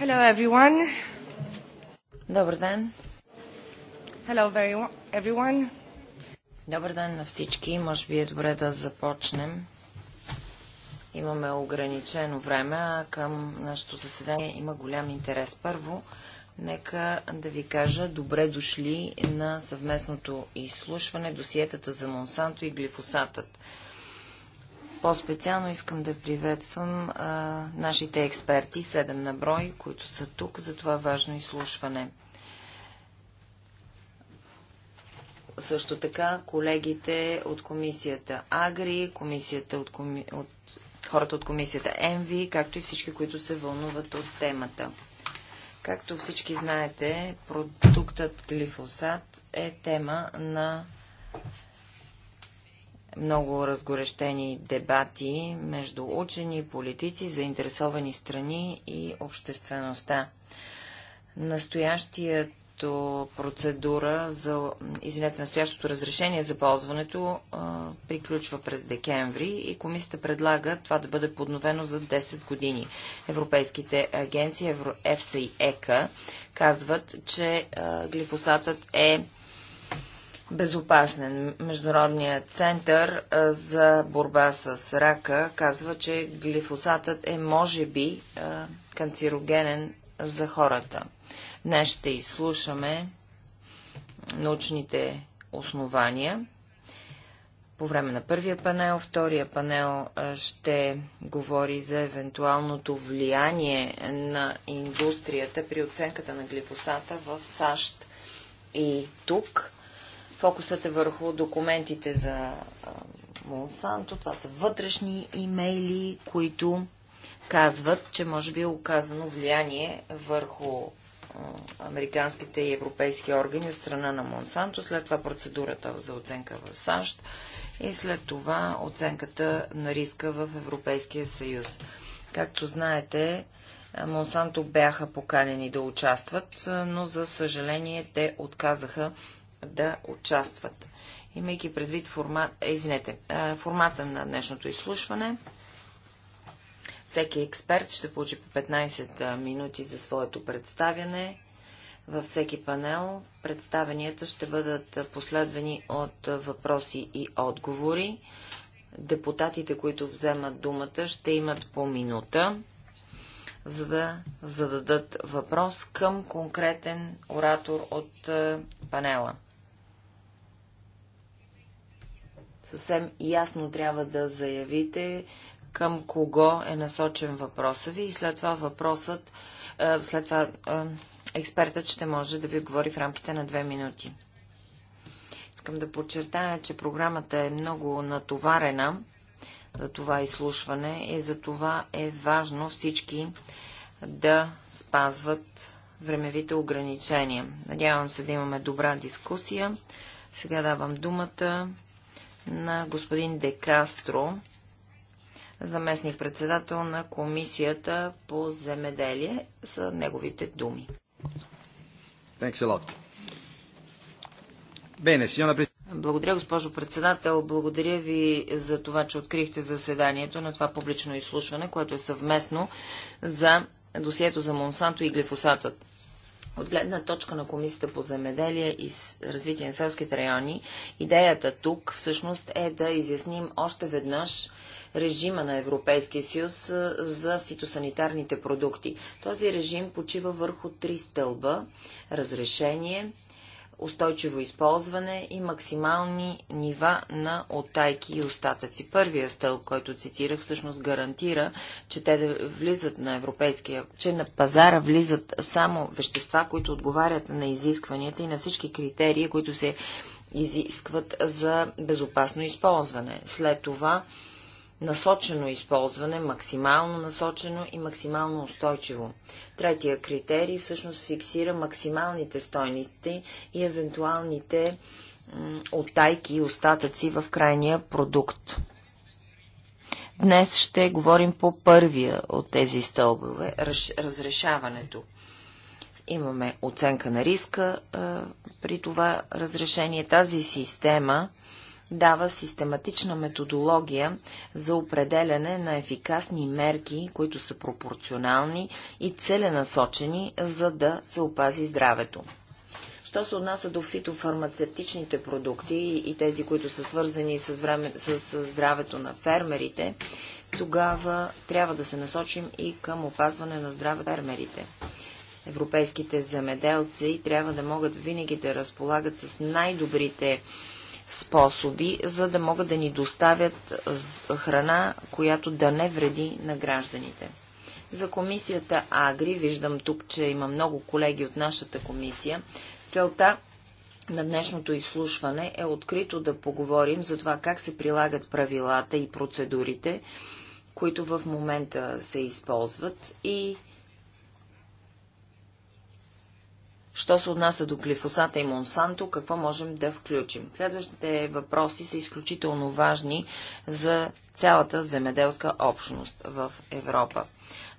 Hello everyone. Добър ден. Hello everyone. Добър ден на всички. Може би е добре да започнем. Имаме ограничено време, а към нашето заседание има голям интерес. Първо, нека да ви кажа добре дошли на съвместното изслушване досиетата за Монсанто и глифосатът. По-специално искам да приветствам а, нашите експерти, седем на брой, които са тук за това важно изслушване. Също така колегите от комисията Агри, комисията от, коми... от хората от комисията ЕНВИ, както и всички, които се вълнуват от темата. Както всички знаете, продуктът глифосат е тема на много разгорещени дебати между учени, политици, заинтересовани страни и обществеността. Настоящият процедура за, извинете, настоящото разрешение за ползването а, приключва през декември и комисията предлага това да бъде подновено за 10 години. Европейските агенции, Евро, ЕФСА и ЕКА, казват, че а, глифосатът е безопасен. Международният център за борба с рака казва, че глифосатът е може би канцерогенен за хората. Днес ще изслушаме научните основания. По време на първия панел, втория панел ще говори за евентуалното влияние на индустрията при оценката на глифосата в САЩ и тук Фокусът е върху документите за Монсанто. Това са вътрешни имейли, които казват, че може би е оказано влияние върху американските и европейски органи от страна на Монсанто, след това процедурата за оценка в САЩ и след това оценката на риска в Европейския съюз. Както знаете, Монсанто бяха поканени да участват, но за съжаление те отказаха да участват. Имайки предвид формат, е, извинете, е, формата на днешното изслушване, всеки експерт ще получи по 15 е, минути за своето представяне. Във всеки панел представенията ще бъдат последвани от въпроси и отговори. Депутатите, които вземат думата, ще имат по минута, за да зададат въпрос към конкретен оратор от панела. съвсем ясно трябва да заявите към кого е насочен въпроса ви и след това въпросът, е, след това е, експертът ще може да ви говори в рамките на две минути. Искам да подчертая, че програмата е много натоварена за това изслушване и за това е важно всички да спазват времевите ограничения. Надявам се да имаме добра дискусия. Сега давам думата на господин Декастро, заместник-председател на Комисията по земеделие, са неговите думи. Благодаря, госпожо председател. Благодаря ви за това, че открихте заседанието на това публично изслушване, което е съвместно за досието за Монсанто и глифосатът. От гледна точка на Комисията по земеделие и развитие на селските райони, идеята тук всъщност е да изясним още веднъж режима на Европейския съюз за фитосанитарните продукти. Този режим почива върху три стълба – разрешение, устойчиво използване и максимални нива на оттайки и остатъци. Първия стълб, който цитира, всъщност гарантира, че те да влизат на европейския, че на пазара влизат само вещества, които отговарят на изискванията и на всички критерии, които се изискват за безопасно използване. След това насочено използване, максимално насочено и максимално устойчиво. Третия критерий всъщност фиксира максималните стойности и евентуалните оттайки и остатъци в крайния продукт. Днес ще говорим по първия от тези стълбове разрешаването. Имаме оценка на риска при това разрешение. Тази система дава систематична методология за определяне на ефикасни мерки, които са пропорционални и целенасочени, за да се опази здравето. Що се отнася до фитофармацевтичните продукти и тези, които са свързани с, време, с здравето на фермерите, тогава трябва да се насочим и към опазване на здраве фермерите. Европейските земеделци трябва да могат винаги да разполагат с най-добрите способи, за да могат да ни доставят храна, която да не вреди на гражданите. За комисията Агри, виждам тук, че има много колеги от нашата комисия, целта на днешното изслушване е открито да поговорим за това как се прилагат правилата и процедурите, които в момента се използват и Що се отнася до глифосата и Монсанто, какво можем да включим? Следващите въпроси са изключително важни за цялата земеделска общност в Европа.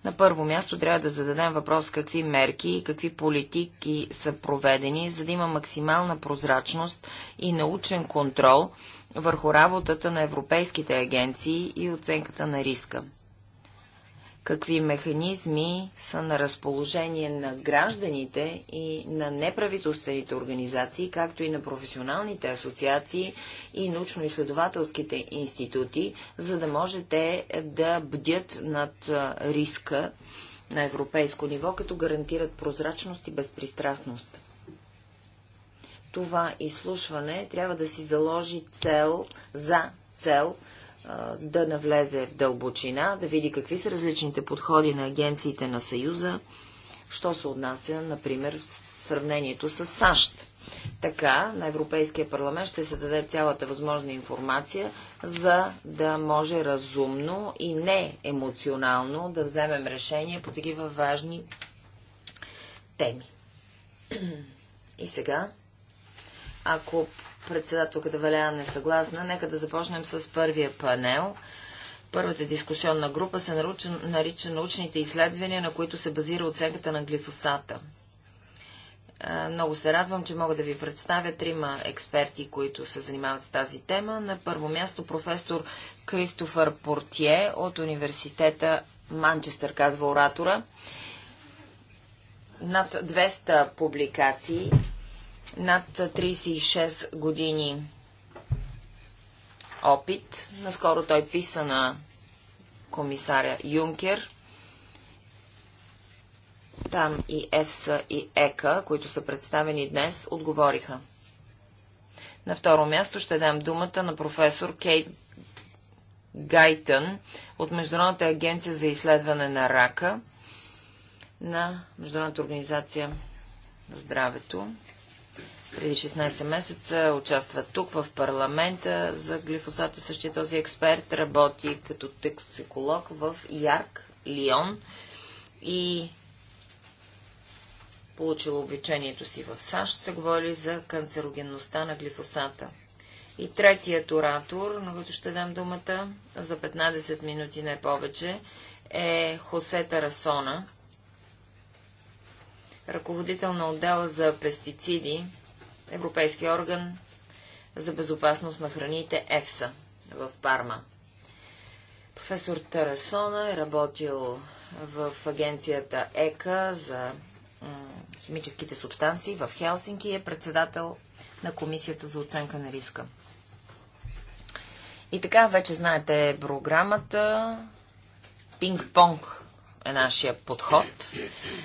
На първо място трябва да зададем въпрос какви мерки и какви политики са проведени, за да има максимална прозрачност и научен контрол върху работата на европейските агенции и оценката на риска какви механизми са на разположение на гражданите и на неправителствените организации, както и на професионалните асоциации и научно-изследователските институти, за да може те да бдят над риска на европейско ниво, като гарантират прозрачност и безпристрастност. Това изслушване трябва да си заложи цел за цел – да навлезе в дълбочина, да види какви са различните подходи на агенциите на Съюза, що се отнася, например, в сравнението с САЩ. Така на Европейския парламент ще се даде цялата възможна информация, за да може разумно и не емоционално да вземем решение по такива важни теми. И сега, ако Председателката Валяна не е съгласна. Нека да започнем с първия панел. Първата дискусионна група се нарича, нарича научните изследвания, на които се базира оценката на глифосата. Е, много се радвам, че мога да ви представя трима експерти, които се занимават с тази тема. На първо място професор Кристофър Портие от университета Манчестър, казва оратора. Над 200 публикации над 36 години опит. Наскоро той писа на комисаря Юнкер. Там и ЕФСА и ЕКА, които са представени днес, отговориха. На второ място ще дам думата на професор Кейт Гайтън от Международната агенция за изследване на рака на Международната организация на здравето преди 16 месеца участва тук в парламента за глифосата. Същия този експерт работи като токсиколог в Ярк, Лион и получил обучението си в САЩ, се говори за канцерогенността на глифосата. И третият оратор, на който ще дам думата за 15 минути, не повече, е Хосе Тарасона, ръководител на отдела за пестициди Европейски орган за безопасност на храните ЕФСА в Парма. Професор Тарасона е работил в агенцията ЕКА за химическите субстанции в Хелсинки и е председател на Комисията за оценка на риска. И така, вече знаете програмата. Пинг-понг е нашия подход.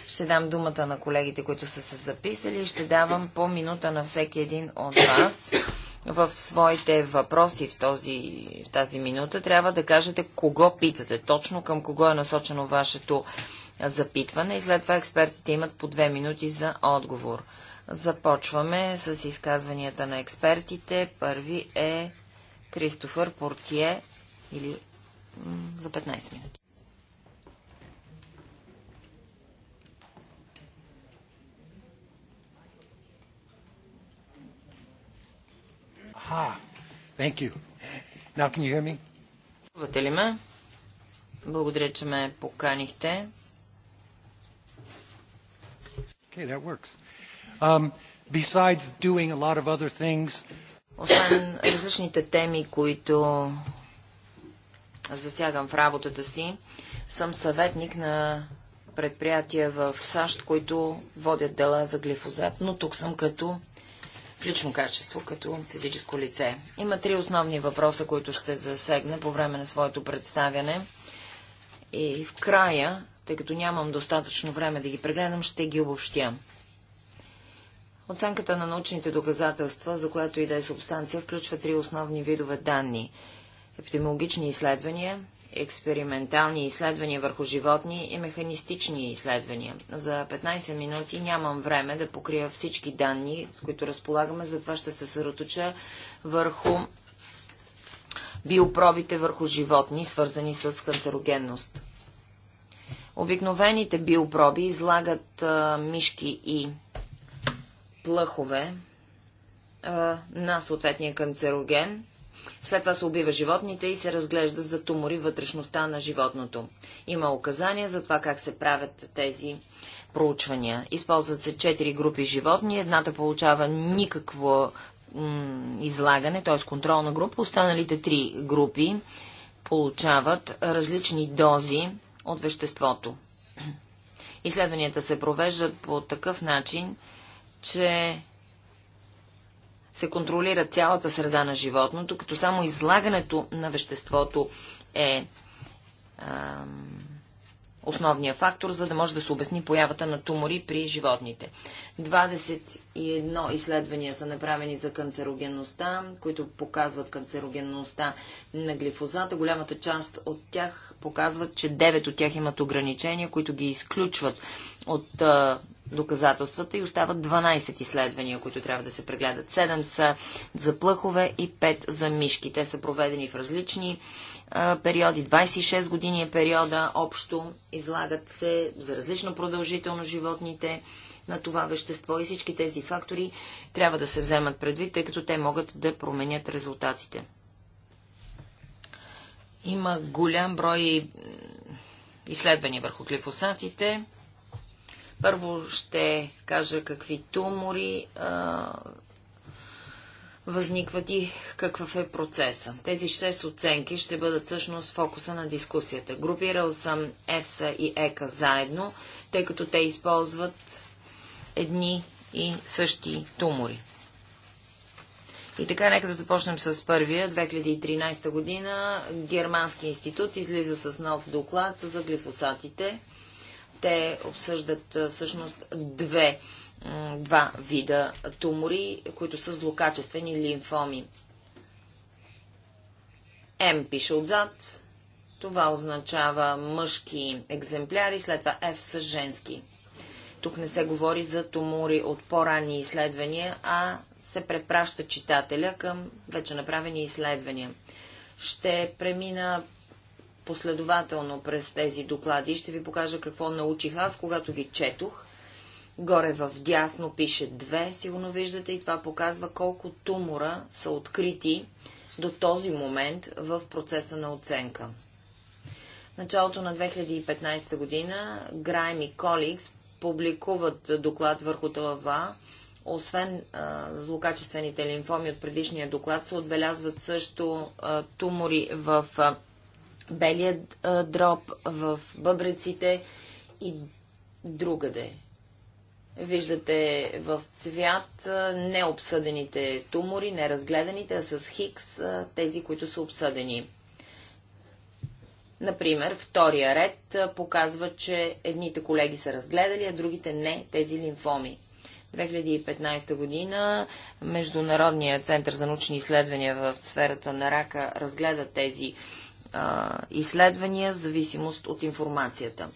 Ще дам думата на колегите, които са се записали и ще давам по минута на всеки един от вас в своите въпроси в, този, в тази минута. Трябва да кажете кого питате, точно към кого е насочено вашето запитване и след това експертите имат по две минути за отговор. Започваме с изказванията на експертите. Първи е Кристофър Портие или за 15 минути. Ah, thank you. Now can you hear me? Чувате ли ме? Благодаря, че ме поканихте. Okay, that works. Um, besides doing a lot of other things, освен различните теми, които засягам в работата си, съм съветник на предприятия в САЩ, които водят дела за глифозат, но тук съм като в лично качество като физическо лице. Има три основни въпроса, които ще засегна по време на своето представяне. И в края, тъй като нямам достатъчно време да ги прегледам, ще ги обобщя. Оценката на научните доказателства, за която и да е субстанция, включва три основни видове данни епидемиологични изследвания, експериментални изследвания върху животни и механистични изследвания. За 15 минути нямам време да покрия всички данни, с които разполагаме, затова ще се съроточа върху биопробите върху животни, свързани с канцерогенност. Обикновените биопроби излагат а, мишки и плъхове а, на съответния канцероген, след това се убива животните и се разглежда за тумори вътрешността на животното. Има указания за това как се правят тези проучвания. Използват се четири групи животни. Едната получава никакво излагане, т.е. контролна група. Останалите три групи получават различни дози от веществото. Изследванията се провеждат по такъв начин, че се контролира цялата среда на животното, като само излагането на веществото е ам, основният фактор, за да може да се обясни появата на тумори при животните. 21 изследвания са направени за канцерогенността, които показват канцерогенността на глифозата. Голямата част от тях показват, че 9 от тях имат ограничения, които ги изключват от а, доказателствата и остават 12 изследвания, които трябва да се прегледат. 7 са за плъхове и 5 за мишки. Те са проведени в различни а, периоди. 26 години е периода общо. Излагат се за различна продължително животните на това вещество и всички тези фактори трябва да се вземат предвид, тъй като те могат да променят резултатите. Има голям брой изследвания върху глифосатите. Първо ще кажа какви тумори а, възникват и какъв е процеса. Тези 6 оценки ще бъдат всъщност фокуса на дискусията. Групирал съм ЕФСА и ЕКА заедно, тъй като те използват едни и същи тумори. И така, нека да започнем с първия. 2013 година Германски институт излиза с нов доклад за глифосатите. Те обсъждат всъщност две, два вида тумори, които са злокачествени лимфоми. М пише отзад. Това означава мъжки екземпляри, след това F са женски. Тук не се говори за тумори от по-ранни изследвания, а се препраща читателя към вече направени изследвания. Ще премина последователно през тези доклади. Ще ви покажа какво научих аз, когато ги четох. Горе в дясно пише две, сигурно виждате, и това показва колко тумора са открити до този момент в процеса на оценка. В Началото на 2015 година Грайм и Коликс публикуват доклад върху това. Освен а, злокачествените лимфоми от предишния доклад, се отбелязват също а, тумори в а, белият дроб, в бъбреците и другаде. Виждате в цвят необсъдените тумори, неразгледаните, а с Хикс тези, които са обсъдени. Например, втория ред показва, че едните колеги са разгледали, а другите не, тези лимфоми. 2015 година Международният център за научни изследвания в сферата на рака разгледа тези а, изследвания в зависимост от информацията.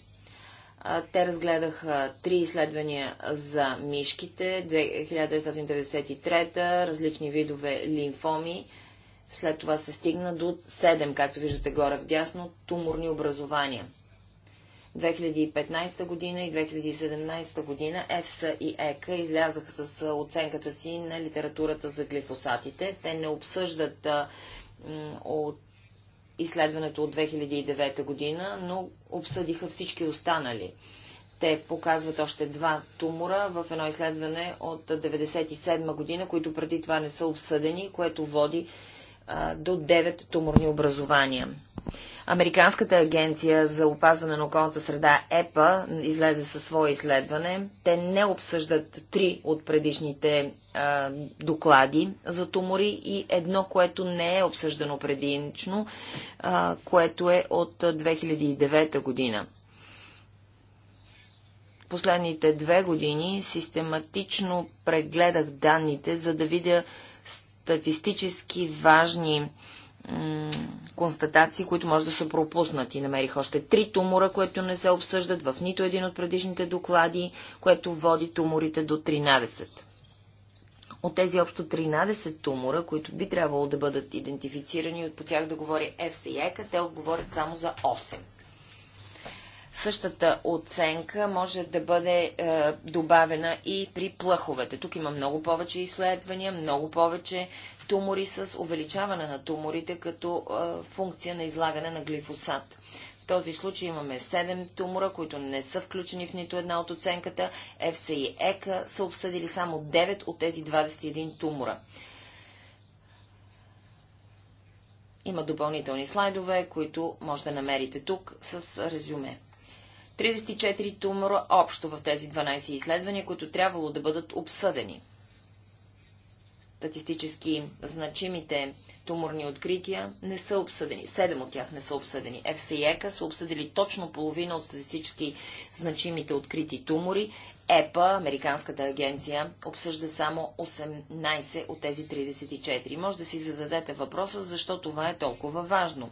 А, те разгледаха три изследвания за мишките, 1993, различни видове лимфоми, след това се стигна до 7, както виждате горе в дясно, туморни образования. 2015 година и 2017 година ЕФСА и ЕКА излязаха с оценката си на литературата за глифосатите. Те не обсъждат от изследването от 2009 година, но обсъдиха всички останали. Те показват още два тумора в едно изследване от 1997 година, които преди това не са обсъдени, което води до 9 туморни образования. Американската агенция за опазване на околната среда ЕПА излезе със свое изследване. Те не обсъждат три от предишните а, доклади за тумори и едно, което не е обсъждано прединично, а, което е от 2009 година. Последните две години систематично прегледах данните, за да видя статистически важни констатации, които може да са пропуснати. Намерих още три тумора, които не се обсъждат в нито един от предишните доклади, което води туморите до 13. От тези общо 13 тумора, които би трябвало да бъдат идентифицирани, от по тях да говори FCECA, те отговорят само за 8. Същата оценка може да бъде е, добавена и при плъховете. Тук има много повече изследвания, много повече тумори с увеличаване на туморите като е, функция на излагане на глифосат. В този случай имаме 7 тумора, които не са включени в нито една от оценката. ЕФСА и ЕКА e са обсъдили само 9 от тези 21 тумора. Има допълнителни слайдове, които може да намерите тук с резюме. 34 тумора общо в тези 12 изследвания, които трябвало да бъдат обсъдени. Статистически значимите туморни открития не са обсъдени. Седем от тях не са обсъдени. FCECA са обсъдили точно половина от статистически значимите открити тумори. ЕПА, Американската агенция, обсъжда само 18 от тези 34. Може да си зададете въпроса, защо това е толкова важно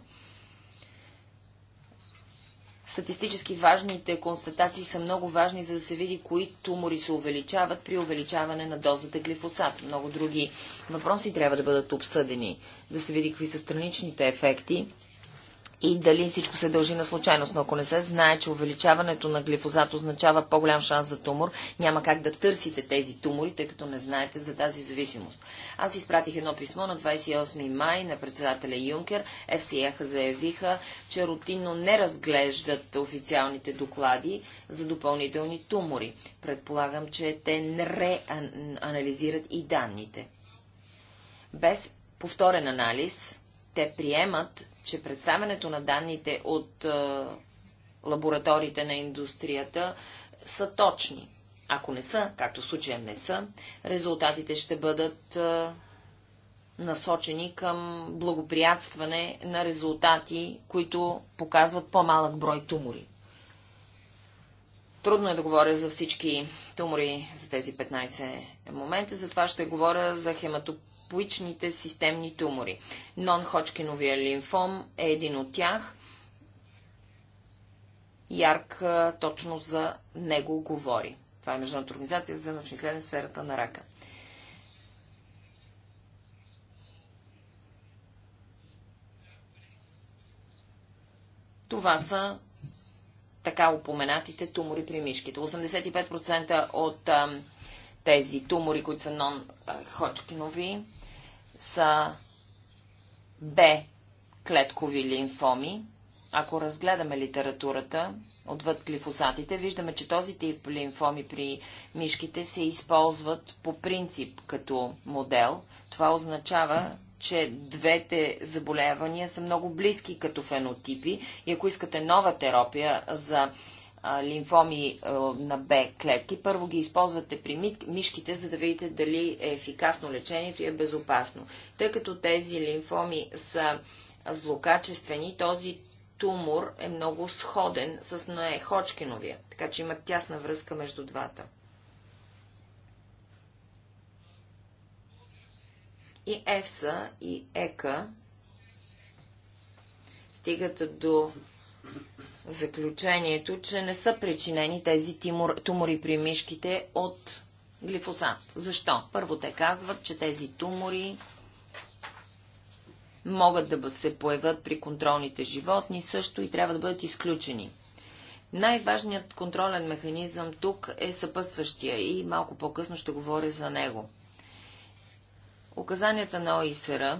статистически важните констатации са много важни, за да се види кои тумори се увеличават при увеличаване на дозата глифосат. Много други въпроси трябва да бъдат обсъдени, да се види какви са страничните ефекти и дали всичко се дължи на случайност. Но ако не се знае, че увеличаването на глифозат означава по-голям шанс за тумор, няма как да търсите тези тумори, тъй като не знаете за тази зависимост. Аз изпратих едно писмо на 28 май на председателя Юнкер. FCH заявиха, че рутинно не разглеждат официалните доклади за допълнителни тумори. Предполагам, че те не реанализират и данните. Без повторен анализ, те приемат че представянето на данните от е, лабораториите на индустрията са точни. Ако не са, както в случая не са, резултатите ще бъдат е, насочени към благоприятстване на резултати, които показват по-малък брой тумори. Трудно е да говоря за всички тумори за тези 15 момента, затова ще говоря за хематоп хематоpoичните системни тумори. Нон-Ходжкиновия лимфом е един от тях. Ярк точно за него говори. Това е Международната организация за научни изследвания в сферата на рака. Това са така упоменатите тумори при мишките. 85% от а, тези тумори, които са нон-Ходжкинови, са Б. Клеткови лимфоми. Ако разгледаме литературата отвъд глифосатите, виждаме, че този тип лимфоми при мишките се използват по принцип като модел. Това означава, че двете заболявания са много близки като фенотипи и ако искате нова терапия за лимфоми на Б клетки. Първо ги използвате при мишките, за да видите дали е ефикасно лечението и е безопасно. Тъй като тези лимфоми са злокачествени, този тумор е много сходен с е Ное така че има тясна връзка между двата. И ЕФСА и ЕКА стигат до заключението, че не са причинени тези тумори при мишките от глифосат. Защо? Първо те казват, че тези тумори могат да се появят при контролните животни също и трябва да бъдат изключени. Най-важният контролен механизъм тук е съпътстващия и малко по-късно ще говоря за него. Указанията на ОИСР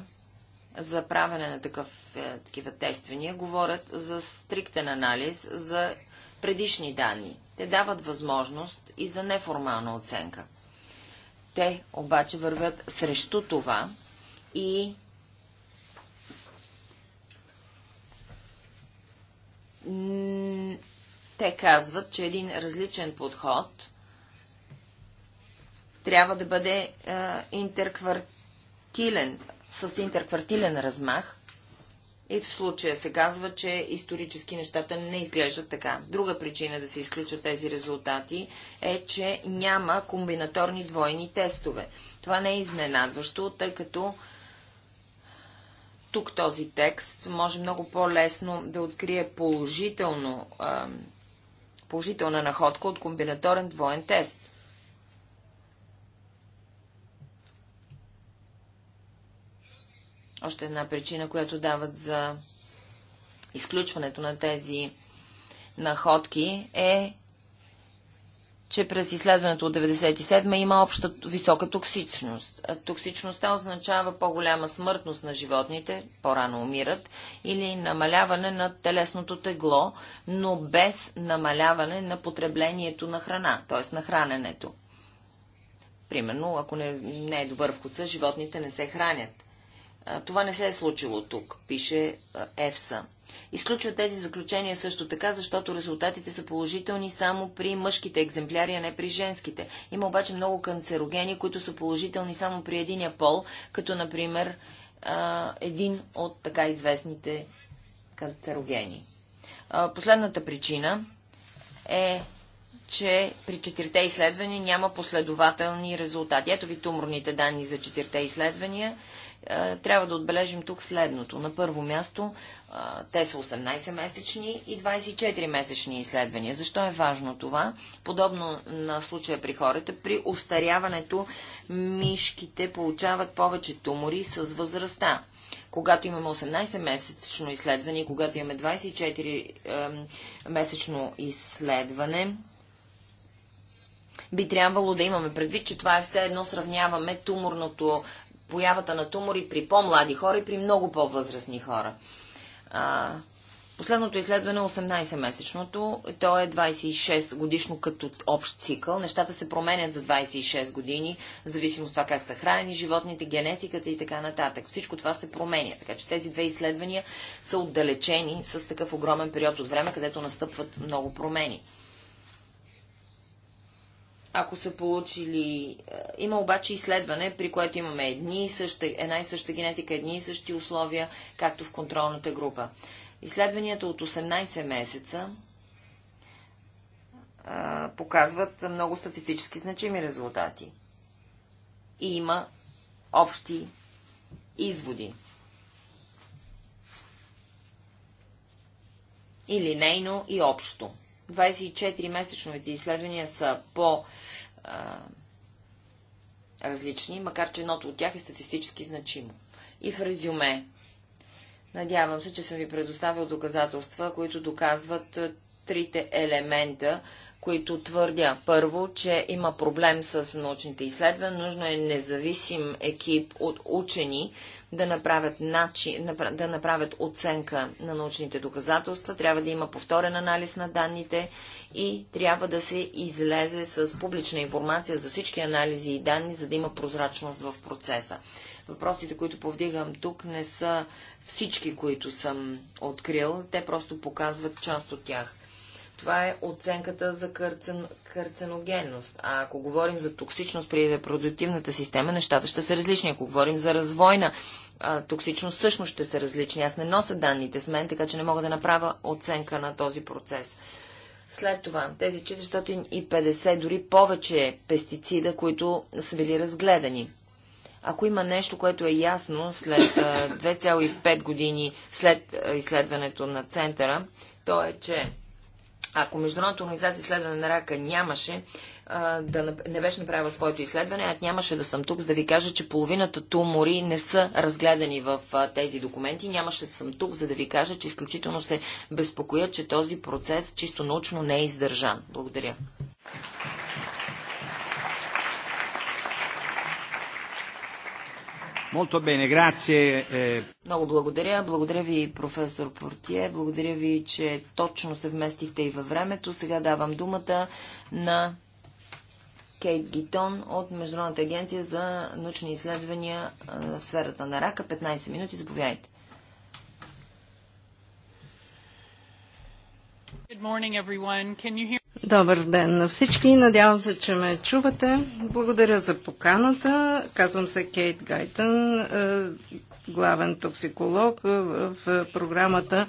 за правене на такъв, е, такива тествания говорят за стриктен анализ за предишни данни. Те дават възможност и за неформална оценка. Те обаче вървят срещу това и те казват, че един различен подход трябва да бъде е, интерквартилен, с интерквартилен размах. И в случая се казва, че исторически нещата не изглеждат така. Друга причина да се изключат тези резултати е, че няма комбинаторни двойни тестове. Това не е изненадващо, тъй като тук този текст може много по-лесно да открие положително, положителна находка от комбинаторен двоен тест – Още една причина, която дават за изключването на тези находки е, че през изследването от 1997 има обща висока токсичност. Токсичността означава по-голяма смъртност на животните, по-рано умират, или намаляване на телесното тегло, но без намаляване на потреблението на храна, т.е. на храненето. Примерно, ако не, не е добър вкуса, животните не се хранят. Това не се е случило тук, пише ЕФСА. Изключва тези заключения също така, защото резултатите са положителни само при мъжките екземпляри, а не при женските. Има обаче много канцерогени, които са положителни само при единия пол, като например един от така известните канцерогени. Последната причина е че при четирите изследвания няма последователни резултати. Ето ви туморните данни за четирите изследвания. Е, трябва да отбележим тук следното. На първо място, е, те са 18-месечни и 24-месечни изследвания. Защо е важно това? Подобно на случая при хората, при устаряването мишките получават повече тумори с възрастта. Когато имаме 18-месечно изследване и когато имаме 24-месечно изследване, би трябвало да имаме предвид, че това е все едно сравняваме туморното появата на тумори при по-млади хора и при много по-възрастни хора. А, последното изследване е 18-месечното, то е 26 годишно като общ цикъл. Нещата се променят за 26 години, в зависимост от това как са хранени животните, генетиката и така нататък. Всичко това се променя, така че тези две изследвания са отдалечени с такъв огромен период от време, където настъпват много промени ако са получили... Е, има обаче изследване, при което имаме едни и съща, една и съща генетика, едни и същи условия, както в контролната група. Изследванията от 18 месеца а, е, показват много статистически значими резултати. И има общи изводи. И линейно, и общо. 24-месечновите изследвания са по а, различни, макар че едното от тях е статистически значимо. И в резюме. Надявам се, че съм ви предоставил доказателства, които доказват трите елемента, които твърдя. Първо, че има проблем с научните изследвания. Нужно е независим екип от учени, да направят, начин, да направят оценка на научните доказателства, трябва да има повторен анализ на данните и трябва да се излезе с публична информация за всички анализи и данни, за да има прозрачност в процеса. Въпросите, които повдигам тук, не са всички, които съм открил. Те просто показват част от тях. Това е оценката за кърцен, карценогенност. А ако говорим за токсичност при репродуктивната система, нещата ще са различни. Ако говорим за развойна а, токсичност всъщност ще са различни. Аз не нося данните с мен, така че не мога да направя оценка на този процес. След това, тези 450, дори повече пестицида, които са били разгледани. Ако има нещо, което е ясно след 2,5 години след изследването на центъра, то е, че ако Международната организация изследване на рака нямаше, да не беше направила своето изследване, аз нямаше да съм тук, за да ви кажа, че половината тумори не са разгледани в тези документи. Нямаше да съм тук, за да ви кажа, че изключително се безпокоя, че този процес чисто научно не е издържан. Благодаря. Eh. Много благодаря. Благодаря ви, професор Портие. Благодаря ви, че точно се вместихте и във времето. Сега давам думата на Кейт Гитон от Международната агенция за научни изследвания в сферата на рака. 15 минути, заповядайте. Добър ден на всички. Надявам се, че ме чувате. Благодаря за поканата. Казвам се Кейт Гайтън, е, главен токсиколог е, в програмата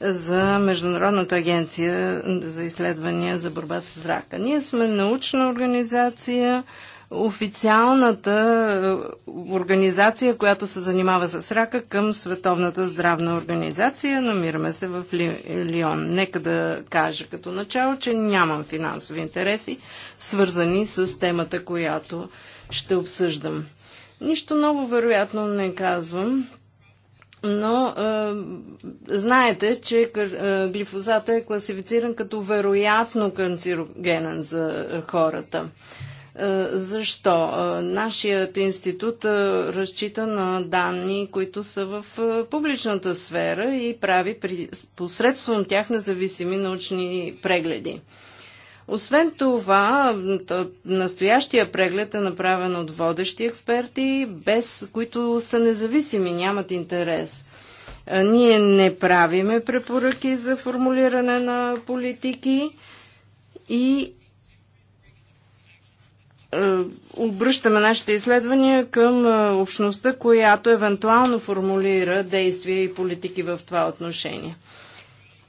за Международната агенция за изследвания за борба с рака. Ние сме научна организация, официалната е, организация, която се занимава с рака към Световната здравна организация. Намираме се в Ли, Лион. Нека да кажа като начало, че нямам финансови интереси, свързани с темата, която ще обсъждам. Нищо ново, вероятно, не казвам но е, знаете, че глифозата е класифициран като вероятно канцерогенен за хората. Защо? Нашият институт разчита на данни, които са в публичната сфера и прави при, посредством тях независими научни прегледи. Освен това, настоящия преглед е направен от водещи експерти, без които са независими, нямат интерес. Ние не правиме препоръки за формулиране на политики и обръщаме нашите изследвания към общността, която евентуално формулира действия и политики в това отношение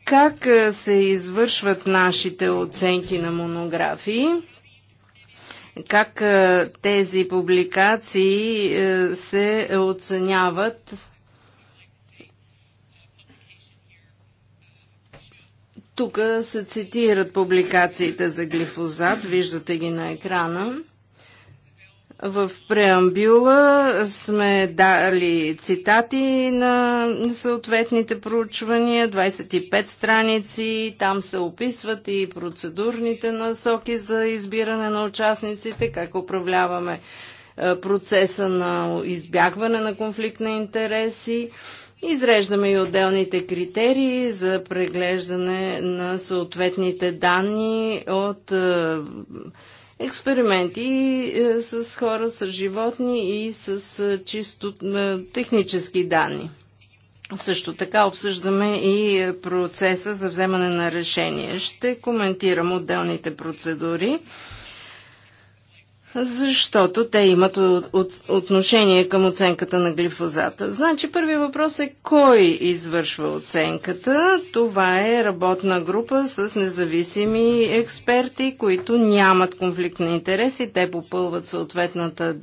как е, се извършват нашите оценки на монографии, как е, тези публикации е, се оценяват Тук се цитират публикациите за глифозат, виждате ги на екрана. В преамбюла сме дали цитати на съответните проучвания, 25 страници, там се описват и процедурните насоки за избиране на участниците, как управляваме е, процеса на избягване на конфликт на интереси. Изреждаме и отделните критерии за преглеждане на съответните данни от е, експерименти е, с хора, с животни и с е, чисто е, технически данни. Също така обсъждаме и процеса за вземане на решение. Ще коментирам отделните процедури защото те имат отношение към оценката на глифозата. Значи първият въпрос е кой извършва оценката. Това е работна група с независими експерти, които нямат конфликт на интереси. Те попълват съответната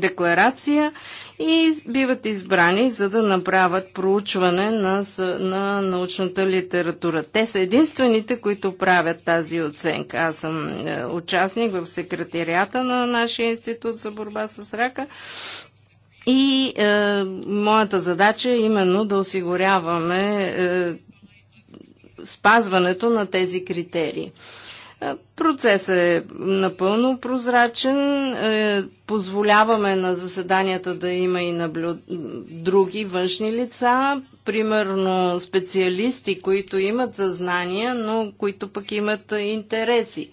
декларация и биват избрани, за да направят проучване на, на научната литература. Те са единствените, които правят тази оценка. Аз съм е, участник в секретарията на нашия институт за борба с рака. И е, моята задача е именно да осигуряваме е, спазването на тези критерии. Процесът е напълно прозрачен. Е, позволяваме на заседанията да има и блю... други външни лица, примерно специалисти, които имат знания, но които пък имат интереси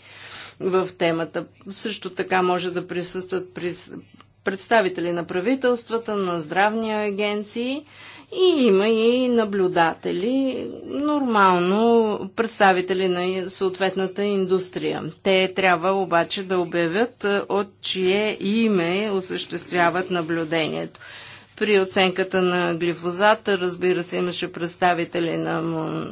в темата. Също така може да присъстват представители на правителствата, на здравни агенции и има и наблюдатели, нормално представители на съответната индустрия. Те трябва обаче да обявят е, от чие име осъществяват наблюдението. При оценката на глифозата, разбира се, имаше представители на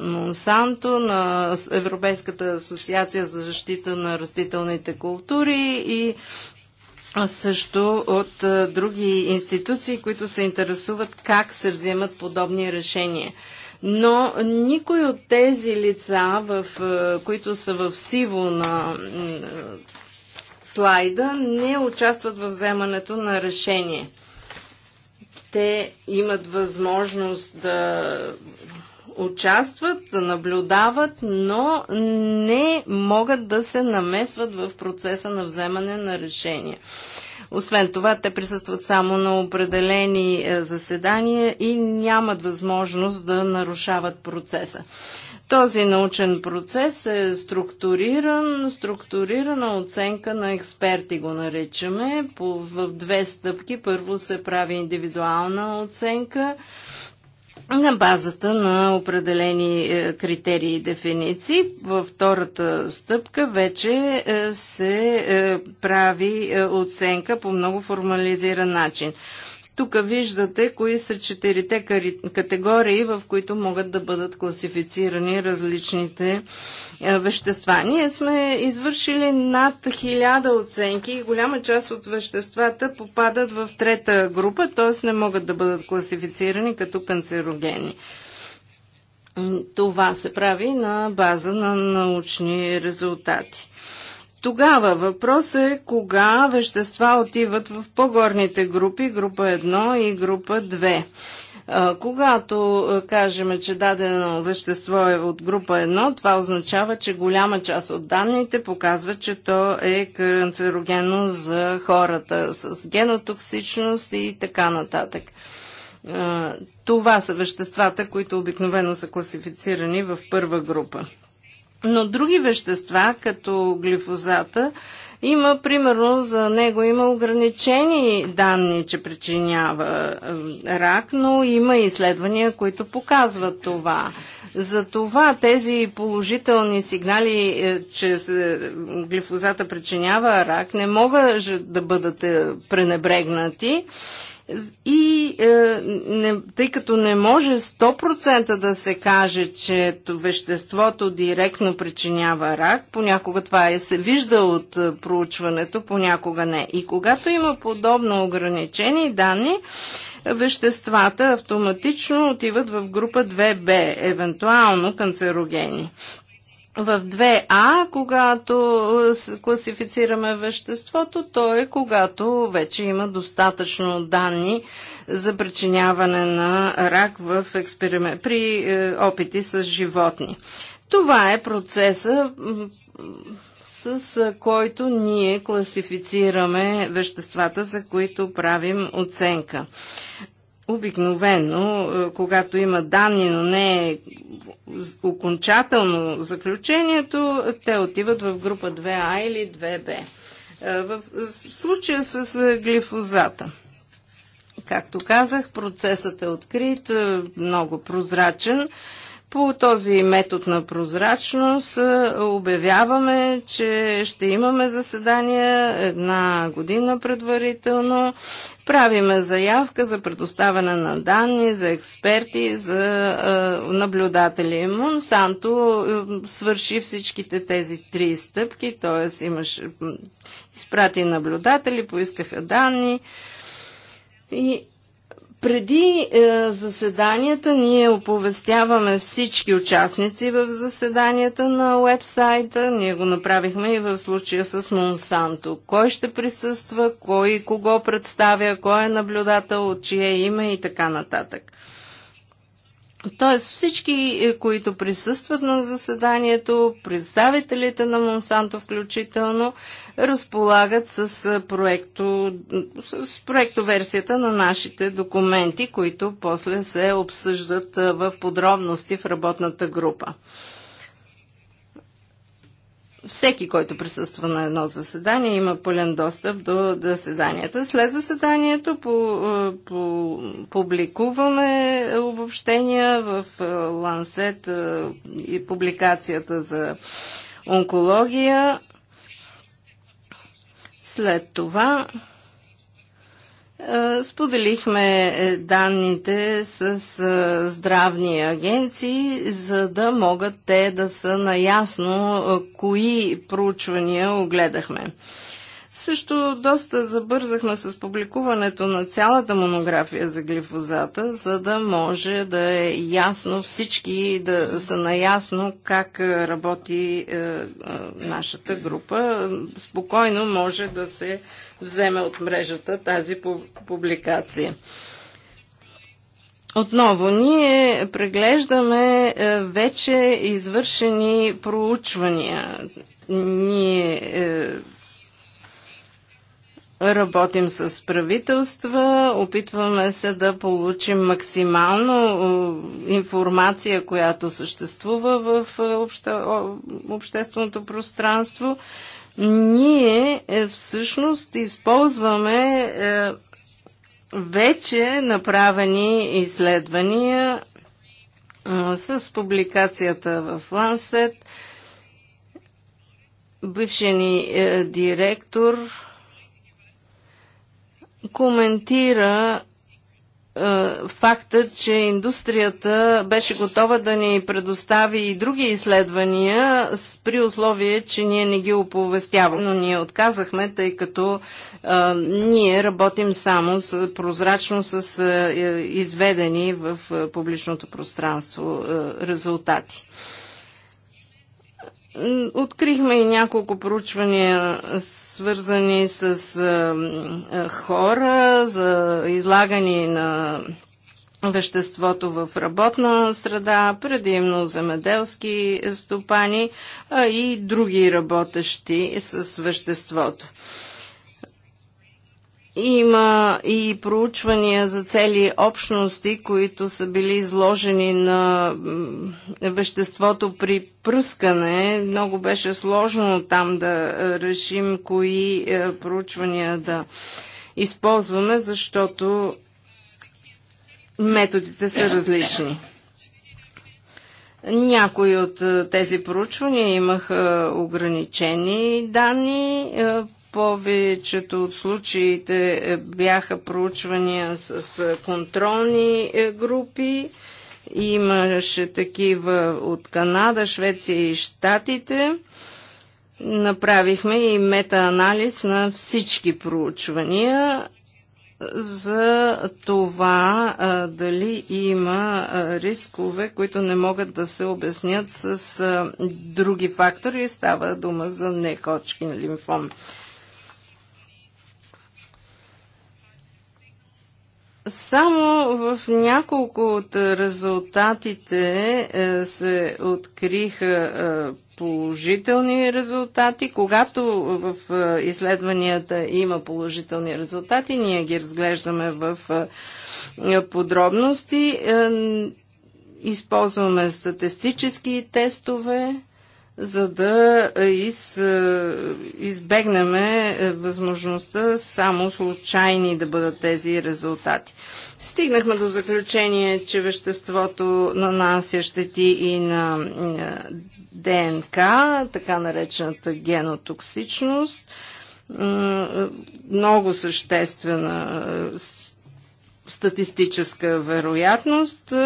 Монсанто, на Европейската асоциация за защита на растителните култури и а също от други институции, които се интересуват как се вземат подобни решения. Но никой от тези лица, в, които са в сиво на слайда, не участват в вземането на решение те имат възможност да участват, да наблюдават, но не могат да се намесват в процеса на вземане на решения. Освен това, те присъстват само на определени е, заседания и нямат възможност да нарушават процеса. Този научен процес е структуриран, структурирана оценка на експерти го наричаме. По, в две стъпки. Първо се прави индивидуална оценка на базата на определени е, критерии и дефиниции. Във втората стъпка вече е, се е, прави оценка по много формализиран начин. Тук виждате кои са четирите категории, в които могат да бъдат класифицирани различните е, вещества. Ние сме извършили над хиляда оценки и голяма част от веществата попадат в трета група, т.е. не могат да бъдат класифицирани като канцерогени. Това се прави на база на научни резултати. Тогава въпросът е кога вещества отиват в по-горните групи, група 1 и група 2. Когато кажем, че дадено вещество е от група 1, това означава, че голяма част от данните показва, че то е канцерогенно за хората с генотоксичност и така нататък. Това са веществата, които обикновено са класифицирани в първа група. Но други вещества, като глифозата, има, примерно, за него има ограничени данни, че причинява рак, но има изследвания, които показват това. Затова тези положителни сигнали, е, че глифозата причинява рак, не могат да бъдат е, пренебрегнати и е, не, тъй като не може 100% да се каже, че веществото директно причинява рак, понякога това е, се вижда от е, проучването, понякога не. И когато има подобно ограничени данни, веществата автоматично отиват в група 2B, евентуално канцерогени в 2А, когато класифицираме веществото, то е когато вече има достатъчно данни за причиняване на рак в експеримент, при е, опити с животни. Това е процеса, с който ние класифицираме веществата, за които правим оценка обикновено, е, когато има данни, но не е окончателно заключението, те отиват в група 2А или 2Б. Е, в случая с е, глифозата. Както казах, процесът е открит, много прозрачен. По този метод на прозрачност обявяваме, че ще имаме заседание една година предварително. Правиме заявка за предоставяне на данни, за експерти, за наблюдатели. Монсанто свърши всичките тези три стъпки, т.е. имаш изпрати наблюдатели, поискаха данни и преди е, заседанията ние оповестяваме всички участници в заседанията на уебсайта. Ние го направихме и в случая с Монсанто. Кой ще присъства, кой кого представя, кой е наблюдател, от чие име и така нататък. Тоест всички, е, които присъстват на заседанието, представителите на Монсанто включително, разполагат с, е, проекто, с проектоверсията на нашите документи, които после се обсъждат е, в подробности в работната група всеки, който присъства на едно заседание, има пълен достъп до заседанията. След заседанието по, е, по, публикуваме обобщения в Лансет е, и публикацията за онкология. След това е, споделихме е, данните с е, здравни агенции, за да могат те да са наясно кои проучвания огледахме. Също доста забързахме с публикуването на цялата монография за глифозата, за да може да е ясно всички да са наясно как е, работи е, е, нашата група. Спокойно може да се вземе от мрежата тази публикация. Отново, ние преглеждаме е, вече извършени проучвания. Ние е, Работим с правителства, опитваме се да получим максимално информация, която съществува в е, обще, общественото пространство. Ние е, всъщност използваме е, вече направени изследвания с публикацията в Lancet. Бившият ни директор коментира е, факта, че индустрията беше готова да ни предостави и други изследвания при условие, че ние не ги оповестяваме. Но ние отказахме, тъй като а, е, ние работим само с, прозрачно с а, е, изведени в а, публичното пространство а, резултати. Открихме и няколко проучвания, свързани с хора, за излагани на веществото в работна среда, предимно земеделски стопани а и други работещи с веществото. Има и проучвания за цели общности, които са били изложени на веществото при пръскане. Много беше сложно там да решим кои е, проучвания да използваме, защото методите са различни. Някои от е, тези проучвания имаха е, ограничени данни, повечето от случаите е, бяха проучвания с контролни е, групи. Имаше такива от Канада, Швеция и Штатите. Направихме и метаанализ на всички проучвания за това а, е, дали има а, рискове, които не могат да се обяснят с а, други фактори. Става дума за нехочкин лимфом. Само в няколко от резултатите е, се откриха е, положителни резултати. Когато в е, изследванията има положителни резултати, ние ги разглеждаме в подробности. Използваме статистически тестове за да из, избегнем е, възможността само случайни да бъдат тези резултати. Стигнахме до заключение, че веществото нанася щети и на е, ДНК, така наречената генотоксичност, много съществена е, статистическа вероятност –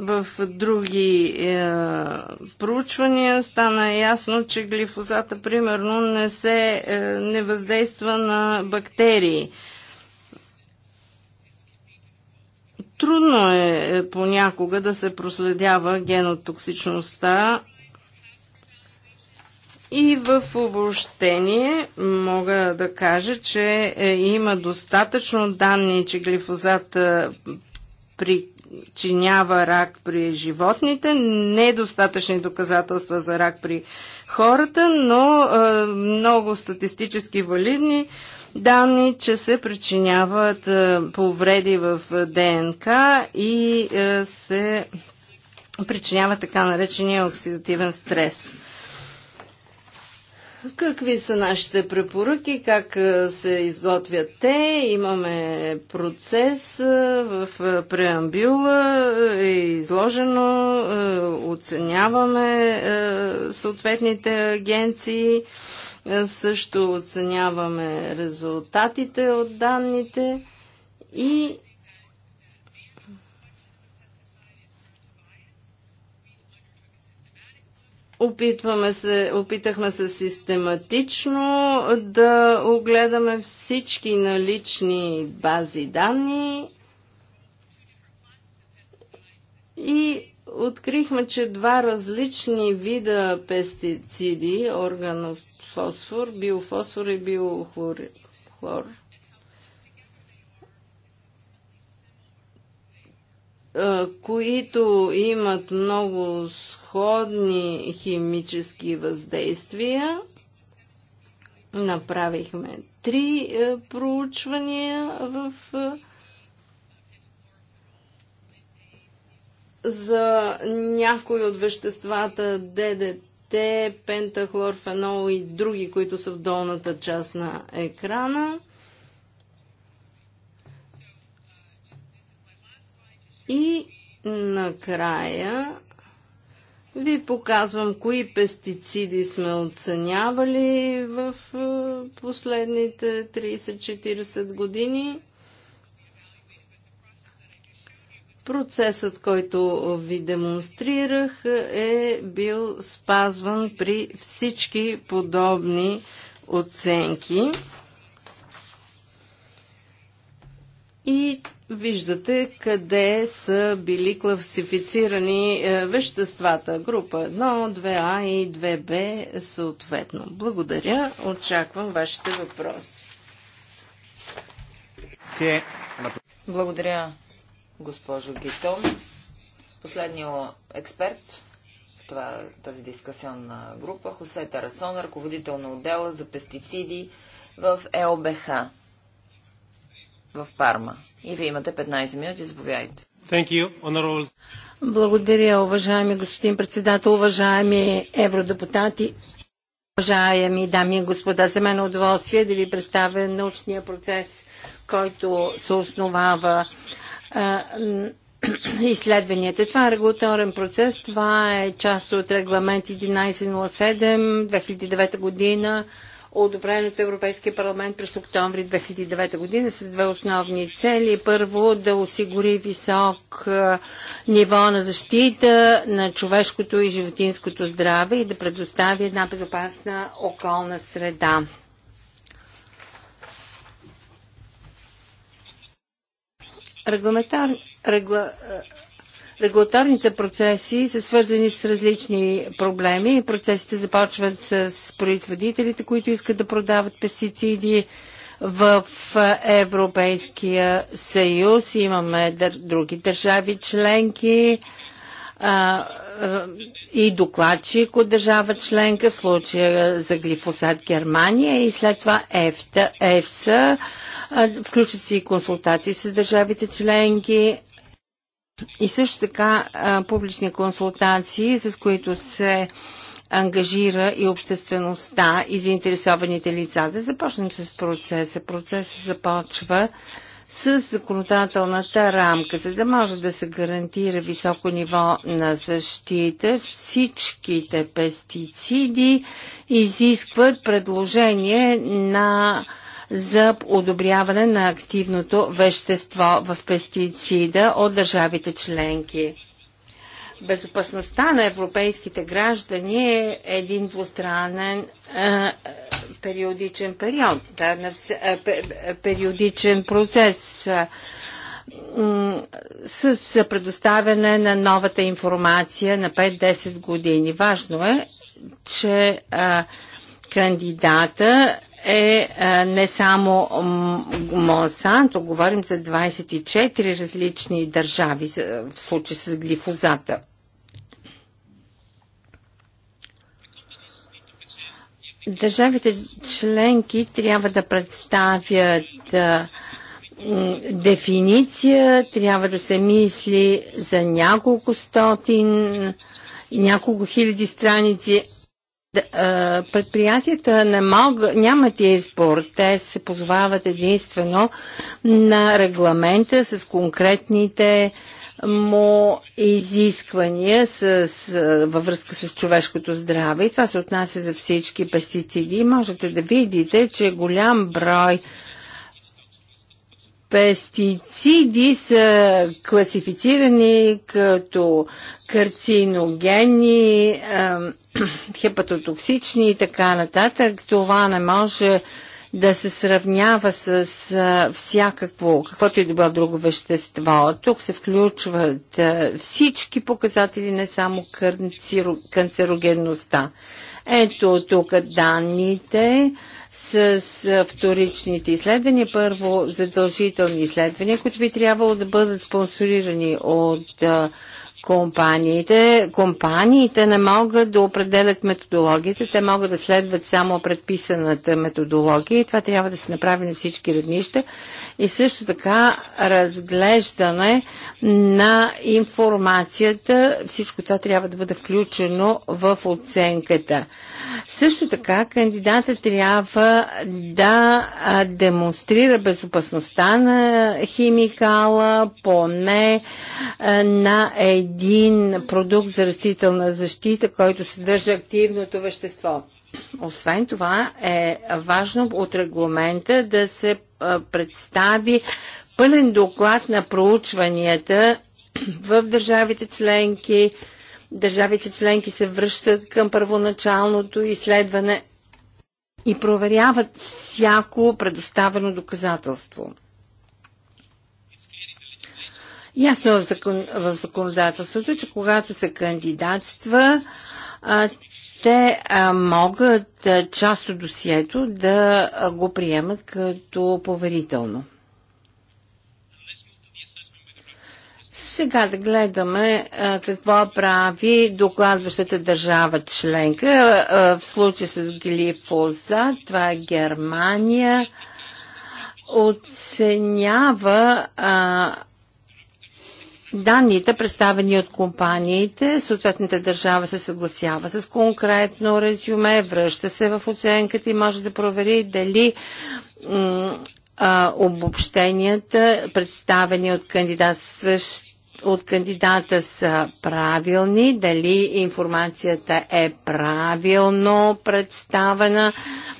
в други е, проучвания стана ясно, че глифозата примерно не, се, е, не въздейства на бактерии. Трудно е, е понякога да се проследява генотоксичността и в обобщение мога да кажа, че е, има достатъчно данни, че глифозат при, причинява рак при животните, недостатъчни е доказателства за рак при хората, но е, много статистически валидни данни, че се причиняват е, повреди в ДНК и се причинява така наречения оксидативен стрес. Какви са нашите препоръки, как се изготвят те? Имаме процес в преамбюла, е изложено, оценяваме съответните агенции, също оценяваме резултатите от данните и Опитваме се, опитахме се систематично да огледаме всички налични бази данни и открихме, че два различни вида пестициди, органофосфор, биофосфор и биохлор, Е, които имат много сходни химически въздействия. Направихме три е, проучвания в е, за някои от веществата ДДТ, пентахлорфенол и други, които са в долната част на екрана. И накрая ви показвам кои пестициди сме оценявали в е, последните 30-40 години. Процесът, който ви демонстрирах, е бил спазван при всички подобни оценки. и виждате къде са били класифицирани е, веществата. Група 1, 2А и 2Б съответно. Благодаря. Очаквам вашите въпроси. Благодаря, госпожо Гитон. Последният експерт в това, тази дискусионна група, Хосе Тарасон, ръководител на отдела за пестициди в ЕОБХ в Парма. И вие имате 15 минути, заповядайте. Благодаря, уважаеми господин председател, уважаеми евродепутати, уважаеми дами и господа. За мен е удоволствие да ви представя научния процес, който се основава изследванията. Това е регулаторен процес, това е част от регламент 1107 2009 година одобрен от Европейския парламент през октомври 2009 година с две основни цели. Първо, да осигури висок ниво на защита на човешкото и животинското здраве и да предостави една безопасна околна среда. Регламентар... Регла... Регулаторните процеси са свързани с различни проблеми процесите започват с производителите, които искат да продават пестициди в Европейския съюз. Имаме дър други държави членки а, и докладчик от държава членка, в случая за глифосат Германия и след това ЕФТА, ЕФСА. включват се и консултации с държавите членки и също така публични консултации, с които се ангажира и обществеността и заинтересованите лица. Да започнем с процеса. Процесът започва с законодателната рамка, за да може да се гарантира високо ниво на защита. Всичките пестициди изискват предложение на за одобряване на активното вещество в пестицида от държавите членки. Безопасността на европейските граждани е един двустранен е, периодичен период, да, на все, е, периодичен процес. Е, с предоставяне на новата информация на 5-10 години. Важно е, че кандидата е, е не само Монсанто, говорим за 24 различни държави в случай с глифозата. Държавите членки трябва да представят а, дефиниция, трябва да се мисли за няколко стотин и няколко хиляди страници предприятията не мога, нямат избор. Те се позовават единствено на регламента с конкретните му изисквания с, с, във връзка с човешкото здраве. И това се отнася за всички пестициди. можете да видите, че голям брой пестициди са класифицирани като карциногени, хепатотоксични и така нататък. Това не може да се сравнява с всякакво, каквото и да било друго вещество. Тук се включват всички показатели, не само канцерогенността. Ето тук данните с вторичните изследвания. Първо, задължителни изследвания, които би трябвало да бъдат спонсорирани от компаниите. Компаниите не могат да определят методологията, те могат да следват само предписаната методология и това трябва да се направи на всички роднища. И също така разглеждане на информацията, всичко това трябва да бъде включено в оценката. Също така кандидата трябва да демонстрира безопасността на химикала поне на един един продукт за растителна защита, който съдържа активното вещество. Освен това е важно от регламента да се представи пълен доклад на проучванията в държавите членки. Държавите членки се връщат към първоначалното изследване и проверяват всяко предоставено доказателство ясно в, закон, в законодателството, че когато се кандидатства, а, те а, могат а, част от досието да а, го приемат като поверително. Сега да гледаме а, какво прави докладващата държава членка. А, в случая с глифозат, това е Германия, оценява а, данните, представени от компаниите, съответната държава се съгласява с конкретно резюме, връща се в оценката и може да провери дали обобщенията, представени от кандидатстващ от кандидата са правилни, дали информацията е правилно представена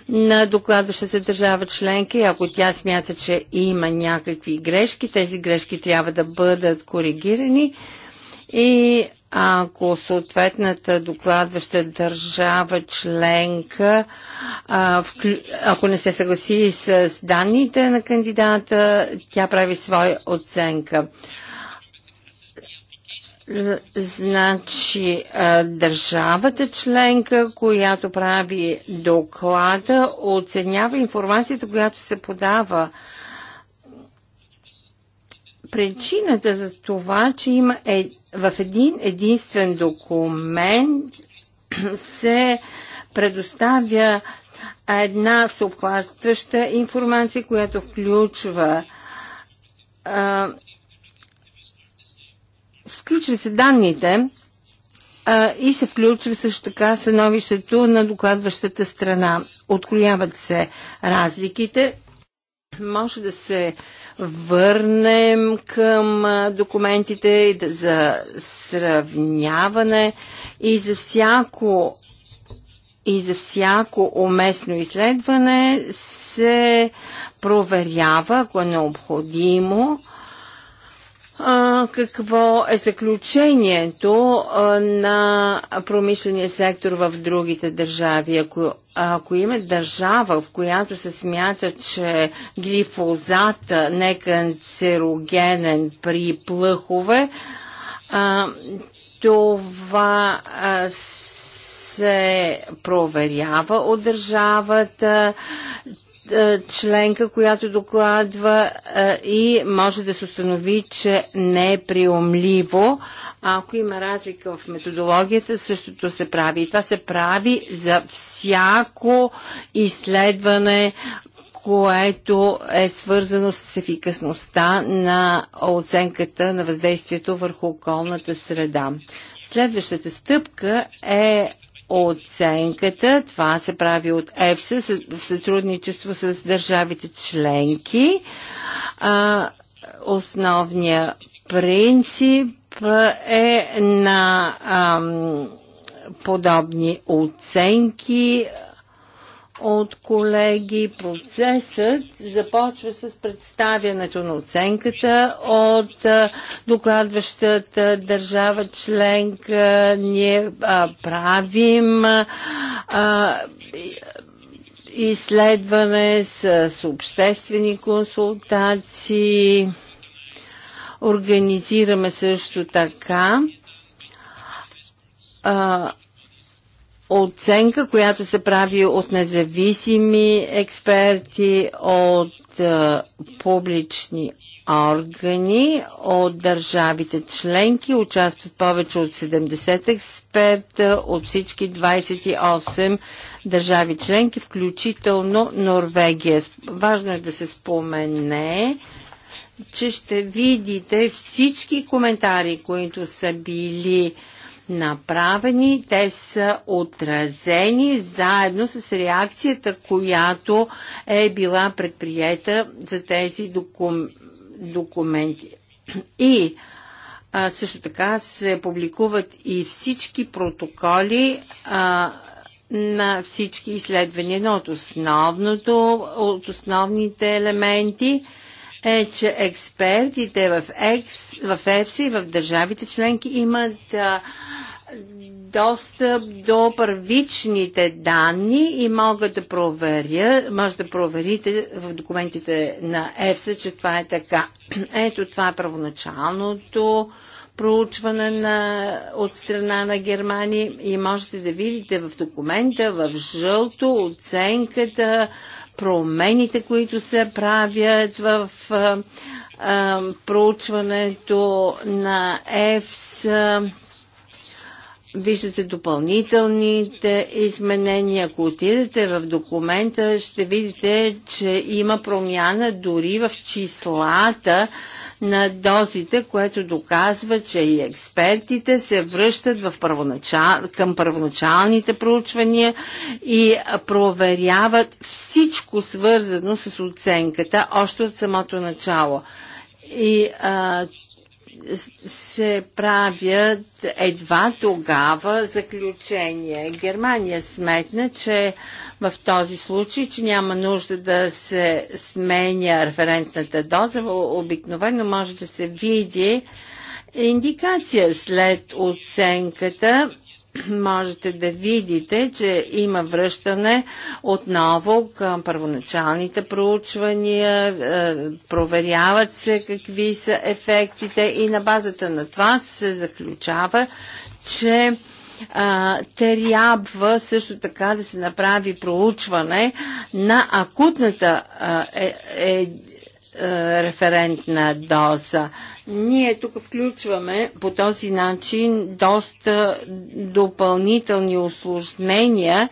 на докладващата държава членка и ако тя смята, че има някакви грешки, тези грешки трябва да бъдат коригирани и ако съответната докладваща държава членка, а, ако не се съгласи с данните на кандидата, тя прави своя оценка. Значи държавата членка, която прави доклада, оценява информацията, която се подава. Причината за това, че има е, в един единствен документ се предоставя една всеобхващаща информация, която включва Включва се данните а, и се включва също така становището на докладващата страна. Открояват се разликите. Може да се върнем към документите за сравняване и за всяко и за всяко уместно изследване се проверява, ако е необходимо, а, какво е заключението а, на промишления сектор в другите държави? Ако, ако има държава, в която се смята, че глифозата не е канцерогенен при плъхове, а, това а, се проверява от държавата, е, членка, която докладва е, и може да се установи, че не е приумливо. Ако има разлика в методологията, същото се прави. И това се прави за всяко изследване, което е свързано с ефикасността на оценката на въздействието върху околната среда. Следващата стъпка е оценката. Това се прави от ЕФСА в сътрудничество с държавите членки. А, основния принцип е на ам, подобни оценки от колеги. Процесът започва с представянето на оценката от докладващата държава членка. Ние а, правим а, изследване с, с обществени консултации. Организираме също така а, оценка, която се прави от независими експерти, от е, публични органи, от държавите членки. Участват повече от 70 експерта от всички 28 държави членки, включително Норвегия. Важно е да се спомене, че ще видите всички коментари, които са били направени, те са отразени заедно с реакцията, която е била предприета за тези докум... документи. И а, също така се публикуват и всички протоколи а, на всички изследвания. но от, основното, от основните елементи е, че експертите в, ЕКС, в ЕФСА и в държавите членки имат а, достъп до първичните данни и мога да проверя, може да проверите в документите на ЕФСА, че това е така. Ето това е първоначалното проучване на, от страна на Германия и можете да видите в документа, в жълто, оценката, промените, които се правят в проучването на ЕФС виждате допълнителните изменения. Ако отидете в документа, ще видите, че има промяна дори в числата на дозите, което доказва, че и експертите се връщат в първоначал... към първоначалните проучвания и проверяват всичко свързано с оценката още от самото начало. И а, се правят едва тогава заключения. Германия сметна, че в този случай, че няма нужда да се сменя референтната доза, обикновено може да се види индикация след оценката можете да видите, че има връщане отново към първоначалните проучвания, е, проверяват се какви са ефектите и на базата на това се заключава, че е, трябва също така да се направи проучване на акутната е, е, е, референтна доза. Ние тук включваме по този начин доста допълнителни осложнения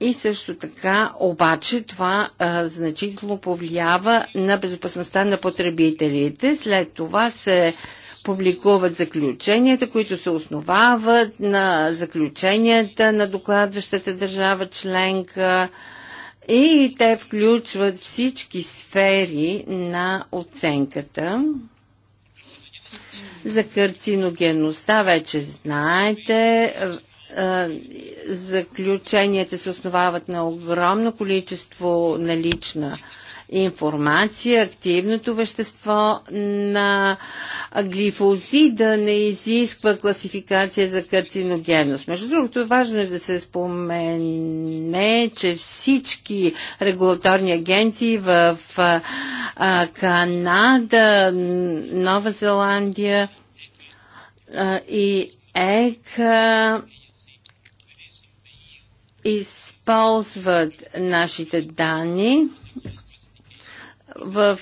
и също така, обаче, това а, е, значително повлиява на безопасността на потребителите. След това се публикуват заключенията, които се основават на заключенията на докладващата държава членка. А, и те включват всички сфери на оценката. За карциногенността вече знаете, заключенията се основават на огромно количество налична информация, активното вещество на глифозида не изисква класификация за карциногенност. Между другото, важно е да се спомене, че всички регулаторни агенции в Канада, Нова Зеландия и ЕКА използват нашите данни в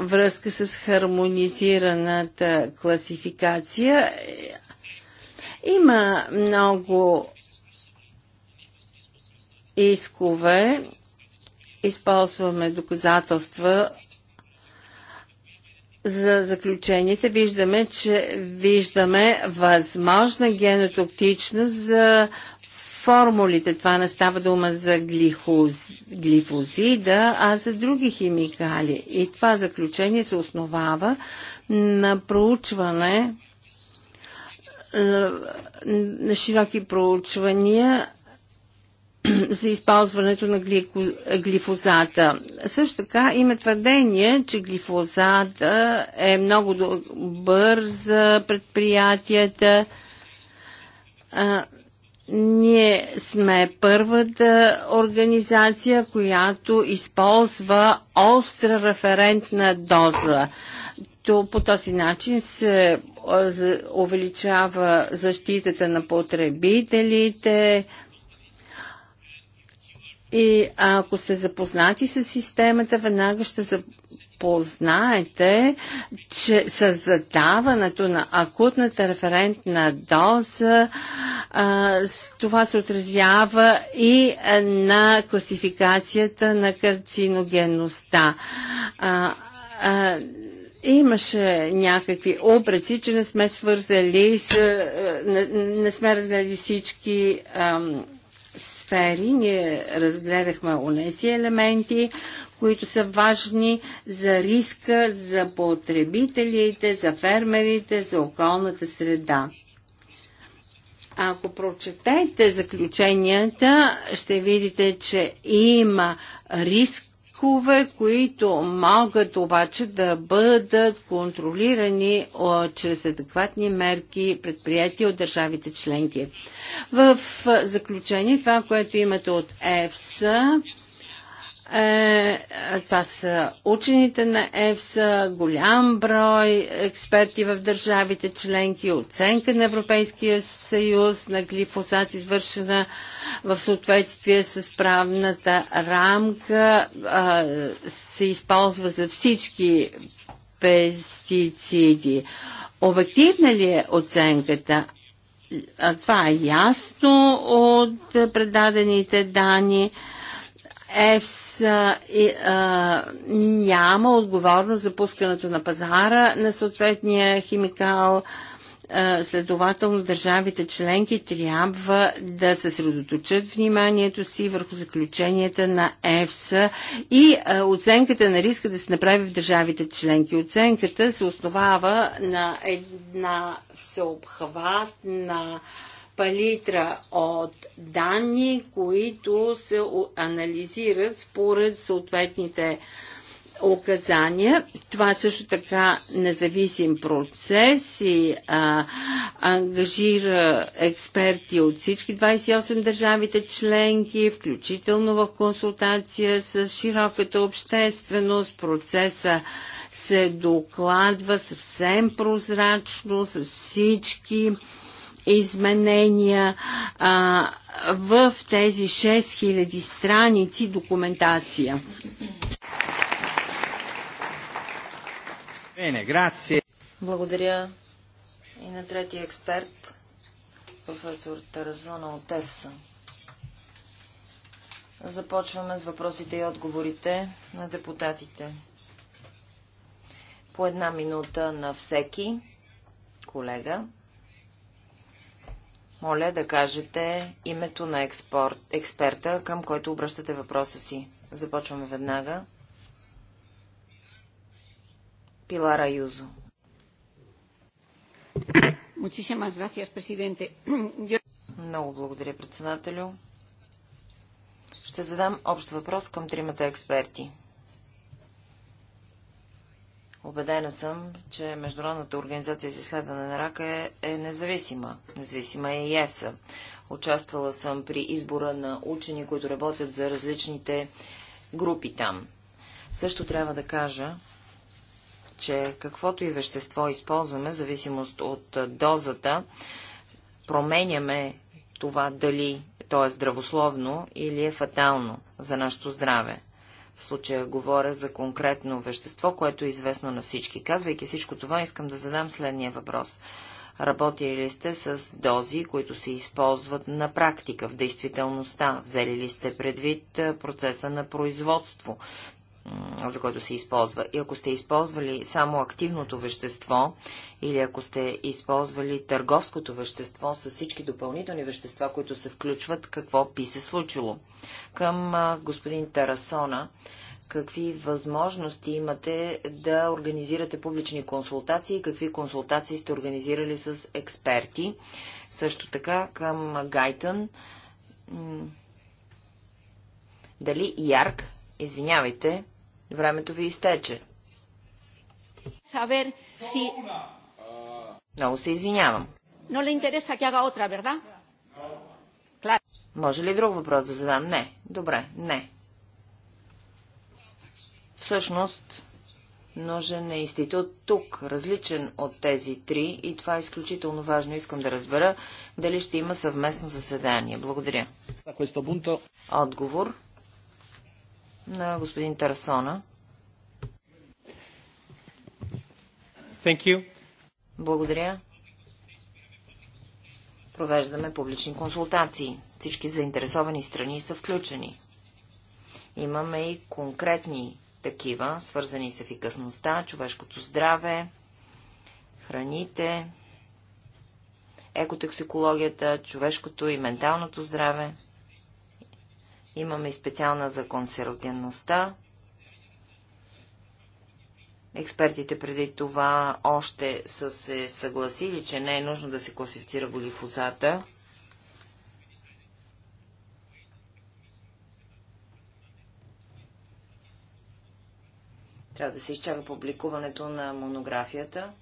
връзка с хармонизираната класификация. Има много искове, използваме доказателства за заключенията. Виждаме, че виждаме възможна генотоктичност за формулите. Това не става дума за глихоз, глифозида, а за други химикали. И това заключение се основава на проучване, е, на широки проучвания за използването на глифозата. Също така има твърдение, че глифозата е много добър за предприятията. Е, ние сме първата организация, която използва остра референтна доза. То по този начин се увеличава защитата на потребителите, и ако се запознати с системата, веднага ще познаете, че с задаването на акутната референтна доза това се отразява и на класификацията на карциногенността. Имаше някакви образи, че не сме свързали с... Не, не сме разгледали всички ам, сфери. Ние разгледахме унеси елементи, които са важни за риска за потребителите, за фермерите, за околната среда. Ако прочетете заключенията, ще видите, че има риск рискове, които могат обаче да бъдат контролирани чрез адекватни мерки, предприятия от държавите членки. В заключение, това, което имате от ЕФСА, е, това са учените на ЕФСА, голям брой експерти в държавите членки, оценка на Европейския съюз на глифосат, извършена в съответствие с правната рамка, е, се използва за всички пестициди. Обективна ли е оценката? А това е ясно от предадените данни а, и, а, няма отговорност за пускането на пазара на съответния химикал. А, следователно, държавите членки трябва да съсредоточат вниманието си върху заключенията на ЕФСА и а, оценката на риска да се направи в държавите членки. Оценката се основава на една всеобхватна на палитра от данни, които се анализират според съответните указания. Това е също така независим процес и а, ангажира експерти от всички 28 държавите членки, включително в консултация с широката общественост. Процеса се докладва съвсем прозрачно с всички изменения а, в тези 6000 страници документация. Благодаря и на третия експерт, професор Таразона от ЕФСА. Започваме с въпросите и отговорите на депутатите. По една минута на всеки колега. Моля да кажете името на експорт, експерта, към който обръщате въпроса си. Започваме веднага. Пилара Юзо. Много благодаря, председателю. Ще задам общ въпрос към тримата експерти. Обедена съм, че Международната организация за изследване на рака е, е независима. Независима е и ЕФСА. Участвала съм при избора на учени, които работят за различните групи там. Също трябва да кажа, че каквото и вещество използваме, в зависимост от дозата, променяме това дали то е здравословно или е фатално за нашето здраве. В случая говоря за конкретно вещество, което е известно на всички. Казвайки всичко това, искам да задам следния въпрос. Работили ли сте с дози, които се използват на практика, в действителността? Взели ли сте предвид процеса на производство за който се използва. И ако сте използвали само активното вещество или ако сте използвали търговското вещество с всички допълнителни вещества, които се включват, какво би се случило? Към господин Тарасона, какви възможности имате да организирате публични консултации, какви консултации сте организирали с експерти? Също така към Гайтън, дали ЯРК, извинявайте, Времето ви изтече. Saber si... Много се извинявам. No le interesa que haga otra, ¿verdad? Claro. Може ли друг въпрос да задам? Не. Добре, не. Всъщност, нужен е институт тук, различен от тези три и това е изключително важно. Искам да разбера дали ще има съвместно заседание. Благодаря. Отговор на господин Тарасона. Thank you. Благодаря. Провеждаме публични консултации. Всички заинтересовани страни са включени. Имаме и конкретни такива, свързани с ефикасността, човешкото здраве, храните, екотоксикологията, човешкото и менталното здраве. Имаме и специална за консерогенността. Експертите преди това още са се съгласили, че не е нужно да се класифицира глифозата. Трябва да се изчака публикуването на монографията.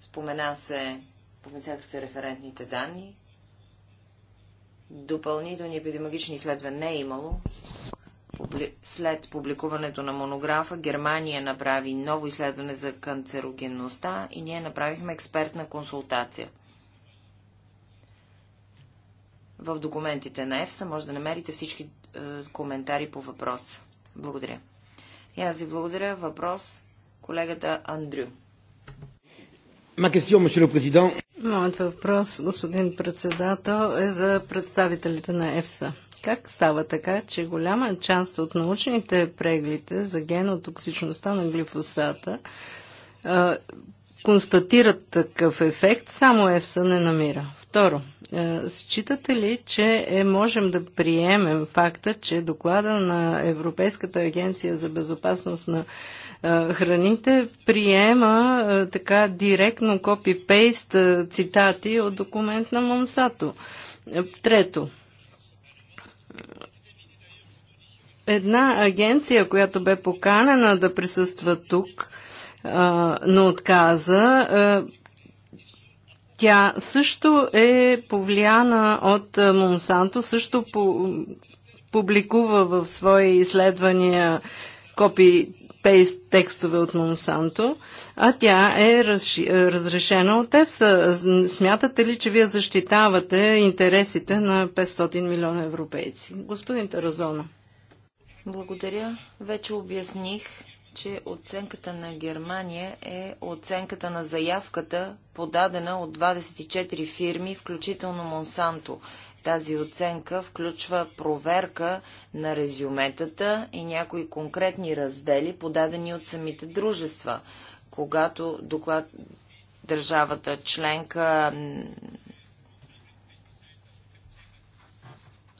Спомена се, помислях се референтните данни. Допълнителни епидемиологични изследвания не е имало. След публикуването на монографа, Германия направи ново изследване за канцерогенността и ние направихме експертна консултация. В документите на ЕФСА може да намерите всички е, коментари по въпроса. Благодаря. И аз ви благодаря. Въпрос колегата Андрю. Ма question, monsieur президент. Моят въпрос, господин председател, е за представителите на ЕФСА. Как става така, че голяма част от научните преглите за генотоксичността на глифосата констатират такъв ефект, само ЕФСА не намира. Второ, е, считате ли, че е, можем да приемем факта, че доклада на Европейската агенция за безопасност на е, храните приема е, така директно копипейст цитати от документ на Монсато? Трето, една агенция, която бе поканена да присъства тук, но отказа. Тя също е повлияна от Монсанто, също публикува в свои изследвания копи пейст текстове от Монсанто, а тя е разрешена от ЕФСА. Смятате ли, че вие защитавате интересите на 500 милиона европейци? Господин Таразона. Благодаря. Вече обясних, че оценката на Германия е оценката на заявката, подадена от 24 фирми, включително Монсанто. Тази оценка включва проверка на резюметата и някои конкретни раздели, подадени от самите дружества. Когато доклад държавата членка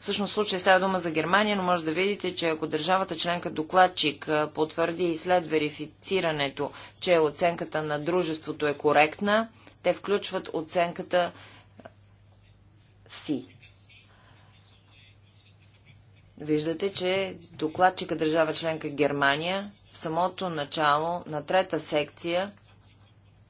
Всъщност случай става дума за Германия, но може да видите, че ако държавата членка докладчик потвърди и след верифицирането, че оценката на дружеството е коректна, те включват оценката си. Виждате, че докладчика държава членка Германия в самото начало на трета секция,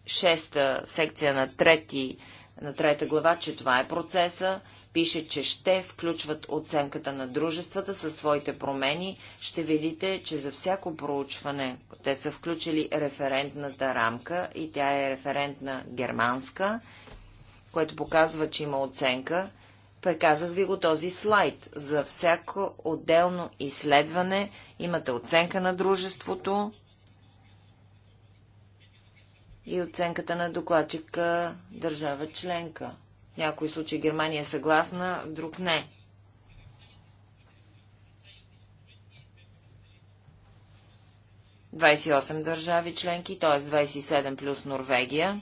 шеста секция на, трети, на трета глава, че това е процеса, пише, че ще включват оценката на дружествата със своите промени, ще видите, че за всяко проучване те са включили референтната рамка и тя е референтна германска, което показва, че има оценка. Преказах ви го този слайд. За всяко отделно изследване имате оценка на дружеството и оценката на докладчика държава членка някои случаи Германия е съгласна, друг не. Двадесет държави членки, т.е. 27 плюс Норвегия.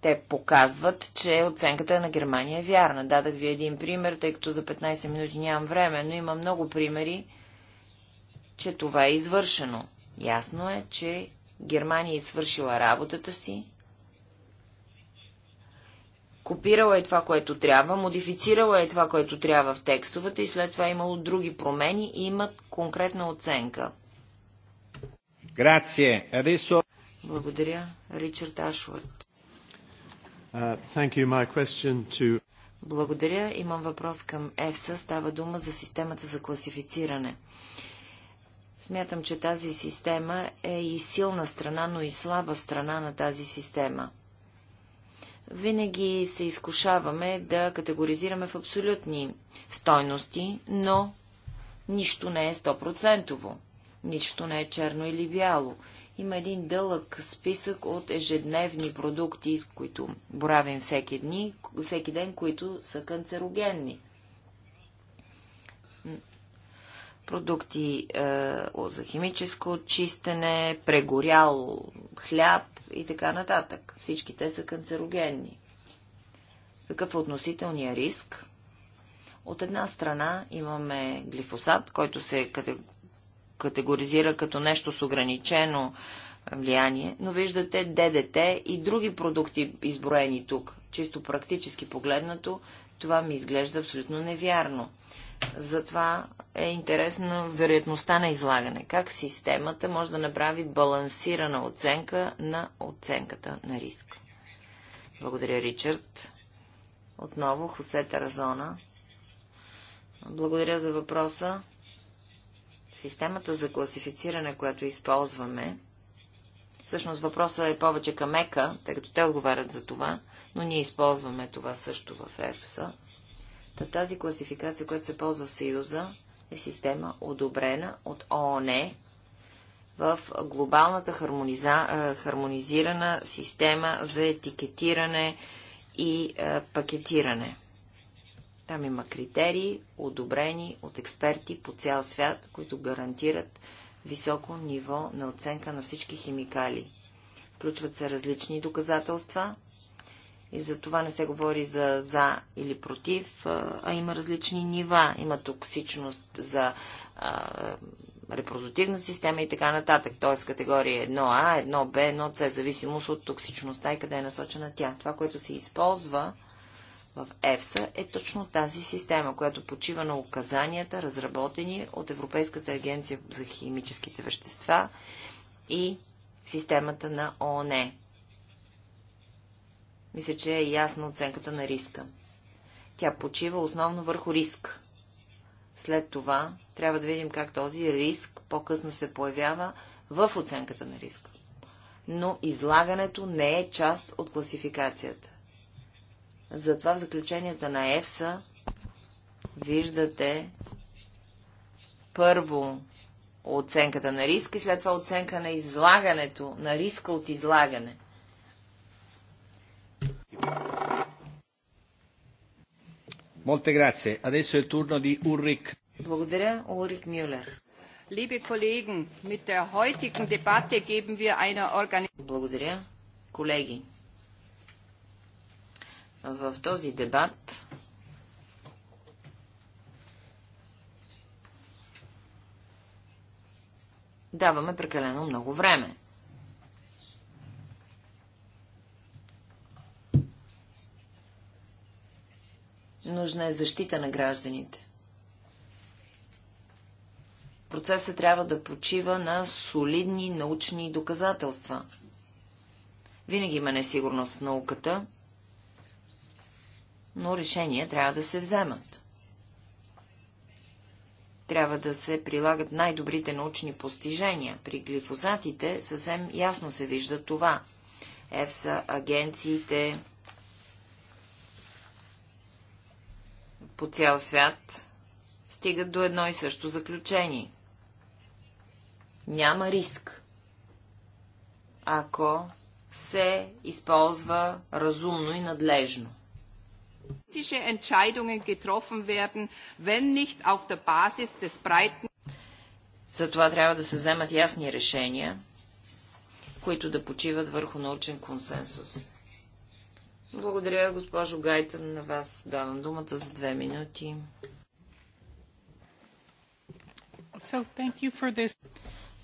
те показват, че оценката на Германия е вярна. Дадах ви един пример, тъй като за 15 минути нямам време, но има много примери, че това е извършено. Ясно е, че Германия е свършила работата си, копирала е това, което трябва, модифицирала е това, което трябва в текстовете и след това е имало други промени и имат конкретна оценка. Adesso... Благодаря. Ричард Ашвард. Uh, you, to... Благодаря. Имам въпрос към ЕФСА. Става дума за системата за класифициране. Смятам, че тази система е и силна страна, но и слаба страна на тази система. Винаги се изкушаваме да категоризираме в абсолютни стойности, но нищо не е стопроцентово. Нищо не е черно или бяло. Има един дълъг списък от ежедневни продукти, с които боравим всеки, дни, всеки ден, които са канцерогенни – продукти е, за химическо чистене, прегорял хляб и така нататък. Всички те са канцерогенни. Какъв е относителният риск? От една страна имаме глифосат, който се категоризира като нещо с ограничено е, влияние, но виждате ДДТ и други продукти изброени тук. Чисто практически погледнато, това ми изглежда абсолютно невярно. Затова е интересна вероятността на излагане. Как системата може да направи балансирана оценка на оценката на риск. Благодаря, Ричард. Отново Хосе Таразона. Благодаря за въпроса. Системата за класифициране, която използваме, всъщност въпросът е повече към ЕКА, тъй като те отговарят за това, но ние използваме това също в ЕРФСА. Та тази класификация, която се ползва в Съюза, е система одобрена от ООН в глобалната хармониза... Е, хармонизирана система за етикетиране и е, пакетиране. Там има критерии, одобрени от експерти по цял свят, които гарантират високо ниво на оценка на всички химикали. Включват се различни доказателства, и за това не се говори за за или против, а има различни нива. Има токсичност за а, репродуктивна система и така нататък. Т.е. категория 1А, 1Б, 1C, зависимост от токсичността и къде е насочена тя. Това, което се използва в ЕФСА е точно тази система, която почива на указанията, разработени от Европейската агенция за химическите вещества и системата на ООН. Мисля, че е ясна оценката на риска. Тя почива основно върху риск. След това трябва да видим как този риск по-късно се появява в оценката на риска. Но излагането не е част от класификацията. Затова в заключенията на ЕФСА виждате първо оценката на риск и след това оценка на излагането, на риска от излагане. Molte grazie. Adesso è il turno di Ulrich. Благодаря, Урик Мюллер. Liebe Kollegen, mit der heutigen Debatte geben wir einer Благодаря, колеги. В този дебат даваме прекалено много време. Нужна е защита на гражданите. Процесът трябва да почива на солидни научни доказателства. Винаги има несигурност в науката, но решения трябва да се вземат. Трябва да се прилагат най-добрите научни постижения. При глифозатите съвсем ясно се вижда това. ЕФСА, агенциите, по цял свят стигат до едно и също заключение. Няма риск, ако се използва разумно и надлежно. затова трябва да се вземат ясни решения, които да почиват върху научен консенсус. Благодаря, госпожо Гайтън. На вас давам думата за две минути. So,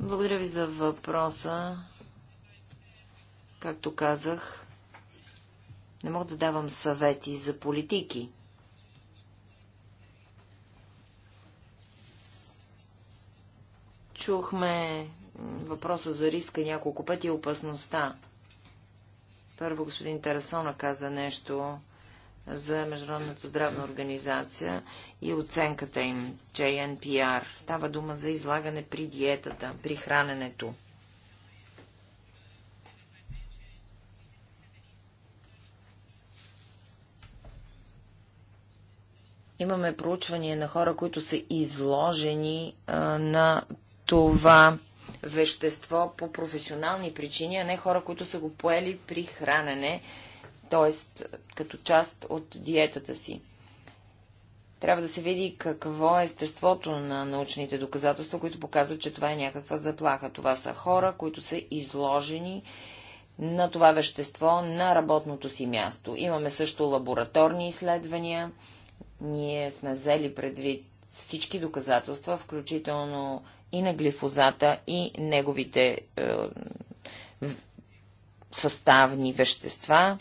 Благодаря ви за въпроса. Както казах, не мога да давам съвети за политики. Чухме въпроса за риска няколко пъти и опасността. Първо господин Тарасона каза нещо за Международната здравна организация и оценката им, JNPR. Става дума за излагане при диетата, при храненето. Имаме проучвания на хора, които са изложени а, на това вещество по професионални причини, а не хора, които са го поели при хранене, т.е. като част от диетата си. Трябва да се види какво е естеството на научните доказателства, които показват, че това е някаква заплаха. Това са хора, които са изложени на това вещество на работното си място. Имаме също лабораторни изследвания. Ние сме взели предвид всички доказателства, включително и на глифозата и неговите е, съставни вещества.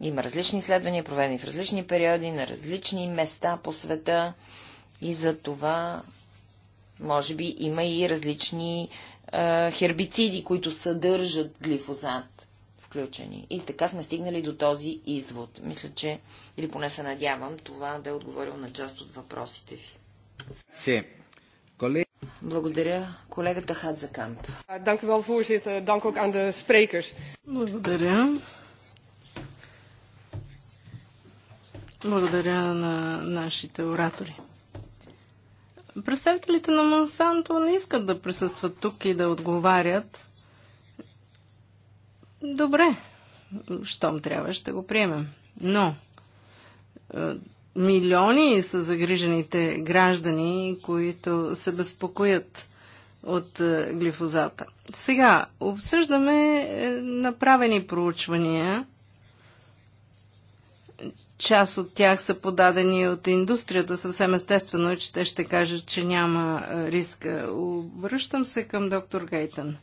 Има различни изследвания, проведени в различни периоди, на различни места по света и за това може би има и различни е, хербициди, които съдържат глифозат включени. И така сме стигнали до този извод. Мисля, че, или поне се надявам, това да е отговорил на част от въпросите ви. Си. Колеги... Благодаря. Колегата Хадзакамп. Благодаря. Благодаря на нашите оратори. Представителите на Монсанто не искат да присъстват тук и да отговарят. Добре, щом трябва, ще го приемем. Но Милиони са загрижените граждани, които се безпокоят от е, глифозата. Сега обсъждаме е, направени проучвания. Част от тях са подадени от индустрията. Съвсем естествено е, че те ще кажат, че няма е, риска. Обръщам се към доктор Гейтън.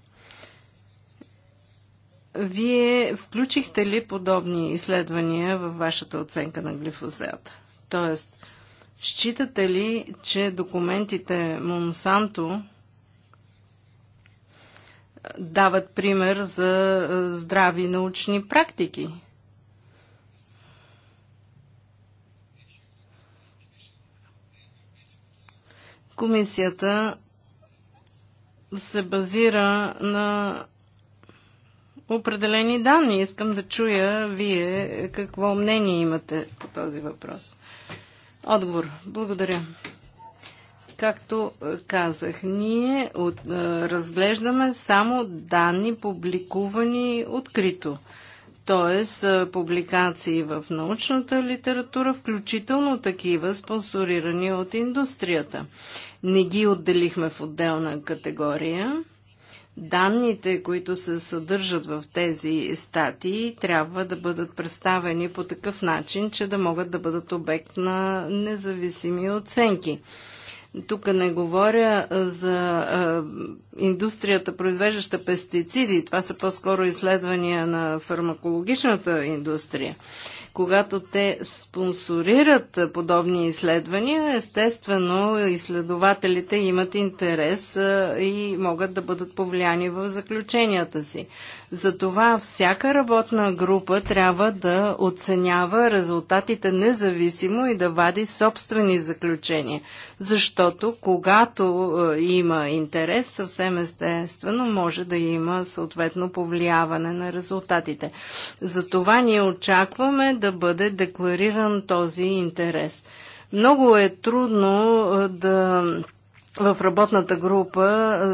Вие включихте ли подобни изследвания във вашата оценка на глифозата? Тоест, считате ли, че документите Монсанто дават пример за здрави научни практики? Комисията се базира на определени данни. Искам да чуя вие какво мнение имате по този въпрос. Отговор. Благодаря. Както е, казах, ние от, е, разглеждаме само данни, публикувани открито т.е. публикации в научната литература, включително такива, спонсорирани от индустрията. Не ги отделихме в отделна категория данните, които се съдържат в тези статии, трябва да бъдат представени по такъв начин, че да могат да бъдат обект на независими оценки. Тук не говоря за а, индустрията, произвеждаща пестициди. Това са по-скоро изследвания на фармакологичната индустрия когато те спонсорират подобни изследвания, естествено изследователите имат интерес и могат да бъдат повлияни в заключенията си. Затова всяка работна група трябва да оценява резултатите независимо и да вади собствени заключения. Защото когато има интерес, съвсем естествено може да има съответно повлияване на резултатите. Затова ние очакваме да бъде деклариран този интерес. Много е трудно да в работната група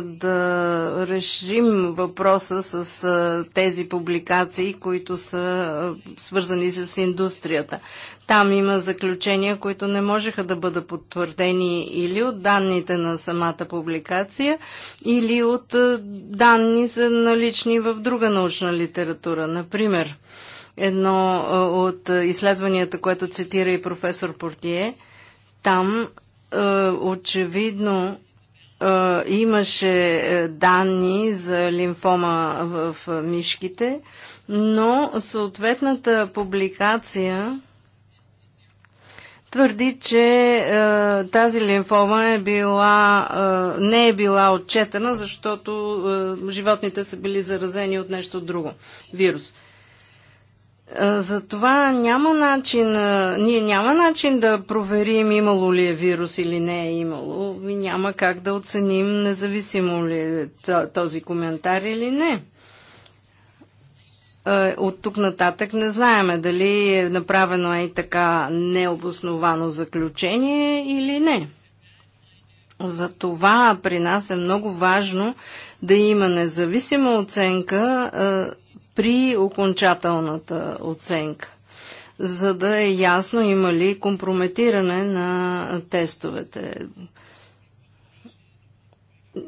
да решим въпроса с тези публикации, които са свързани с индустрията. Там има заключения, които не можеха да бъдат потвърдени или от данните на самата публикация, или от данни за налични в друга научна литература. Например, едно от изследванията, което цитира и професор Портие, там очевидно имаше данни за лимфома в, мишките, но съответната публикация твърди, че е, тази лимфома е била, е, не е била отчетена, защото е, животните са били заразени от нещо друго вирус. Е, за това няма начин, е, ние няма начин да проверим имало ли е вирус или не е имало. И няма как да оценим независимо ли е този коментар или не. Е, от тук нататък не знаеме дали е направено е и така необосновано заключение или не. За това при нас е много важно да има независима оценка при окончателната оценка, за да е ясно има ли компрометиране на тестовете.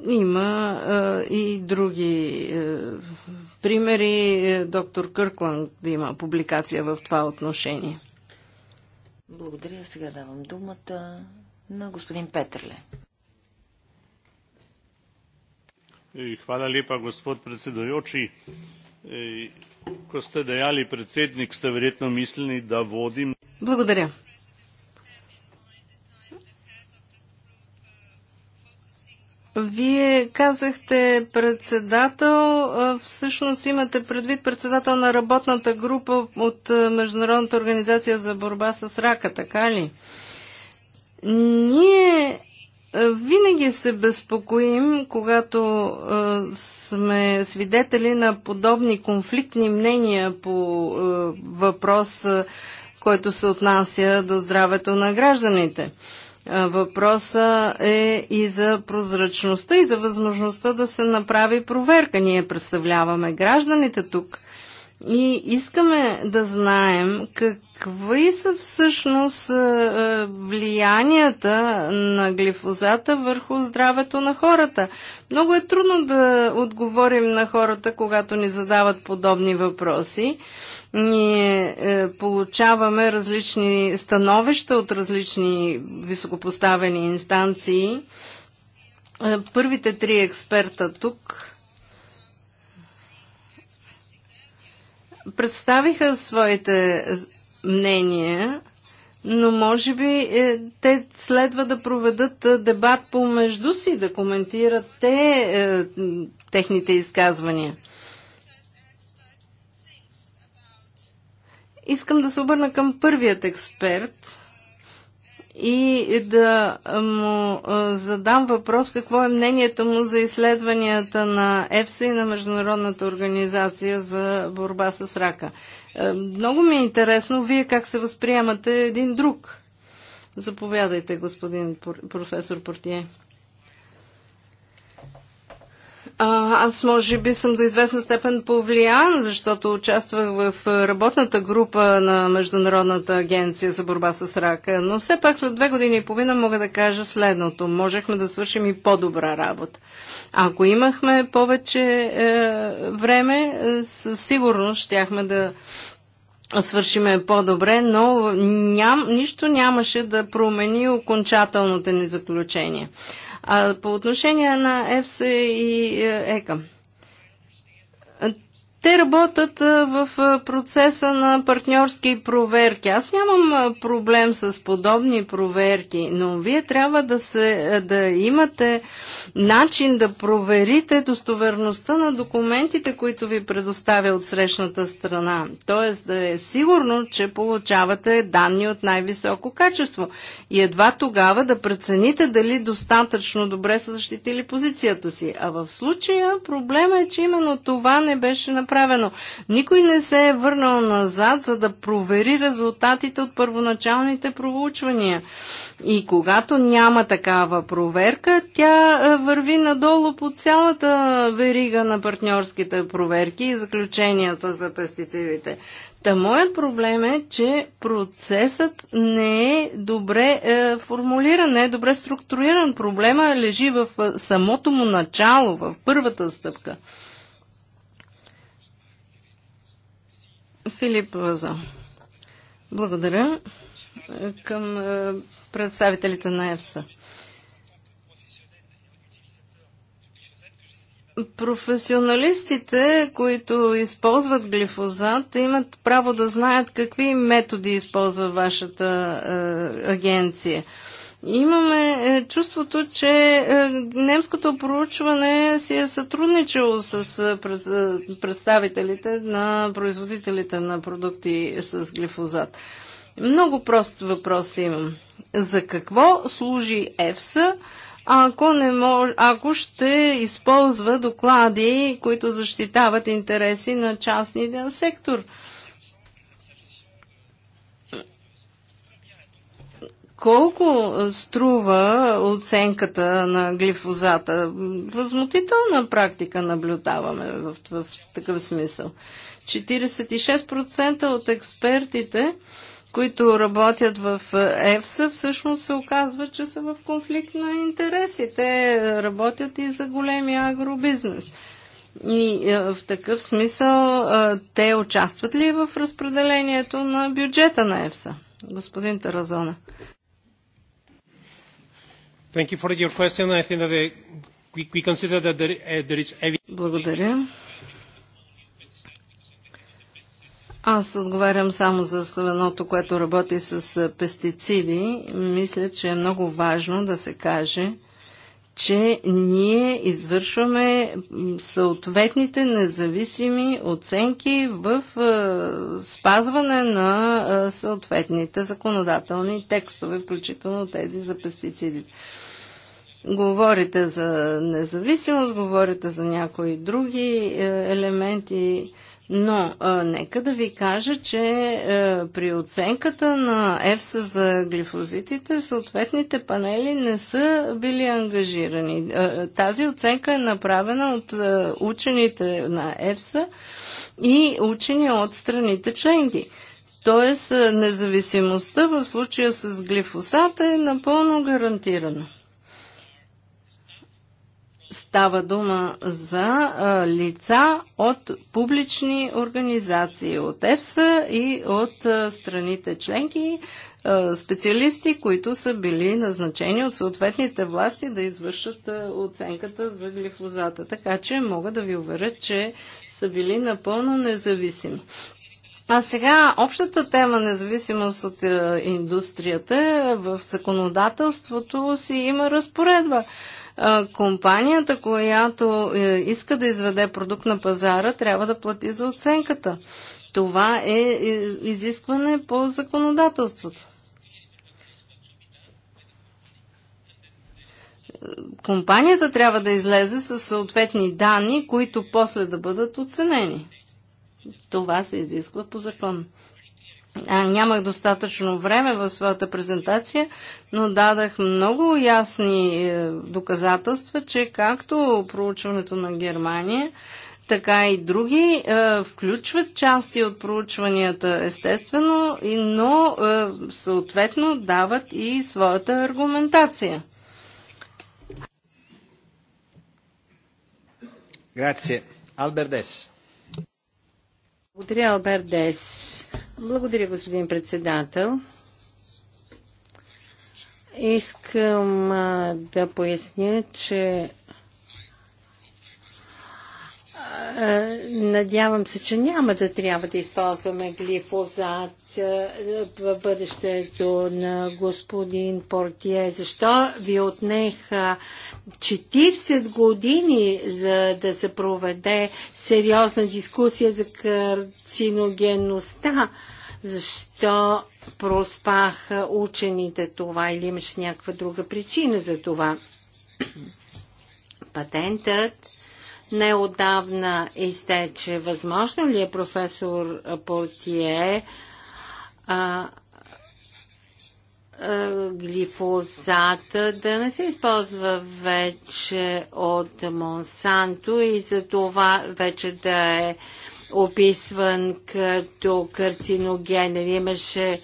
Има е, и други е, примери. Доктор Къркланд има публикация в това отношение. Благодаря. Сега давам думата на господин Петърле. хвала липа господ predsedujoči. Ko ste dejali predsednik, ste verjetno mislili, da vodim. Благодаря. Вие казахте председател, всъщност имате предвид председател на работната група от Международната организация за борба с рака, така ли? Ние е, винаги се безпокоим, когато е, сме свидетели на подобни конфликтни мнения по е, въпрос, който се отнася до здравето на гражданите. Е, въпроса е и за прозрачността и за възможността да се направи проверка. Ние представляваме гражданите тук – и искаме да знаем какви са всъщност е, е, влиянията на глифозата върху здравето на хората. Много е трудно да отговорим на хората, когато ни задават подобни въпроси. Ние е, получаваме различни становища от различни високопоставени инстанции. Първите три експерта тук представиха своите мнения, но може би е, те следва да проведат е, дебат помежду си, да коментират те е, техните изказвания. Искам да се обърна към първият експерт и да му задам въпрос какво е мнението му за изследванията на ЕФСА и на Международната организация за борба с рака. Много ми е интересно вие как се възприемате един друг. Заповядайте, господин професор Портие аз може би съм до известна степен повлиян, защото участвах в работната група на Международната агенция за борба с рака. Но все пак след две години и половина мога да кажа следното. Можехме да свършим и по-добра работа. Ако имахме повече е, време, е, със сигурност щяхме да свършиме по-добре, но ням, нищо нямаше да промени окончателното ни заключение. А по отношение на ЕФСА и ЕКА. Е те работят в процеса на партньорски проверки. Аз нямам проблем с подобни проверки, но вие трябва да, се, да имате начин да проверите достоверността на документите, които ви предоставя от срещната страна. Тоест да е сигурно, че получавате данни от най-високо качество. И едва тогава да прецените дали достатъчно добре са защитили позицията си. А в случая проблема е, че именно това не беше направено направено. Никой не се е върнал назад, за да провери резултатите от първоначалните проучвания. И когато няма такава проверка, тя е, върви надолу по цялата верига на партньорските проверки и заключенията за пестицидите. Та моят проблем е, че процесът не е добре е, формулиран, не е добре структуриран. Проблема лежи в е, самото му начало, в първата стъпка. Филип Вазо. Благодаря към е, представителите на ЕФСА. Професионалистите, които използват глифозат, имат право да знаят какви методи използва вашата е, агенция. Имаме е, чувството, че е, немското проучване си е сътрудничило с е, представителите на производителите на продукти с глифозат. Много прост въпрос имам. За какво служи ЕФСА, ако, не мож... ако ще използва доклади, които защитават интереси на частния сектор? Колко струва оценката на глифозата? Възмутителна практика наблюдаваме в, в, в такъв смисъл. 46% от експертите, които работят в ЕФСА, всъщност се оказва, че са в конфликт на интереси. Те работят и за големия агробизнес. И в такъв смисъл те участват ли в разпределението на бюджета на ЕФСА? Господин Таразона. Thank you for your question. I think that uh, we, consider that there, uh, is evidence. Благодаря. Аз отговарям само за следното, което работи с пестициди. Мисля, че е много важно да се каже, че ние извършваме съответните независими оценки в спазване на съответните законодателни текстове, включително тези за пестицидите. Говорите за независимост, говорите за някои други е, елементи но а, нека да ви кажа, че а, е, при оценката на ЕФСА за глифозитите съответните панели не са били ангажирани. А, е, е, тази оценка е направена от а, учените на ЕФСА и учени от страните членки. Тоест, независимостта в случая с глифосата е напълно гарантирана. Става дума за лица от публични организации, от ЕФСА и от страните членки, специалисти, които са били назначени от съответните власти да извършат оценката за глифозата. Така че мога да ви уверя, че са били напълно независими. А сега общата тема независимост от индустрията в законодателството си има разпоредба компанията, която е, иска да изведе продукт на пазара, трябва да плати за оценката. Това е, е изискване по законодателството. Компанията трябва да излезе с съответни данни, които после да бъдат оценени. Това се изисква по закон нямах достатъчно време в своята презентация, но дадах много ясни е, доказателства, че както проучването на Германия, така и други е, включват части от проучванията, естествено, но е, съответно дават и своята аргументация. Грация. Албердес. Благодаря, Алберт Дес. Благодаря, господин председател. Искам а, да поясня, че а, надявам се, че няма да трябва да използваме глифозат в бъдещето на господин Портие. Защо ви отнеха 40 години, за да се проведе сериозна дискусия за карциногенността. Защо проспаха учените това или имаше някаква друга причина за това? Патентът неодавна изтече. Възможно ли е професор Портие а, глифозата да не се използва вече от Монсанто и за това вече да е описван като карциногенен. Нали, имаше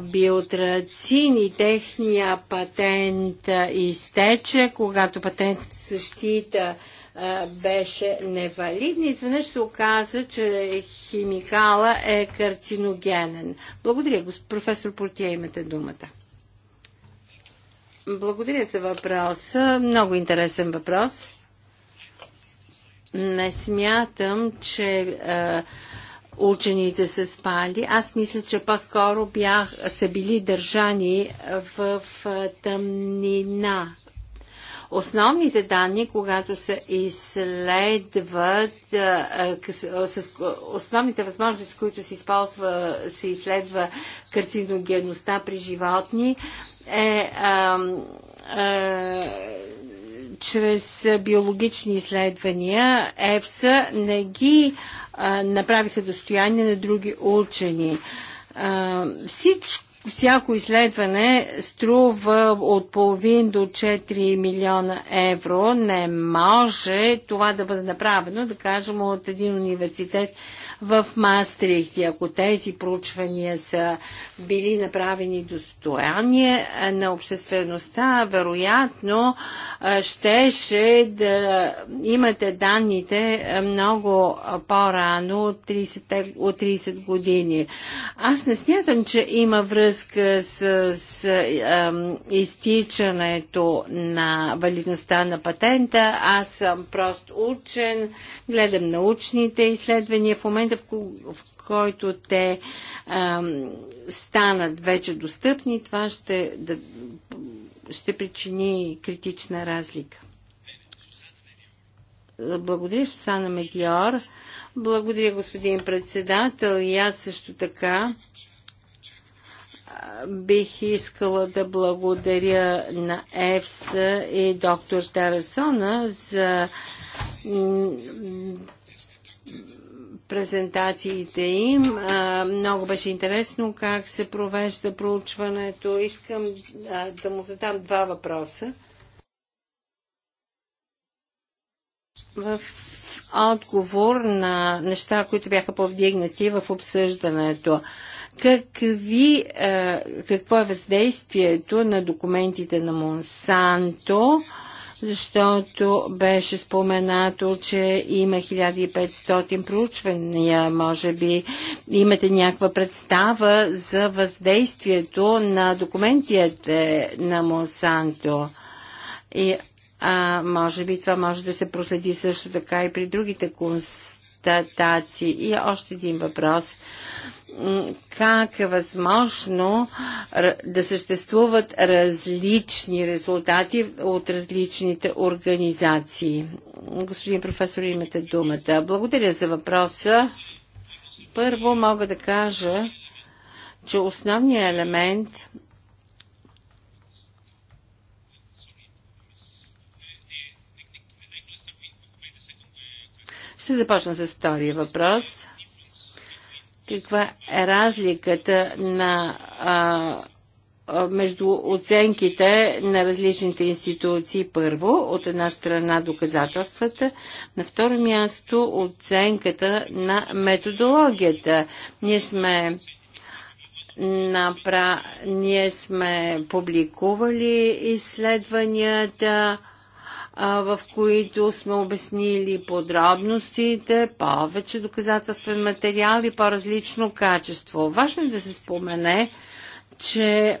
биотрацин и техния патент изтече, когато патент защита беше невалидна. Изведнъж се оказа, че химикала е карциногенен. Благодаря, професор Портия, имате думата. Благодаря за въпроса. Много интересен въпрос. Не смятам, че е, учените се спали. Аз мисля, че по-скоро бях, са били държани в, в тъмнина, основните данни, когато се изследват, с основните възможности, с които се, използва, се изследва карциногенността при животни, е а, а, чрез биологични изследвания ЕФСА не ги а, направиха достояние на други учени. А, всичко всяко изследване струва от половин до 4 милиона евро. Не може това да бъде направено, да кажем, от един университет в Мастрихт. И ако тези проучвания са били направени достояние на обществеността, вероятно щеше да имате данните много по-рано от 30, от 30 години. Аз не смятам, че има връзка връзка с, с ем, изтичането на валидността на патента. Аз съм прост учен, гледам научните изследвания. В момента, в, в който те ем, станат вече достъпни, това ще, да, ще причини критична разлика. Благодаря, Сусана Медиор, Благодаря, господин председател. И аз също така бих искала да благодаря на ЕФСА и доктор Тарасона за презентациите им. много беше интересно как се провежда проучването. Искам да му задам два въпроса. В отговор на неща, които бяха повдигнати в обсъждането какви, какво е въздействието на документите на Монсанто, защото беше споменато, че има 1500 проучвания, може би имате някаква представа за въздействието на документите на Монсанто. И а, може би това може да се проследи също така и при другите констатации. И още един въпрос как е възможно да съществуват различни резултати от различните организации. Господин професор, имате думата. Благодаря за въпроса. Първо мога да кажа, че основният елемент Ще започна с втория въпрос каква е разликата на, а, между оценките на различните институции. Първо, от една страна доказателствата, на второ място оценката на методологията. Ние сме Напра... Ние сме публикували изследванията, в които сме обяснили подробностите, повече доказателствен материал и по-различно качество. Важно е да се спомене, че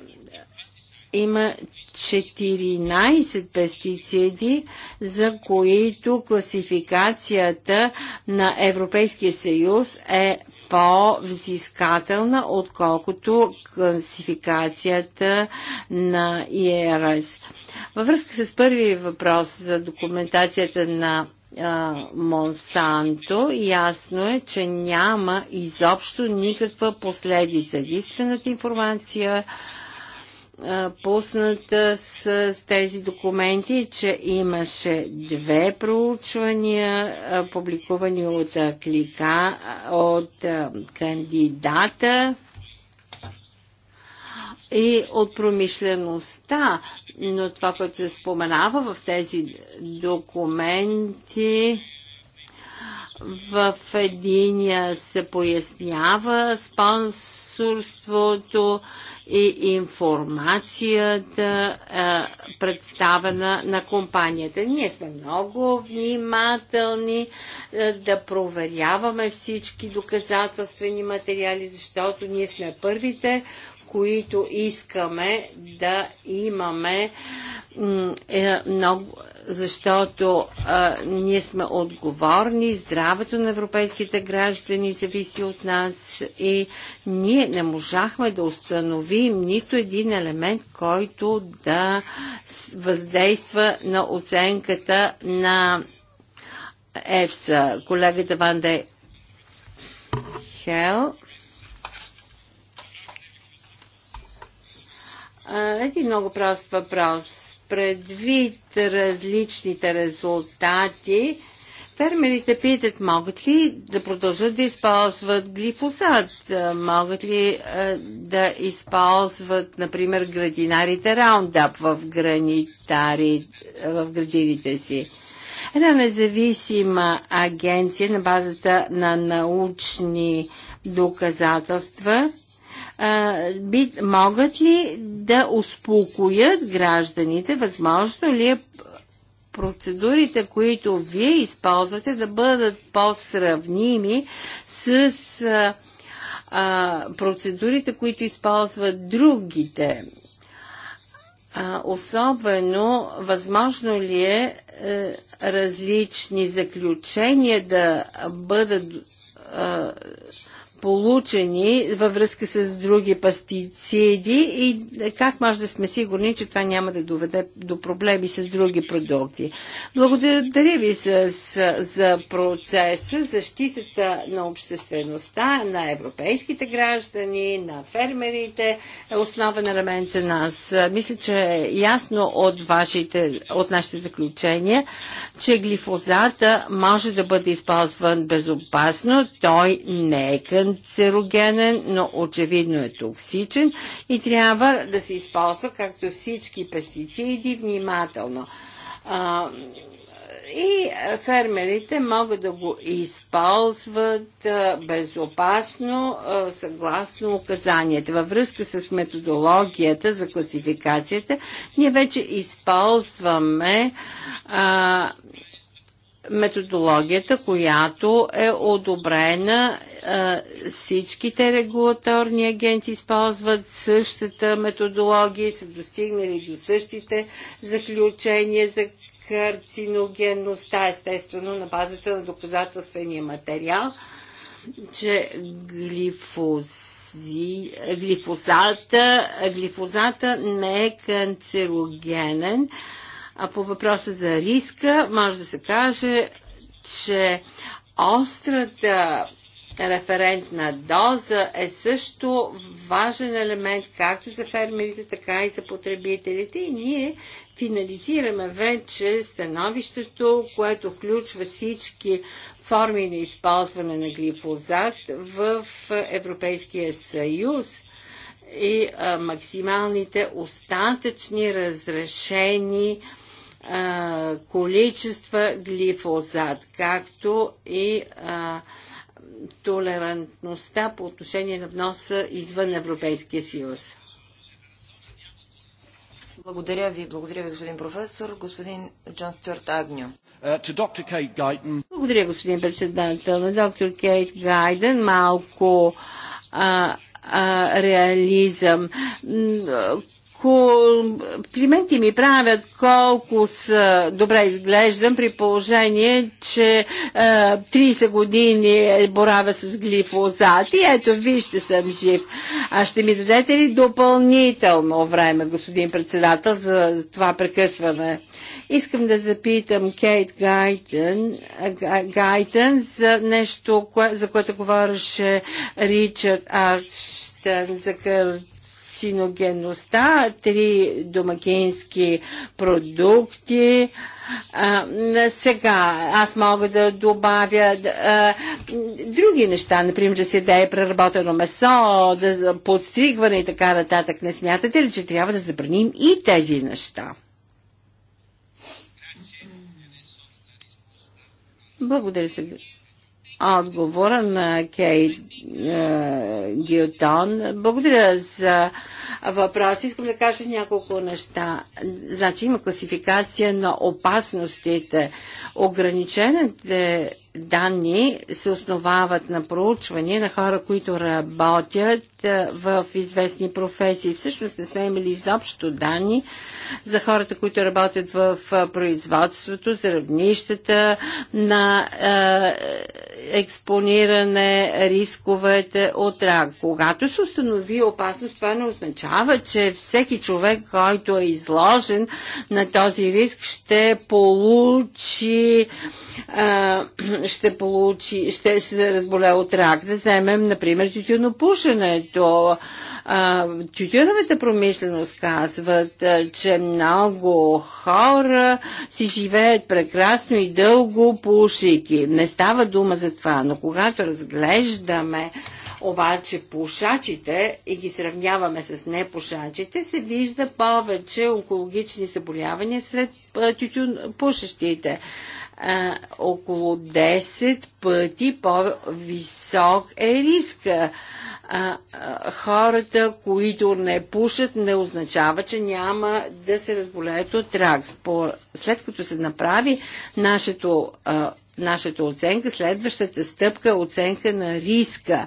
има 14 пестициди, за които класификацията на Европейския съюз е по-взискателна, отколкото класификацията на ИРС. Е във връзка с първи въпрос за документацията на Монсанто, ясно е, че няма изобщо никаква последица. Единствената информация, пусната с, с тези документи, е, че имаше две проучвания, публикувани от клика, от кандидата и от промишлеността, но това, което се споменава в тези документи, в единия се пояснява спонсорството и информацията представена на компанията. Ние сме много внимателни да проверяваме всички доказателствени материали, защото ние сме първите, които искаме да имаме е, много, защото а, ние сме отговорни, здравето на европейските граждани зависи от нас и ние не можахме да установим нито един елемент, който да въздейства на оценката на ЕФСА. Колегата Ван Де Хел Един много прост въпрос. Предвид различните резултати, фермерите питат, могат ли да продължат да използват глифосат? Могат ли да използват, например, градинарите раундап в, гранитари, в градините си? Една независима агенция на базата на научни доказателства би, могат ли да успокоят гражданите? Възможно ли е процедурите, които вие използвате, да бъдат по-сравними с а, процедурите, които използват другите? А, особено, възможно ли е, е различни заключения да бъдат. Е, получени във връзка с други пастициди и как може да сме сигурни, че това няма да доведе до проблеми с други продукти. Благодаря ви с, с, за процеса, защитата на обществеността, на европейските граждани, на фермерите е основа на раменца за нас. Мисля, че е ясно от, вашите, от нашите заключения, че глифозата може да бъде използван безопасно. Той не е канцерогенен, но очевидно е токсичен и трябва да се използва, както всички пестициди, внимателно. А, и фермерите могат да го използват безопасно съгласно указанията. Във връзка с методологията за класификацията, ние вече използваме а, методологията, която е одобрена. Всичките регулаторни агенти използват същата методология и са достигнали до същите заключения за карциногенността, естествено на базата на доказателствения материал, че глифози, глифозата, глифозата не е канцерогенен, а по въпроса за риска може да се каже, че острата референтна доза е също важен елемент както за фермерите, така и за потребителите. И ние финализираме вече становището, което включва всички форми на използване на глифозат в Европейския съюз и а, максималните остатъчни разрешени а, количества глифозат, както и а, толерантността по отношение на вноса извън Европейския съюз. Благодаря ви, благодаря ви, господин професор. Господин Джон Стюарт Агню. Uh, благодаря, господин председател. На доктор Кейт Гайден малко а, а, реализъм комплименти ми правят колко с добре изглеждам при положение, че е, 30 години е боравя с глифозат и ето вижте съм жив. А ще ми дадете ли допълнително време, господин председател, за това прекъсване? Искам да запитам Кейт Гайтън, Гайтън за нещо, кое, за което говореше Ричард Арчтен, за Синогенността, три домакински продукти. А, сега аз мога да добавя а, други неща, например да се даде преработено месо, да подстригване и така нататък. Не смятате ли, че трябва да забраним и тези неща? Благодаря се отговора на Кей е, Гилтон. Благодаря за въпроса. Искам да кажа няколко неща. Значи има класификация на опасностите. Ограничените данни се основават на проучвания на хора, които работят в известни професии. Всъщност не сме имали изобщо данни за хората, които работят в производството, за равнищата на а, е, експониране, рисковете от рак. Когато се установи опасност, това не означава, че всеки човек, който е изложен на този риск, ще получи е, ще получи, ще, ще се разболе от рак. Да вземем, например, тютюнопушенето които тютюновата промишленост казват, че много хора си живеят прекрасно и дълго пушики. Не става дума за това, но когато разглеждаме обаче пушачите и ги сравняваме с непушачите, се вижда повече онкологични заболявания сред тютюн пушещите. А, около 10 пъти по-висок е риска а, а, хората, които не пушат, не означава, че няма да се разболеят от рак. След като се направи нашето, а, нашата оценка, следващата стъпка е оценка на риска,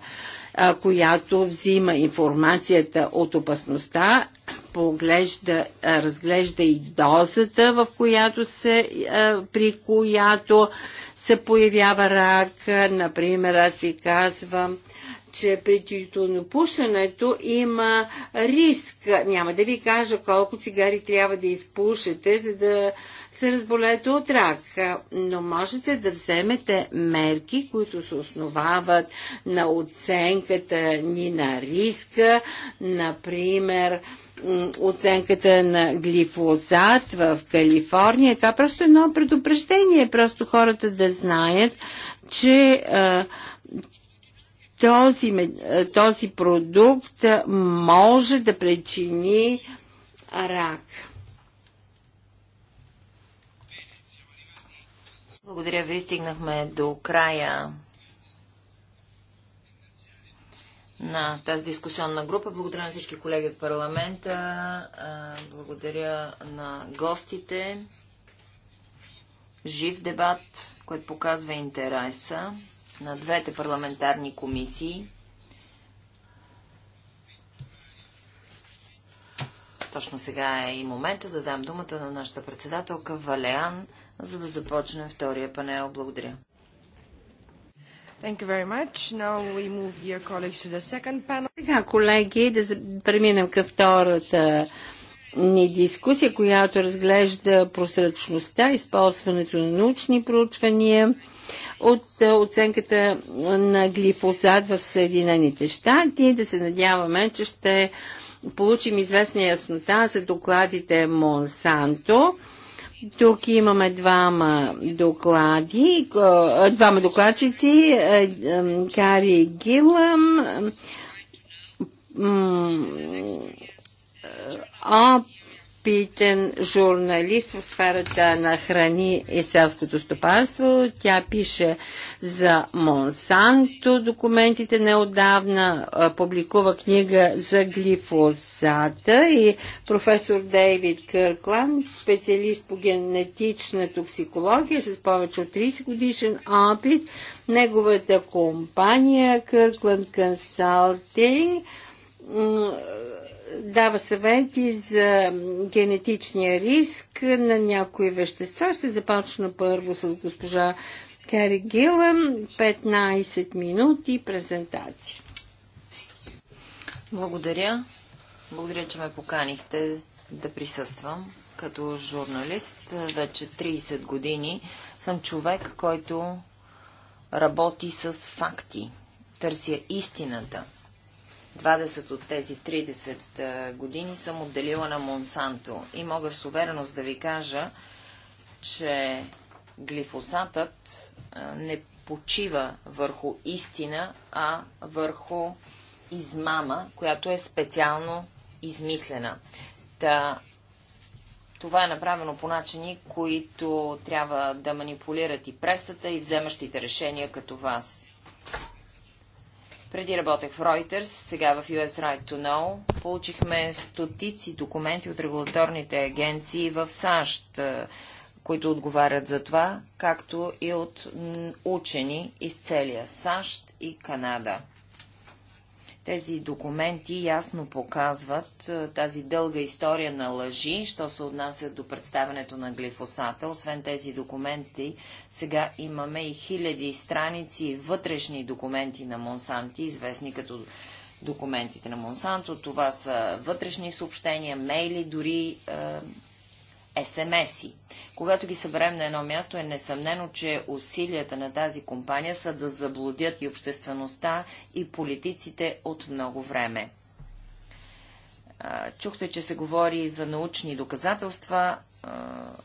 а, която взима информацията от опасността, поглежда, а, разглежда и дозата, в която се, а, при която се появява рак. Например, аз ви казвам, че при тютюнопушенето има риск. Няма да ви кажа колко цигари трябва да изпушете, за да се разболете от рак. Но можете да вземете мерки, които се основават на оценката ни на риска, например, оценката на глифозат в Калифорния. Това е просто едно предупреждение, просто хората да знаят, че а, този, е, този продукт може да причини рак. Благодаря ви. Стигнахме до края на тази дискусионна група. Благодаря на всички колеги от парламента. Благодаря на гостите. Жив дебат, който показва интереса на двете парламентарни комисии. Точно сега е и момента да дам думата на нашата председателка Валеан, за да започнем втория панел. Благодаря. Сега, колеги, да преминем към втората ни дискусия, която разглежда прозрачността, използването на научни проучвания от е, оценката на глифозат в Съединените щати. Да се надяваме, че ще получим известна яснота за докладите Монсанто. Тук имаме двама доклади, е, двама докладчици, е, Кари Гилъм, ОП опитен журналист в сферата на храни и селското стопанство. Тя пише за Монсанто документите неодавна, публикува книга за глифозата и професор Дейвид Кърклан, специалист по генетична токсикология с повече от 30 годишен опит. Неговата компания Къркланд Консалтинг дава съвети за генетичния риск на някои вещества. Ще започна първо с госпожа Кери Гилъм. 15 минути презентация. Благодаря. Благодаря, че ме поканихте да присъствам. Като журналист вече 30 години съм човек, който работи с факти. Търся истината – 20 от тези 30 години съм отделила на Монсанто и мога с увереност да ви кажа, че глифосатът не почива върху истина, а върху измама, която е специално измислена. Та, това е направено по начини, които трябва да манипулират и пресата, и вземащите решения като вас. Преди работех в Reuters, сега в US Right to Know. Получихме стотици документи от регулаторните агенции в САЩ, е, които отговарят за това, както и от учени из целия САЩ и Канада. Тези документи ясно показват е, тази дълга история на лъжи, що се отнася до представенето на глифосата. Освен тези документи, сега имаме и хиляди страници вътрешни документи на Монсанти, известни като документите на Монсанто. Това са вътрешни съобщения, мейли, дори е, СМС-и. Когато ги съберем на едно място, е несъмнено, че усилията на тази компания са да заблудят и обществеността, и политиците от много време. Чухте, че се говори за научни доказателства.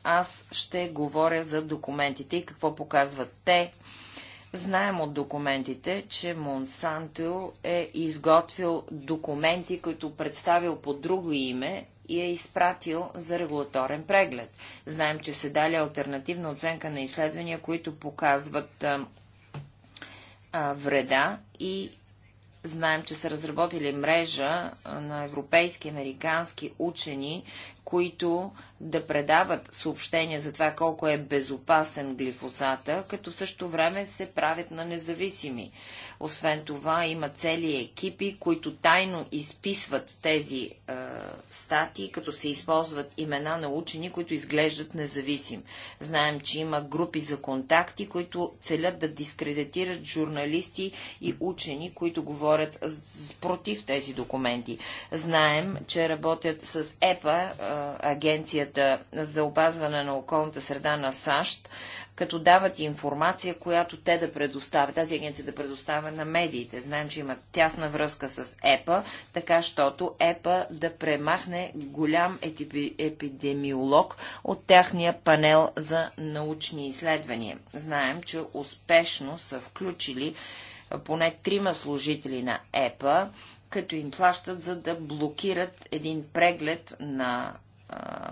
Аз ще говоря за документите и какво показват те. Знаем от документите, че Монсанто е изготвил документи, които представил по друго име, и е изпратил за регулаторен преглед. Знаем, че се дали альтернативна оценка на изследвания, които показват а, а, вреда и знаем, че са разработили мрежа на европейски, американски учени, които да предават съобщения за това колко е безопасен глифосата, като също време се правят на независими. Освен това има цели екипи, които тайно изписват тези е, стати, като се използват имена на учени, които изглеждат независим. Знаем, че има групи за контакти, които целят да дискредитират журналисти и учени, които говорят против тези документи. Знаем, че работят с ЕПА, е, Агенцията за опазване на околната среда на САЩ, като дават информация, която те да предоставят, тази агенция да предоставя възстановяване на медиите. Знаем, че има тясна връзка с ЕПА, така щото ЕПА да премахне голям епидемиолог от тяхния панел за научни изследвания. Знаем, че успешно са включили поне трима служители на ЕПА, като им плащат, за да блокират един преглед на а,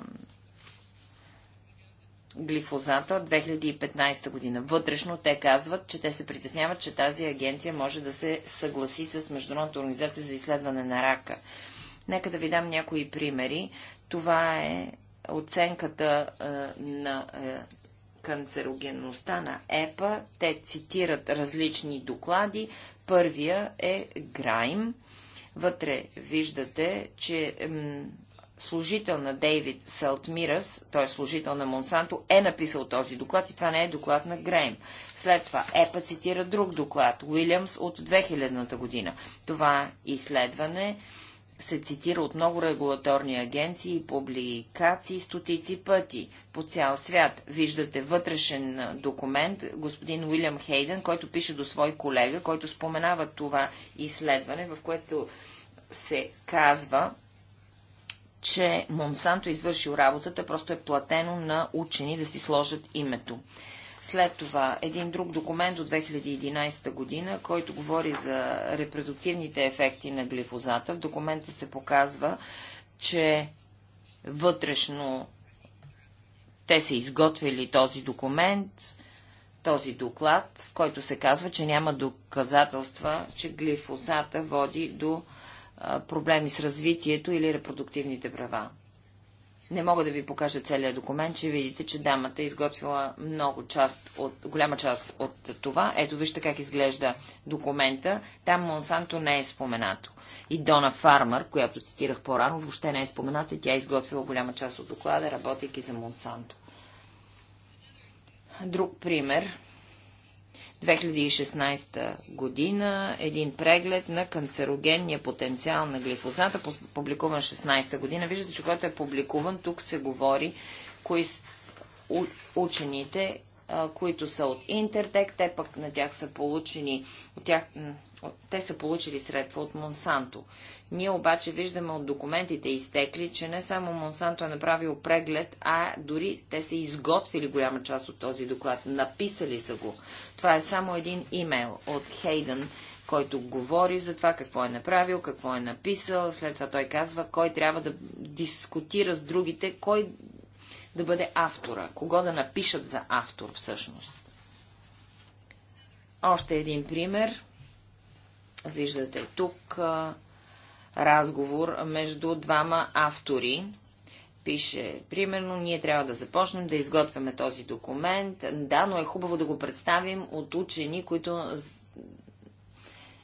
глифозата от 2015 година. Вътрешно те казват, че те се притесняват, че тази агенция може да се съгласи с Международната организация за изследване на рака. Нека да ви дам някои примери. Това е оценката е, на е, канцерогенността на ЕПА. Те цитират различни доклади. Първия е Грайм. Вътре виждате, че служител на Дейвид Селтмирас, той е служител на Монсанто, е написал този доклад и това не е доклад на Грейм. След това ЕПА цитира друг доклад, Уилямс от 2000-та година. Това изследване се цитира от много регулаторни агенции и публикации стотици пъти по цял свят. Виждате вътрешен документ, господин Уилям Хейден, който пише до свой колега, който споменава това изследване, в което се казва, че Монсанто е извършил работата, просто е платено на учени да си сложат името. След това един друг документ от 2011 година, който говори за репродуктивните ефекти на глифозата. В документа се показва, че вътрешно те са изготвили този документ, този доклад, в който се казва, че няма доказателства, че глифозата води до проблеми с развитието или репродуктивните права. Не мога да ви покажа целият документ, че видите, че дамата е изготвила много част от, голяма част от това. Ето вижте как изглежда документа. Там Монсанто не е споменато. И Дона Фармър, която цитирах по-рано, въобще не е спомената и тя е изготвила голяма част от доклада, работейки за Монсанто. Друг пример 2016 година един преглед на канцерогенния потенциал на глифозата, публикуван 16 година. Виждате, че когато е публикуван, тук се говори кои учените които са от Интертек, те пък на тях са получени, от тях, те са получили средства от Монсанто. Ние обаче виждаме от документите изтекли, че не само Монсанто е направил преглед, а дори те са изготвили голяма част от този доклад, написали са го. Това е само един имейл от Хейден, който говори за това какво е направил, какво е написал, след това той казва кой трябва да дискутира с другите, кой да бъде автора, кого да напишат за автор всъщност. Още един пример. Виждате тук разговор между двама автори. Пише, примерно, ние трябва да започнем да изготвяме този документ. Да, но е хубаво да го представим от учени, които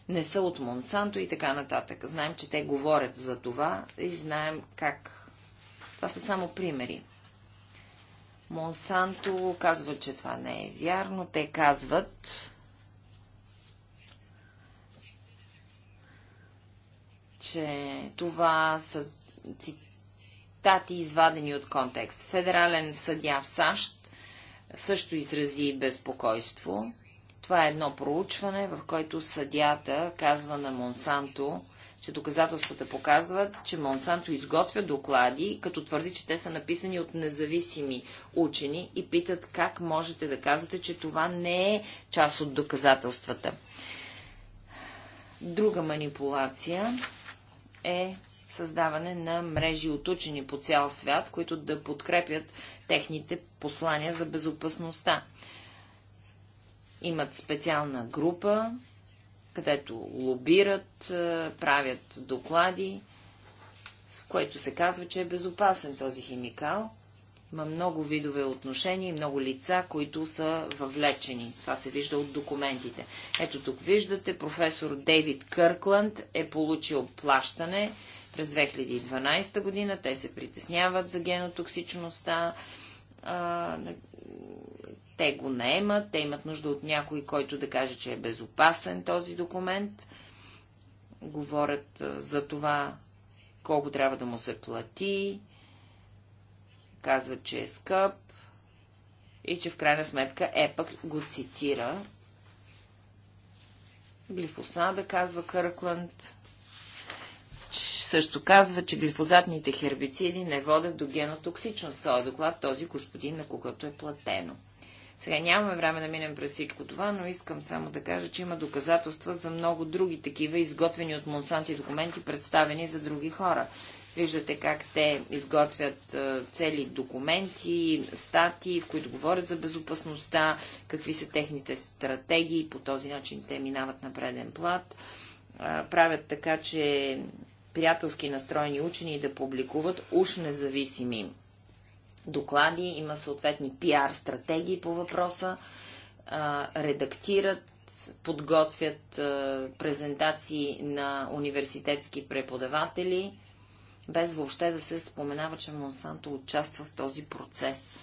не са от Монсанто и така нататък. Знаем, че те говорят за това и знаем как. Това са само примери. Монсанто казва, че това не е вярно. Те казват, че това са цитати, извадени от контекст. Федерален съдя в САЩ също изрази безпокойство. Това е едно проучване, в което съдята казва на Монсанто, че доказателствата показват, че Монсанто изготвя доклади, като твърди, че те са написани от независими учени и питат как можете да казвате, че това не е част от доказателствата. Друга манипулация е създаване на мрежи от учени по цял свят, които да подкрепят техните послания за безопасността. Имат специална група, където лобират, правят доклади, в което се казва, че е безопасен този химикал. Има много видове отношения и много лица, които са въвлечени. Това се вижда от документите. Ето тук виждате, професор Дейвид Къркланд е получил плащане през 2012 година. Те се притесняват за генотоксичността те го наемат, те имат нужда от някой, който да каже, че е безопасен този документ. Говорят за това колко трябва да му се плати. Казват, че е скъп. И че в крайна сметка Епък го цитира. Глифосада, казва Къркланд също казва, че глифозатните хербициди не водят до генотоксичност. Това е доклад този господин, на когото е платено. Сега нямаме време да минем през всичко това, но искам само да кажа, че има доказателства за много други такива, изготвени от Монсанти документи, представени за други хора. Виждате как те изготвят е, цели документи, статии, в които говорят за безопасността, какви са техните стратегии, по този начин те минават на преден плат, е, правят така, че приятелски настроени учени да публикуват уж независими доклади, има съответни пиар стратегии по въпроса, редактират, подготвят презентации на университетски преподаватели, без въобще да се споменава, че Монсанто участва в този процес.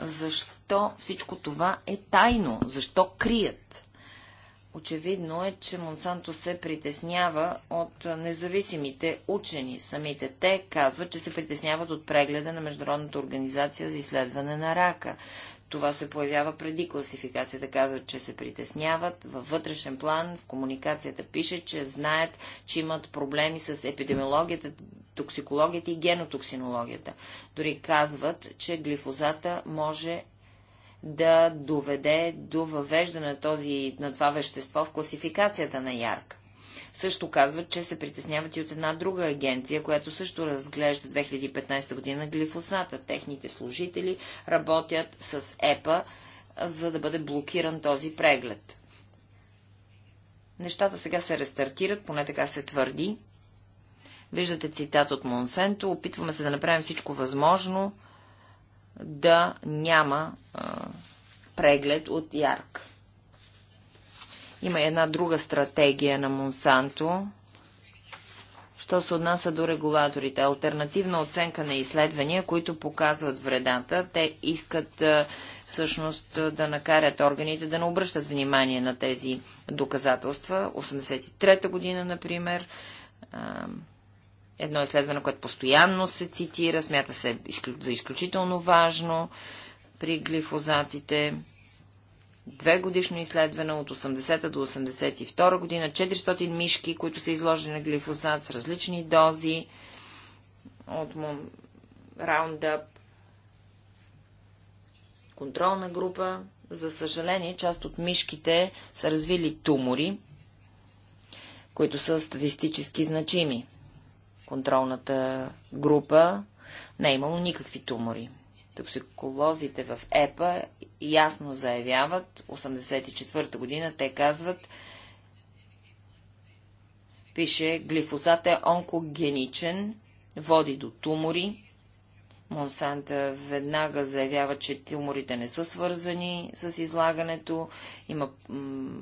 Защо всичко това е тайно? Защо крият? Очевидно е, че Монсанто се притеснява от независимите учени. Самите те казват, че се притесняват от прегледа на Международната организация за изследване на рака. Това се появява преди класификацията. Казват, че се притесняват. Във вътрешен план в комуникацията пише, че знаят, че имат проблеми с епидемиологията, токсикологията и генотоксинологията. Дори казват, че глифозата може да доведе до въвеждане на, този, на това вещество в класификацията на ЯРК. Също казват, че се притесняват и от една друга агенция, която също разглежда 2015 година глифосата. Техните служители работят с ЕПА, за да бъде блокиран този преглед. Нещата сега се рестартират, поне така се твърди. Виждате цитат от Монсенто. Опитваме се да направим всичко възможно, да няма а, преглед от ЯРК. Има една друга стратегия на Монсанто, що се отнася до регулаторите. Альтернативна оценка на изследвания, които показват вредата. Те искат всъщност да накарат органите да не обръщат внимание на тези доказателства. 83-та година, например, Едно изследване, което постоянно се цитира, смята се за изключително важно при глифозатите. Две годишно изследване от 80 до 82 година, 400 мишки, които са изложени на глифозат с различни дози от Roundup. Контролна група. За съжаление, част от мишките са развили тумори, които са статистически значими контролната група не е имало никакви тумори. Токсиколозите в ЕПА ясно заявяват, 84-та година те казват, пише, глифозат е онкогеничен, води до тумори. Монсанта веднага заявява, че туморите не са свързани с излагането, има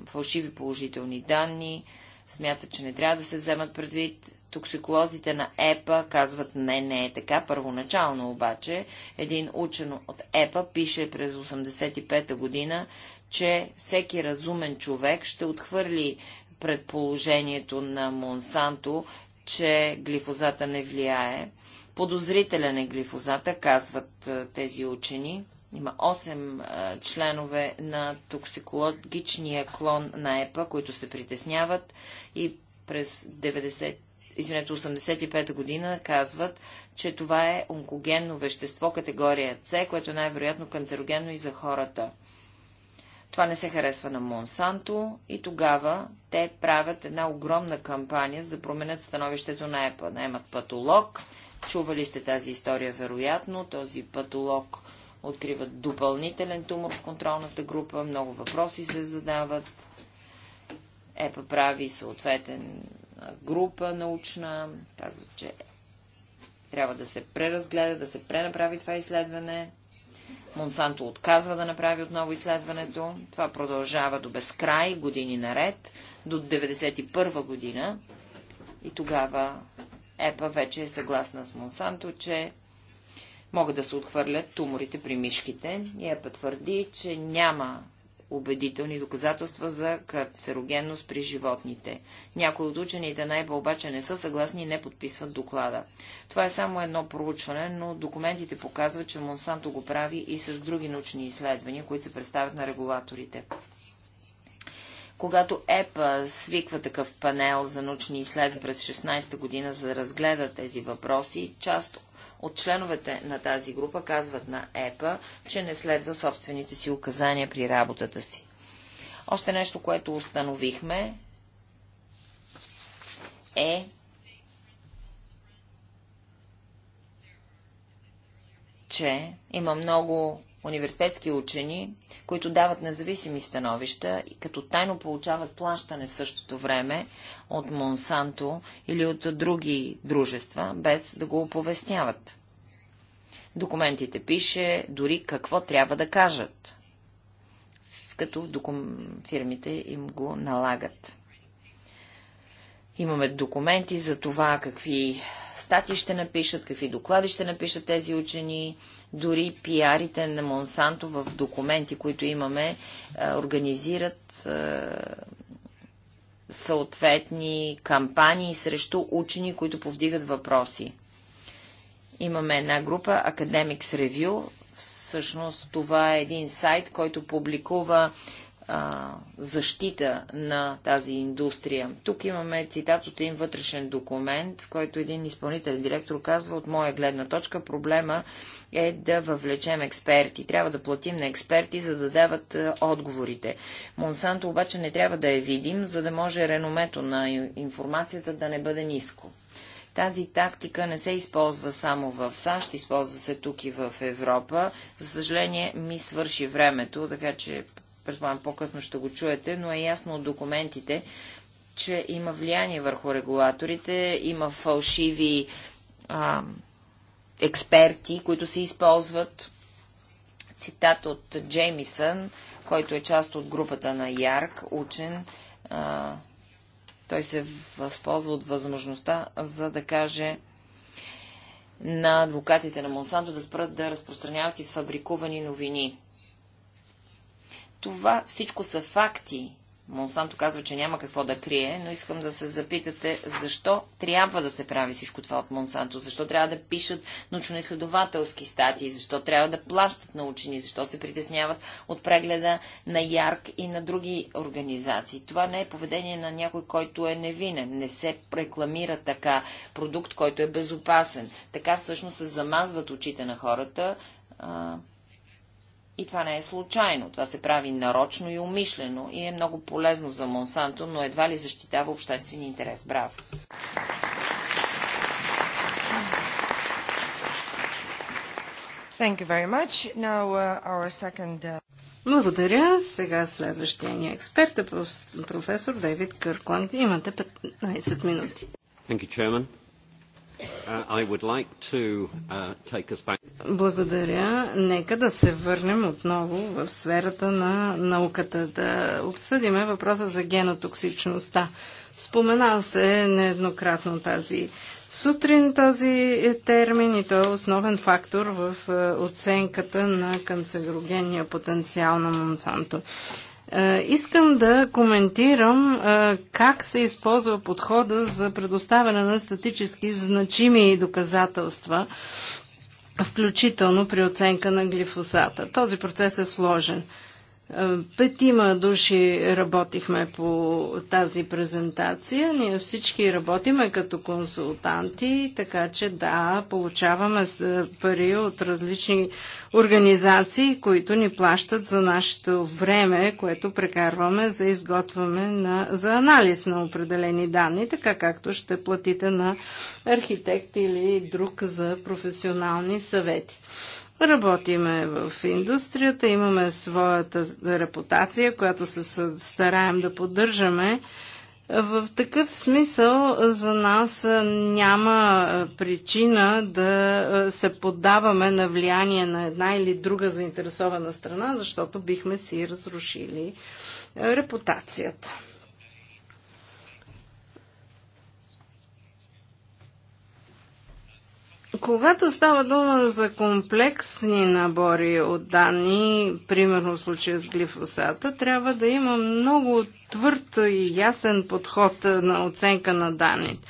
фалшиви положителни данни, смята, че не трябва да се вземат предвид Токсиколозите на ЕПА казват не, не е така. Първоначално обаче един учен от ЕПА пише през 85-та година, че всеки разумен човек ще отхвърли предположението на Монсанто, че глифозата не влияе. Подозрителен е глифозата, казват тези учени. Има 8 членове на токсикологичния клон на ЕПА, които се притесняват и през 90 извинете, 85-та година казват, че това е онкогенно вещество категория С, което е най-вероятно канцерогенно и за хората. Това не се харесва на Монсанто и тогава те правят една огромна кампания, за да променят становището на ЕПА. Наемат патолог, чували сте тази история вероятно, този патолог откриват допълнителен тумор в контролната група, много въпроси се задават. ЕПА прави съответен група научна, казват, че трябва да се преразгледа, да се пренаправи това изследване. Монсанто отказва да направи отново изследването. Това продължава до безкрай, години наред, до 1991 година. И тогава ЕПА вече е съгласна с Монсанто, че могат да се отхвърлят туморите при мишките. И ЕПА твърди, че няма убедителни доказателства за карцерогенност при животните. Някои от учените на ЕБА обаче не са съгласни и не подписват доклада. Това е само едно проучване, но документите показват, че Монсанто го прави и с други научни изследвания, които се представят на регулаторите. Когато ЕПА свиква такъв панел за научни изследвания през 16-та година, за да разгледа тези въпроси, част от членовете на тази група казват на ЕПА, че не следва собствените си указания при работата си. Още нещо, което установихме е, че има много университетски учени, които дават независими становища и като тайно получават плащане в същото време от Монсанто или от други дружества, без да го оповестяват. Документите пише дори какво трябва да кажат, като фирмите им го налагат. Имаме документи за това какви статии ще напишат, какви доклади ще напишат тези учени, дори пиарите на Монсанто в документи, които имаме, е, организират е, съответни кампании срещу учени, които повдигат въпроси. Имаме една група Academics Review. Всъщност това е един сайт, който публикува а, защита на тази индустрия. Тук имаме цитат от един вътрешен документ, в който един изпълнителен директор казва, от моя гледна точка проблема е да въвлечем експерти. Трябва да платим на експерти, за да дават отговорите. Монсанто обаче не трябва да я видим, за да може реномето на информацията да не бъде ниско. Тази тактика не се използва само в САЩ, използва се тук и в Европа. За съжаление, ми свърши времето, така че предполагам по-късно ще го чуете, но е ясно от документите, че има влияние върху регулаторите, има фалшиви а, експерти, които се използват. Цитат от Джеймисън, който е част от групата на Ярк, учен. А, той се възползва от възможността, за да каже на адвокатите на Монсанто да спрат да разпространяват изфабрикувани новини. Това всичко са факти. Монсанто казва, че няма какво да крие, но искам да се запитате, защо трябва да се прави всичко това от Монсанто? Защо трябва да пишат научно-изследователски статии? Защо трябва да плащат на учени? Защо се притесняват от прегледа на ЯРК и на други организации? Това не е поведение на някой, който е невинен. Не се рекламира така продукт, който е безопасен. Така всъщност се замазват очите на хората а, и това не е случайно. Това се прави нарочно и умишлено и е много полезно за Монсанто, но едва ли защитава обществения интерес. Браво! Thank you very much. Now, uh, our second, uh... Благодаря. Сега следващия ни експерт е професор Дейвид Къркланд. Имате 15 минути. Thank you, Chairman. Uh, uh, Благодаря. Нека да се върнем отново в сферата на науката, да обсъдиме въпроса за генотоксичността. Спомена се нееднократно тази сутрин този термин и той е основен фактор в е, оценката на канцерогенния потенциал на Монсанто. Е, искам да коментирам е, как се използва подхода за предоставяне на статически значими доказателства, включително при оценка на глифосата. Този процес е сложен. Петима души работихме по тази презентация. Ние всички работиме като консултанти, така че да, получаваме е, пари от различни организации, които ни плащат за нашето време, което прекарваме за изготвяне на, за анализ на определени данни, така както ще платите на архитект или друг за професионални съвети. Работиме в индустрията, имаме своята репутация, която се стараем да поддържаме. В такъв смисъл за нас няма причина да се поддаваме на влияние на една или друга заинтересована страна, защото бихме си разрушили репутацията. Когато става дума за комплексни набори от данни, примерно в случая с глифосата, трябва да има много твърд и ясен подход на оценка на данните.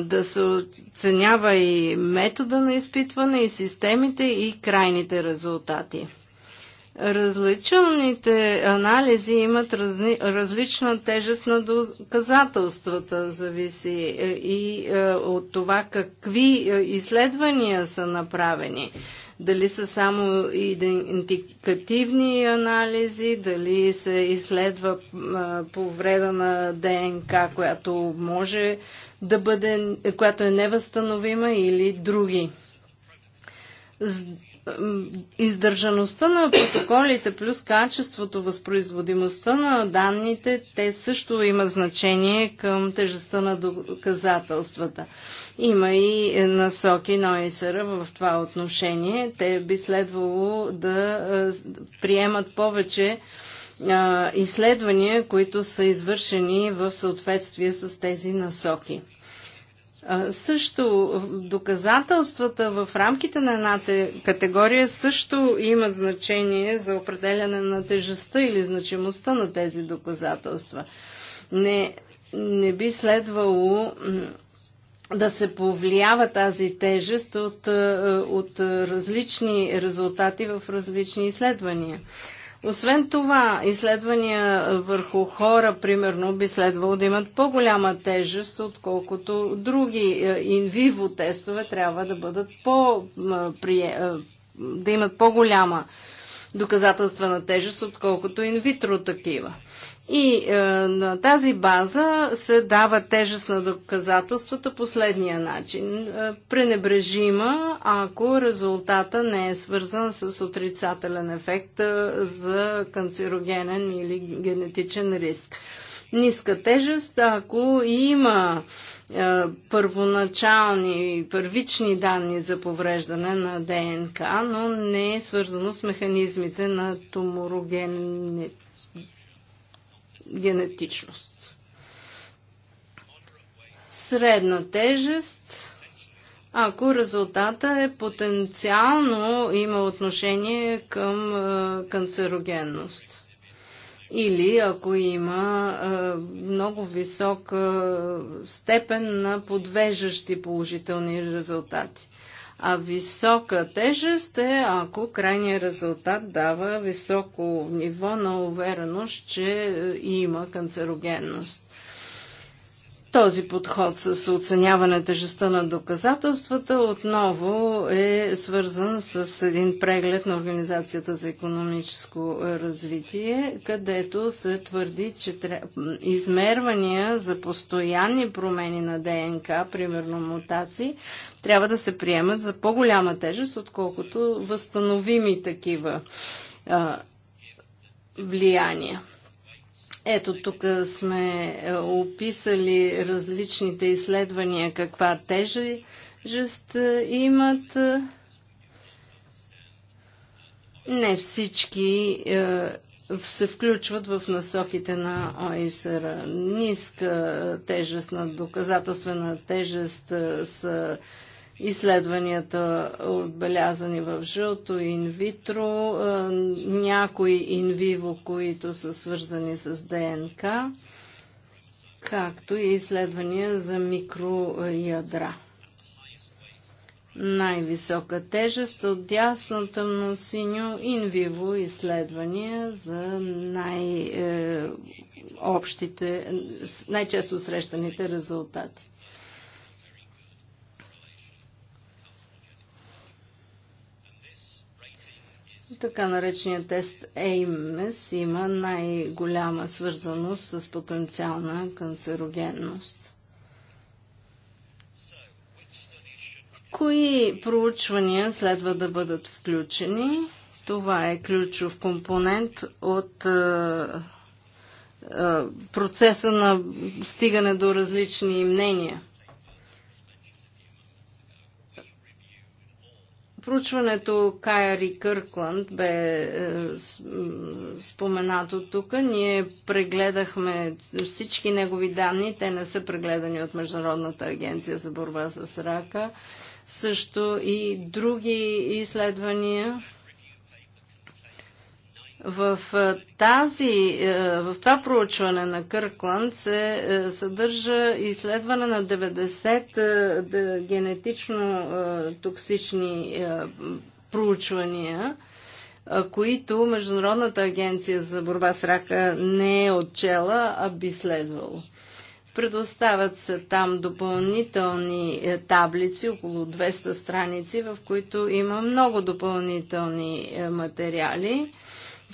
Да се оценява и метода на изпитване, и системите, и крайните резултати. Различните анализи имат разни, различна тежест на доказателствата, зависи е, и е, от това какви е, изследвания са направени. Дали са само идентикативни анализи, дали се изследва повреда на ДНК, която може да бъде, която е невъзстановима или други издържаността на протоколите плюс качеството, възпроизводимостта на данните, те също има значение към тежестта на доказателствата. Има и насоки на ОИСР в това отношение. Те би следвало да приемат повече изследвания, които са извършени в съответствие с тези насоки. Също доказателствата в рамките на една категория също имат значение за определяне на тежестта или значимостта на тези доказателства. Не, не би следвало да се повлиява тази тежест от, е, от различни резултати в различни изследвания. Освен това, изследвания върху хора, примерно, би следвало да имат по-голяма тежест, отколкото други инвиво е, тестове трябва да бъдат по, е, да имат по-голяма доказателства на тежест, отколкото инвитро такива. И е, на тази база се дава тежест на доказателствата последния начин. Е, пренебрежима, ако резултата не е свързан с отрицателен ефект е, за канцерогенен или генетичен риск. Ниска тежест, ако има е, първоначални, първични данни за повреждане на ДНК, но не е свързано с механизмите на туморогенните генетичност. Средна тежест, ако резултата е потенциално има отношение към канцерогенност или ако има а, много висока степен на подвеждащи положителни резултати. А висока тежест е, ако крайният резултат дава високо ниво на увереност, че е, има канцерогенност. Този подход с оценяване тежестта на доказателствата отново е свързан с един преглед на Организацията за економическо развитие, където се твърди, че измервания за постоянни промени на ДНК, примерно мутации, трябва да се приемат за по-голяма тежест, отколкото възстановими такива влияния. Ето тук сме е, описали различните изследвания, каква тежест е, имат. Не всички е, се включват в насоките на ОИСР. Ниска тежест на доказателствена тежест са изследванията, отбелязани в жълто, инвитро, някои инвиво, които са свързани с ДНК, както и изследвания за микроядра. Най-висока тежест от дясно тъмно-синьо инвиво изследвания за най-общите, е, най-често срещаните резултати. Така наречения тест AIMS има най-голяма свързаност с потенциална канцерогенност. Кои проучвания следва да бъдат включени? Това е ключов компонент от е, е, процеса на стигане до различни мнения – Проучването Кайри Къркланд бе е, споменато тук. Ние прегледахме всички негови данни. Те не са прегледани от Международната агенция за борба с рака. Също и други изследвания в, е, тази, е, в това проучване на Къркланд се е, съдържа изследване на 90 генетично токсични проучвания, които Международната агенция за борба с рака не е отчела, а би следвало. Предоставят се там допълнителни таблици, около 200 страници, в които има много допълнителни материали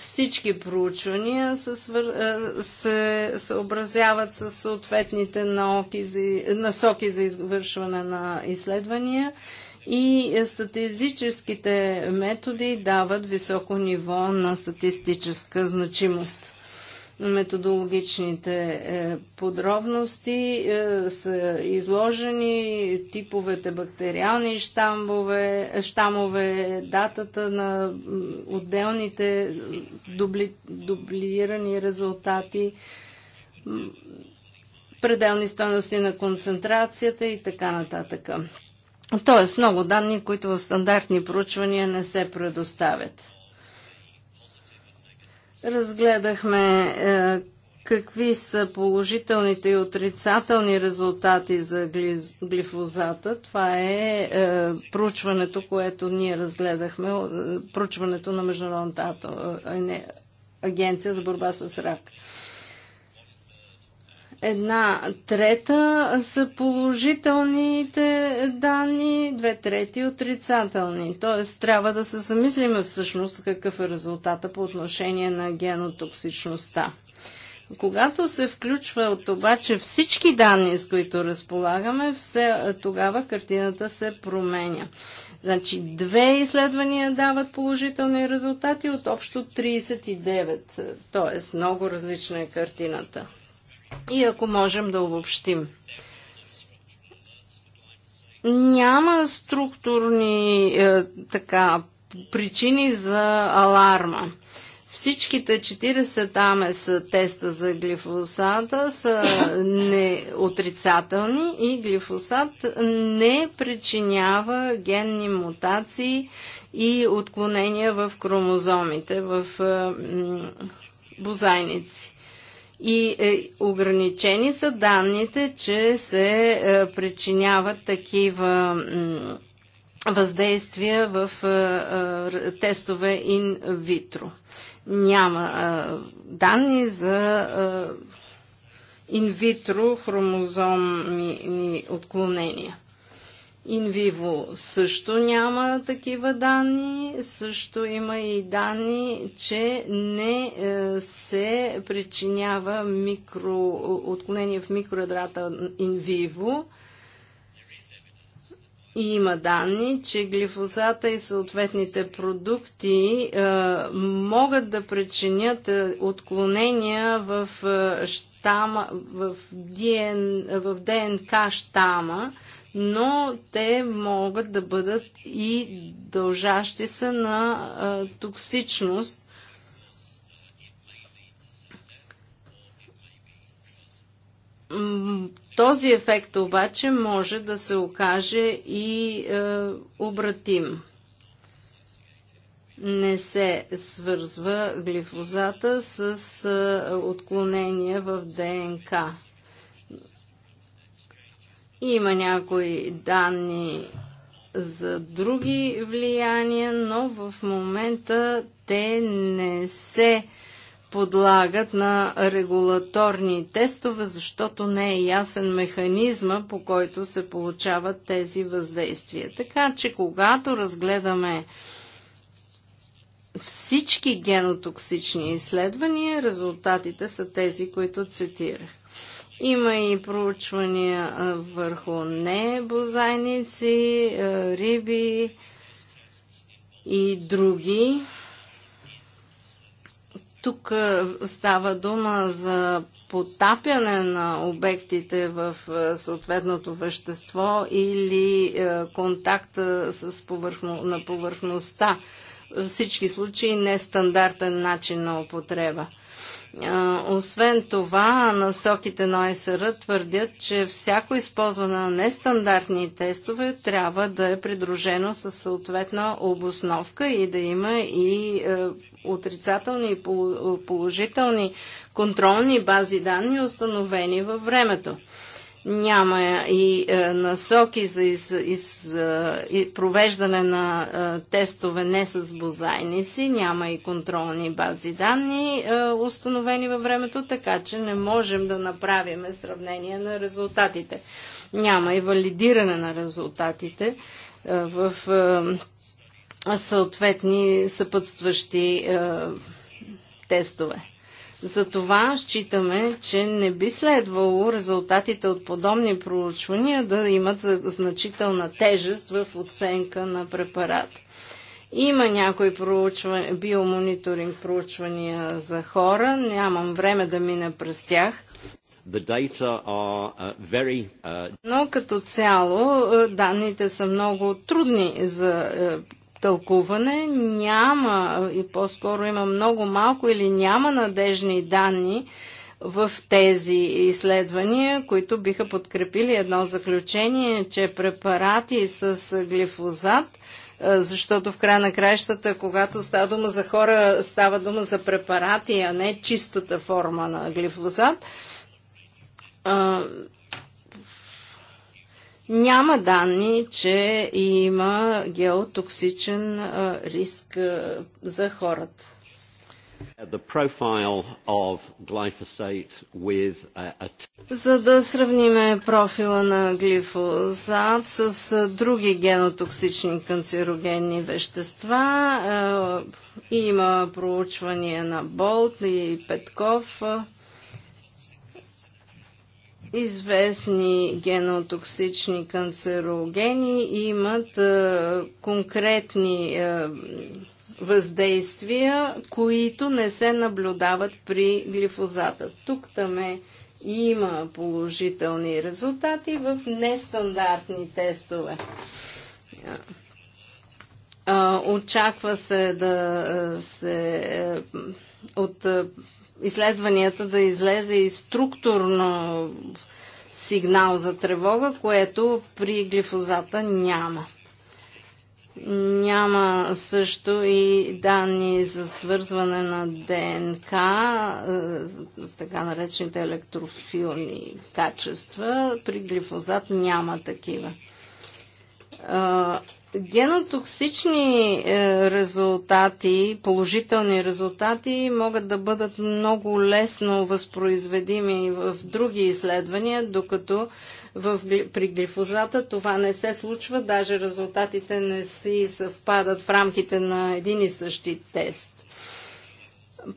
всички проучвания се, свър... Е, се съобразяват с съответните науки за... насоки за извършване на изследвания и статистическите методи дават високо ниво на статистическа значимост. Методологичните е, подробности е, са изложени, типовете бактериални щамбове, щамове, датата на отделните дубли, дублирани резултати, пределни стоености на концентрацията и така нататък. Тоест много данни, които в стандартни проучвания не се предоставят. Разгледахме е, какви са положителните и отрицателни резултати за глифозата. Това е, е проучването, което ние разгледахме, е, проучването на Международната е, агенция за борба с рак. Е, Една трета са положителните данни, две трети отрицателни. Тоест трябва да се замислиме всъщност какъв е резултата по отношение на генотоксичността. Когато се включват обаче всички данни, с които разполагаме, все, тогава картината се променя. Значи две изследвания дават положителни резултати от общо 39, т.е. много различна е картината и ако можем да обобщим. Няма структурни е, така, причини за аларма. Всичките 40 АМЕС теста за глифосата са неотрицателни и глифосат не причинява генни мутации и отклонения в хромозомите, в е, бозайници. И е, ограничени са данните, че се е, причиняват такива въздействия в е, е тестове ин витро. Няма е, данни за е, инвитро хромозомни отклонения. Инвиво също няма такива данни, също има и данни, че не е, се причинява микро, отклонение в микроядрата инвиво. И има данни, че глифозата и съответните продукти е, могат да причинят е, отклонения в, е, штама, в, ДН, в ДНК щама, но те могат да бъдат и дължащи се на а, токсичност. Този ефект обаче може да се окаже и е, обратим. Не се свързва глифозата с е, отклонения в ДНК. Има някои данни за други влияния, но в момента те не се подлагат на регулаторни тестове, защото не е ясен механизма, по който се получават тези въздействия. Така че, когато разгледаме всички генотоксични изследвания, резултатите са тези, които цитирах. Има и проучвания върху небозайници, риби и други. Тук става дума за потапяне на обектите в съответното вещество или контакт с повърхно, на повърхността. всички случаи нестандартен начин на употреба. Освен това, насоките на ОСР твърдят, че всяко използване на нестандартни тестове трябва да е придружено с съответна обосновка и да има и е, отрицателни и положителни контролни бази данни, установени във времето. Няма и е, насоки за из, из, е, и провеждане на е, тестове не с бозайници, няма и контролни бази данни, установени във времето, така че не можем да направим сравнение на резултатите. Няма и валидиране на резултатите в съответни съпътстващи тестове. Затова считаме, че не би следвало резултатите от подобни проучвания да имат значителна тежест в оценка на препарата. Има някои проучвания, биомониторинг проучвания за хора, нямам време да мина през тях. Are, uh, very, uh... Но като цяло uh, данните са много трудни за uh, тълкуване. Няма, и по-скоро има много малко или няма надежни данни в тези изследвания, които биха подкрепили едно заключение, че препарати с глифозат защото в края на краищата, когато става дума за хора, става дума за препарати, а не чистата форма на глифозат. Няма данни, че има геотоксичен риск за хората. За да сравним профила на глифозат с други генотоксични канцерогенни вещества, има проучвания на Болт и Петков известни генотоксични канцерогени имат а, конкретни а, въздействия, които не се наблюдават при глифозата. Тук там е има положителни резултати в нестандартни тестове. Очаква се да се от изследванията да излезе и структурно сигнал за тревога, което при глифозата няма. Няма също и данни за свързване на ДНК, е, така наречените електрофилни качества. При глифозат няма такива. Генотоксични е, резултати, положителни резултати могат да бъдат много лесно възпроизведими в други изследвания, докато в, при глифозата това не се случва, даже резултатите не си съвпадат в рамките на един и същи тест.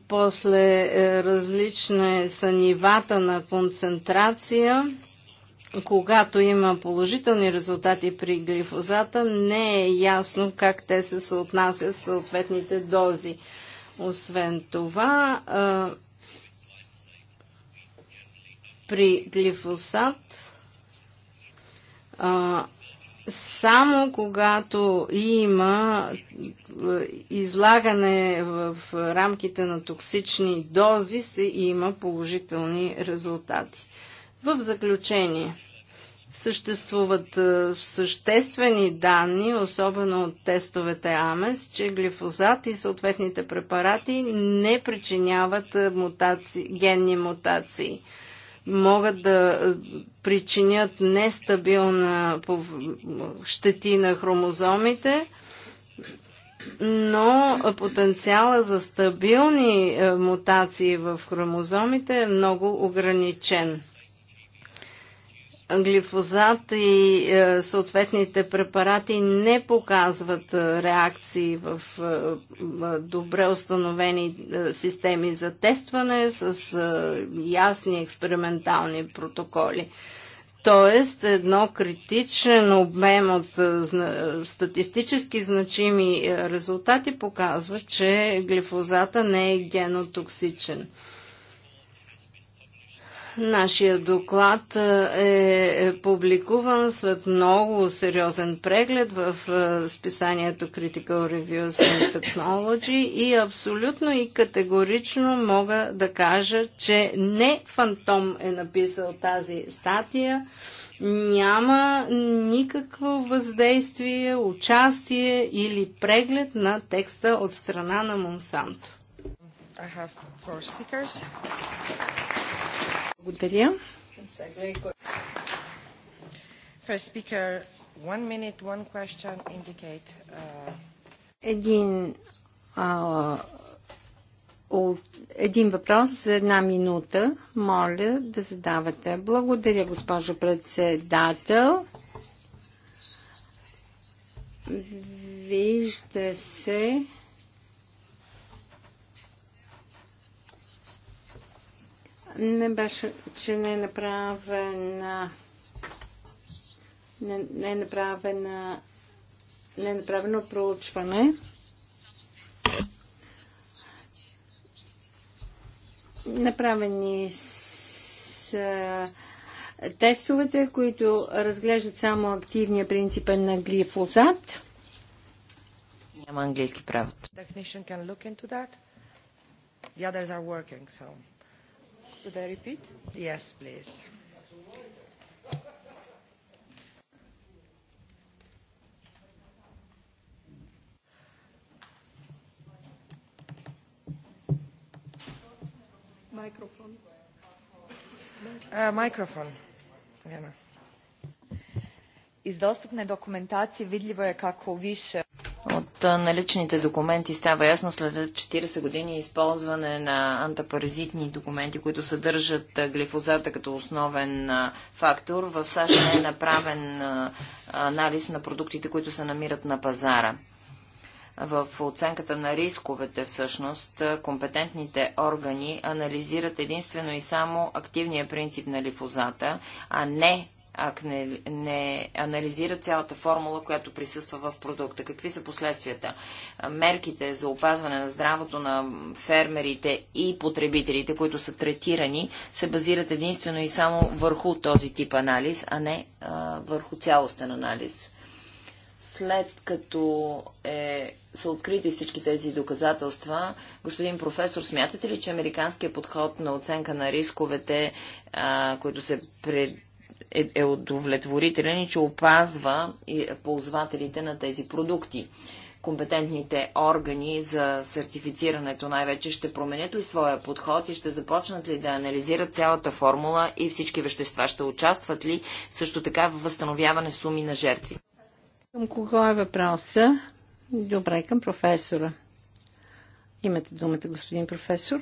После е, различни са нивата на концентрация когато има положителни резултати при глифозата, не е ясно как те се съотнасят с съответните дози. Освен това, при глифосат само когато има излагане в рамките на токсични дози, се има положителни резултати. В заключение, съществуват е, съществени данни, особено от тестовете АМЕС, че глифозат и съответните препарати не причиняват е, мутаци, генни мутации. Могат да е, причинят нестабилна щети на хромозомите, но потенциала за стабилни мутации в хромозомите е много ограничен глифозат и е, съответните препарати не показват е, реакции в е, добре установени системи за тестване с ясни експериментални протоколи. Тоест, едно критичен обем от статистически значими резултати показва, че глифозата не е генотоксичен. Нашия доклад е, е публикуван след много сериозен преглед в е, списанието Critical Reviews and Technology и абсолютно и категорично мога да кажа, че не Фантом е написал тази статия. Няма никакво въздействие, участие или преглед на текста от страна на Монсанто. I have four speakers. Благодаря. First speaker, one minute, one question, indicate, uh, Един един въпрос за една минута. Моля да задавате. Благодаря, госпожо председател. Вижда се, не беше, че не е направена не, не е направена не е направено проучване. Направени с тестовете, които разглеждат само активния принцип на глифозат. Няма английски правото. Technician can look into that. The others are working, so. Should I repeat? Yes, please. Microphone. Uh, microphone. Jana. Iz dostupne dokumentacije vidljivo je kako u više от наличните документи става ясно след 40 години използване на антапаразитни документи, които съдържат глифозата като основен фактор. В САЩ не е направен анализ на продуктите, които се намират на пазара. В оценката на рисковете всъщност компетентните органи анализират единствено и само активния принцип на лифозата, а не ако не, анализира анализират цялата формула, която присъства в продукта. Какви са последствията? Мерките за опазване на здравото на фермерите и потребителите, които са третирани, се базират единствено и само върху този тип анализ, а не а, върху цялостен анализ. След като е, са открити всички тези доказателства, господин професор, смятате ли, че американският подход на оценка на рисковете, а, които се пред е, е удовлетворителен и че опазва и ползвателите на тези продукти. Компетентните органи за сертифицирането най-вече ще променят ли своя подход и ще започнат ли да анализират цялата формула и всички вещества? Ще участват ли също така в възстановяване суми на жертви? Към кого е въпроса? Добре, към професора. Имате думата, господин професор.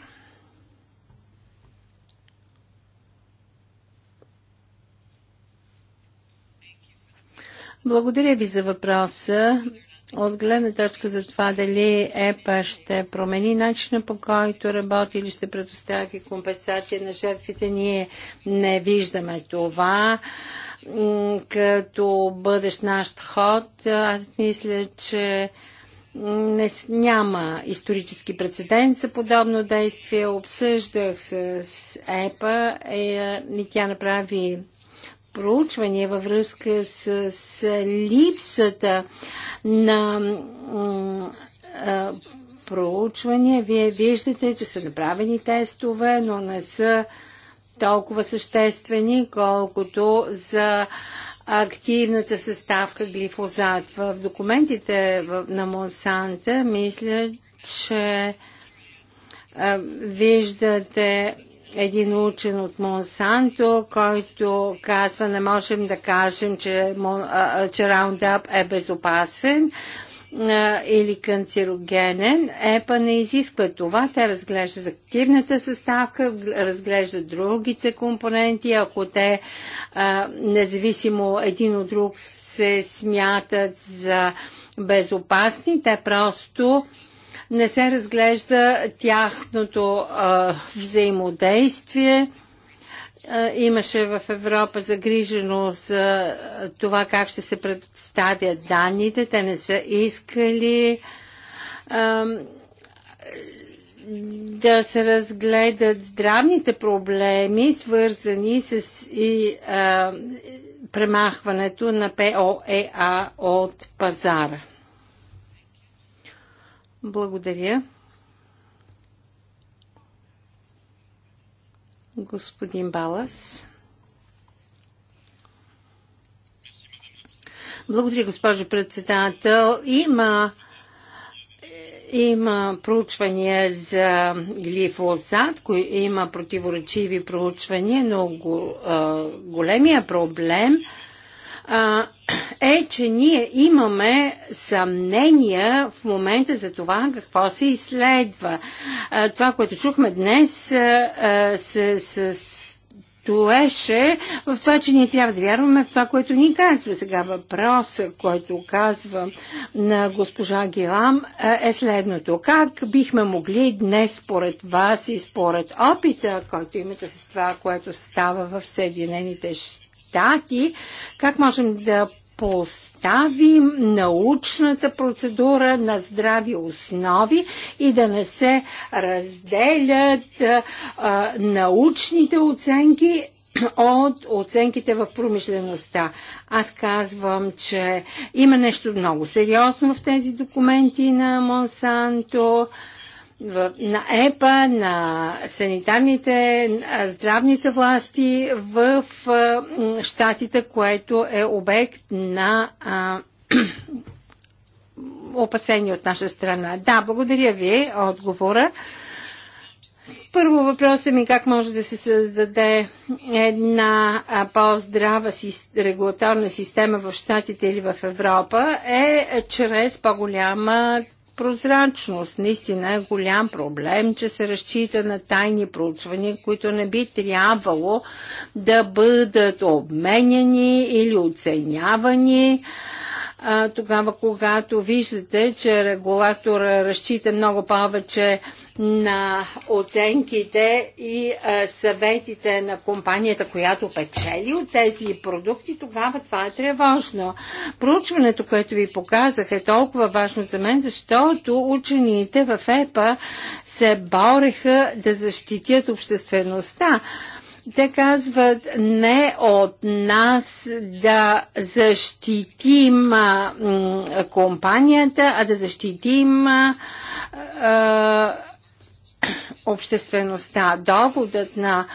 Благодаря ви за въпроса. От гледна точка за това дали ЕПА ще промени начина по който работи или ще предостави компенсация на жертвите, ние не виждаме това като бъдещ наш ход. Аз мисля, че не, няма исторически прецедент за подобно действие. Обсъждах с ЕПА е, и тя направи проучвания във връзка с, с липсата на а, проучвания. Вие виждате, че са направени тестове, но не са толкова съществени, колкото за активната съставка глифозат. В документите на Монсанта мисля, че виждате един учен от Монсанто, който казва, не можем да кажем, че, че Roundup е безопасен или канцерогенен. ЕПА не изисква това. Те разглеждат активната съставка, разглеждат другите компоненти. Ако те независимо един от друг се смятат за безопасни, те просто не се разглежда тяхното а, взаимодействие. А, имаше в Европа загриженост за това как ще се представят данните. Те не са искали а, да се разгледат здравните проблеми, свързани с и, а, премахването на ПОЕА от пазара. Благодаря. Господин Балас. Благодаря, госпожо председател. Има има проучвания за глифозат, кои, има противоречиви проучвания, но го, а, големия проблем а, е, че ние имаме съмнения в момента за това какво се изследва. А, това, което чухме днес, а, с, с стоеше в това, че ние трябва да вярваме в това, което ни казва. Сега въпроса, който казва на госпожа Гилам е следното. Как бихме могли днес според вас и според опита, който имате с това, което става в Съединените щати, резултати, как можем да поставим научната процедура на здрави основи и да не се разделят а, научните оценки от оценките в промишлеността. Аз казвам, че има нещо много сериозно в тези документи на Монсанто на ЕПА, на санитарните, здравните власти в щатите, което е обект на а, опасения от наша страна. Да, благодаря ви отговора. Първо въпросът ми как може да се създаде една по-здрава регулаторна система в Штатите или в Европа е чрез по-голяма прозрачност. Наистина е голям проблем, че се разчита на тайни проучвания, които не би трябвало да бъдат обменяни или оценявани а, тогава, когато виждате, че регулатора разчита много повече на оценките и съветите на компанията, която печели от тези продукти, тогава това е тревожно. Проучването, което ви показах е толкова важно за мен, защото учените в ЕПА се бореха да защитят обществеността. Те казват не от нас да защитим компанията, а да защитим а, обществеността. Доводът на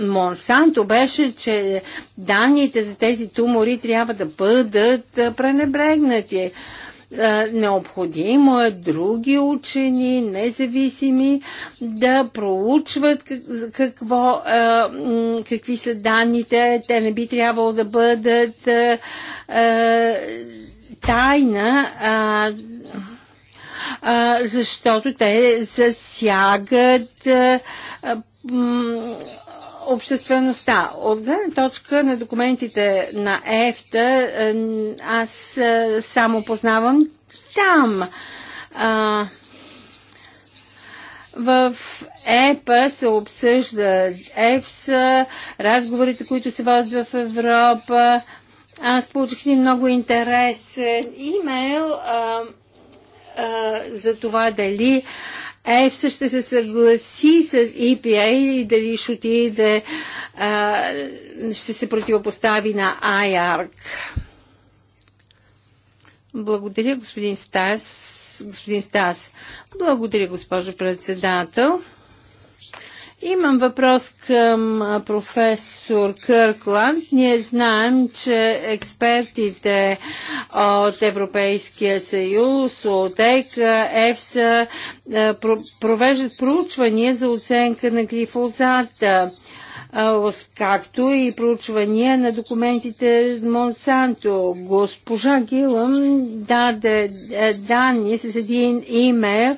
Монсанто беше, че данните за тези тумори трябва да бъдат пренебрегнати. Необходимо е други учени, независими, да проучват какво, какви са данните. Те не би трябвало да бъдат тайна защото те засягат обществеността. От гледна точка на документите на ЕФТА, аз само познавам там. в ЕПА се обсъжда ЕФСА, разговорите, които се водят в Европа. Аз получих един много интересен имейл. А, а, за това дали ЕФСА ще се съгласи с EPA или дали ще отиде, а, ще се противопостави на IARC. Благодаря, господин Стас. Господин Стас. Благодаря, госпожо председател. Имам въпрос към професор Къркланд. Ние знаем, че експертите от Европейския съюз, от ЕК, ЕФСА провеждат проучвания за оценка на глифозата както и проучвания на документите Монсанто. Госпожа Гилъм даде е, данни с един имейл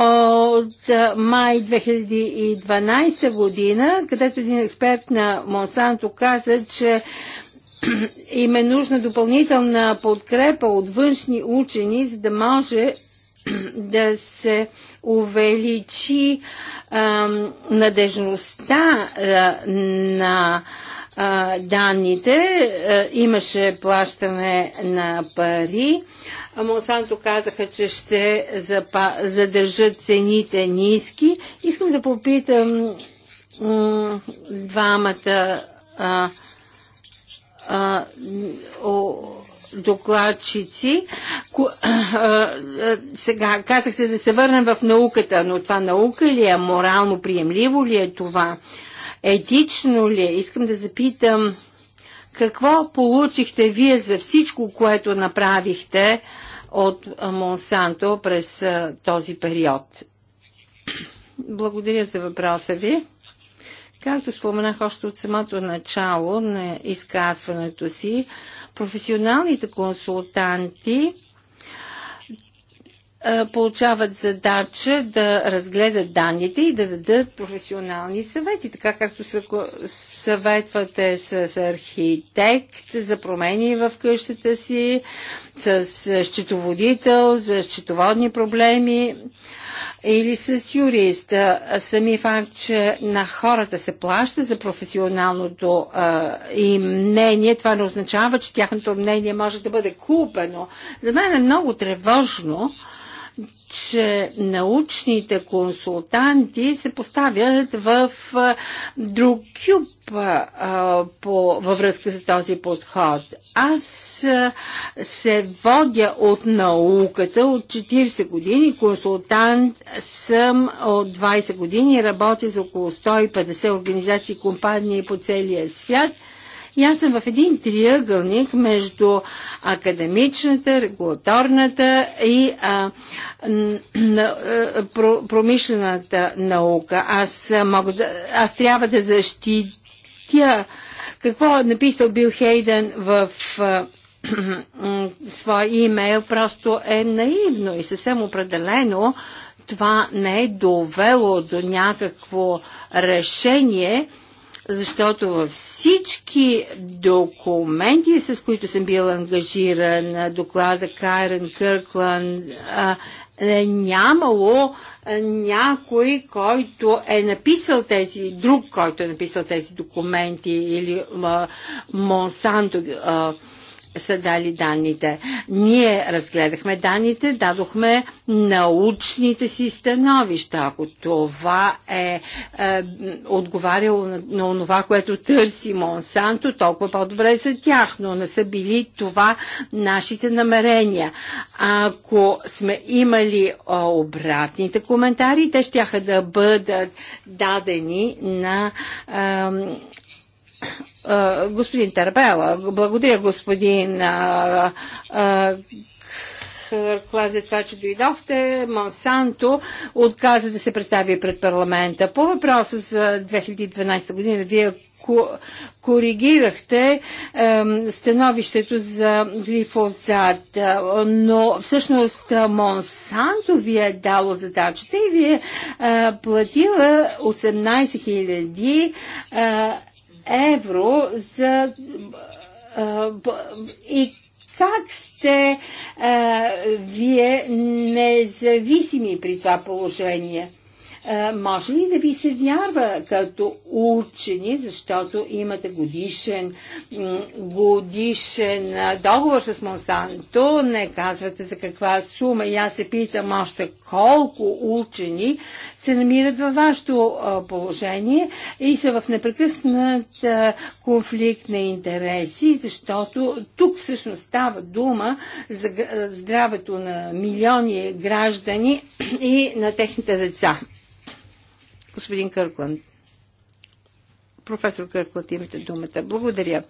от е, май 2012 година, където един експерт на Монсанто каза, че им е нужна допълнителна подкрепа от външни учени, за да може да се увеличи а, надежността а, на а, данните. А, имаше плащане на пари. А Монсанто казаха, че ще запа, задържат цените ниски. Искам да попитам двамата а, а, о, докладчици. Сега казахте да се върнем в науката, но това наука ли е? Морално приемливо ли е това? Етично ли е? Искам да запитам какво получихте вие за всичко, което направихте от Монсанто през този период? Благодаря за въпроса ви. Както споменах още от самото начало на изказването си, професионалните консултанти получават задача да разгледат данните и да дадат професионални съвети, така както съветвате с архитект за промени в къщата си, с счетоводител, за счетоводни проблеми или с юрист. Сами факт, че на хората се плаща за професионалното им мнение, това не означава, че тяхното мнение може да бъде купено. За мен е много тревожно, че научните консултанти се поставят в друг кюб по, във връзка с този подход. Аз се водя от науката от 40 години, консултант съм от 20 години, работя за около 150 организации и компании по целия свят – и аз съм в един триъгълник между академичната, регулаторната и а, промишлената наука. Аз, мога да, аз трябва да защитя какво е написал Бил Хейден в а, своя имейл, просто е наивно и съвсем определено това не е довело до някакво решение, защото във всички документи, с които съм бил ангажиран, доклада Кайрен Кърклан, е нямало някой, който е написал тези, друг, който е написал тези документи или а, Монсанто а, са дали данните. Ние разгледахме данните, дадохме научните си становища. Ако това е, е отговаряло на, на това, което търси Монсанто, толкова по-добре за тях, но не са били това нашите намерения. Ако сме имали обратните коментари, те ще да бъдат дадени на е, господин Тарбела. Благодаря, господин Клар за това, че дойдохте. Монсанто отказа да се представи пред парламента. По въпроса за 2012 година, вие коригирахте е, становището за глифозат, но всъщност Монсанто ви е дало задачата и ви е платила 18 000 е, евро за и как сте а, вие независими при това положение? Е, може ли да ви се вярва като учени, защото имате годишен, годишен е, договор с Монсанто, не казвате за каква сума и аз се питам още колко учени се намират във вашето е, положение и са в непрекъснат конфликт на интереси, защото тук всъщност става дума за здравето на милиони граждани и на техните деца. Господин Къркланд. Професор Къркланд, имате думата. Благодаря.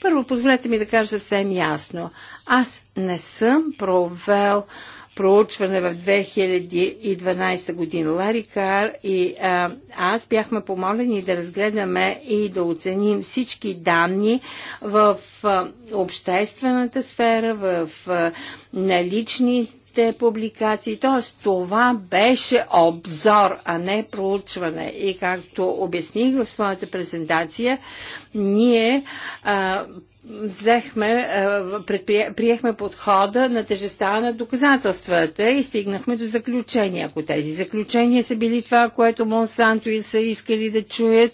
Първо, позволете ми да кажа съвсем ясно. Аз не съм провел проучване в 2012 година. Лари Кар и а, аз бяхме помолени да разгледаме и да оценим всички данни в а, обществената сфера, в а, налични научните публикации. Т.е. това беше обзор, а не проучване. И както обясних в своята презентация, ние а, взехме, приехме подхода на тежеста на доказателствата и стигнахме до заключения. Ако тези заключения са били това, което Монсанто и са искали да чуят,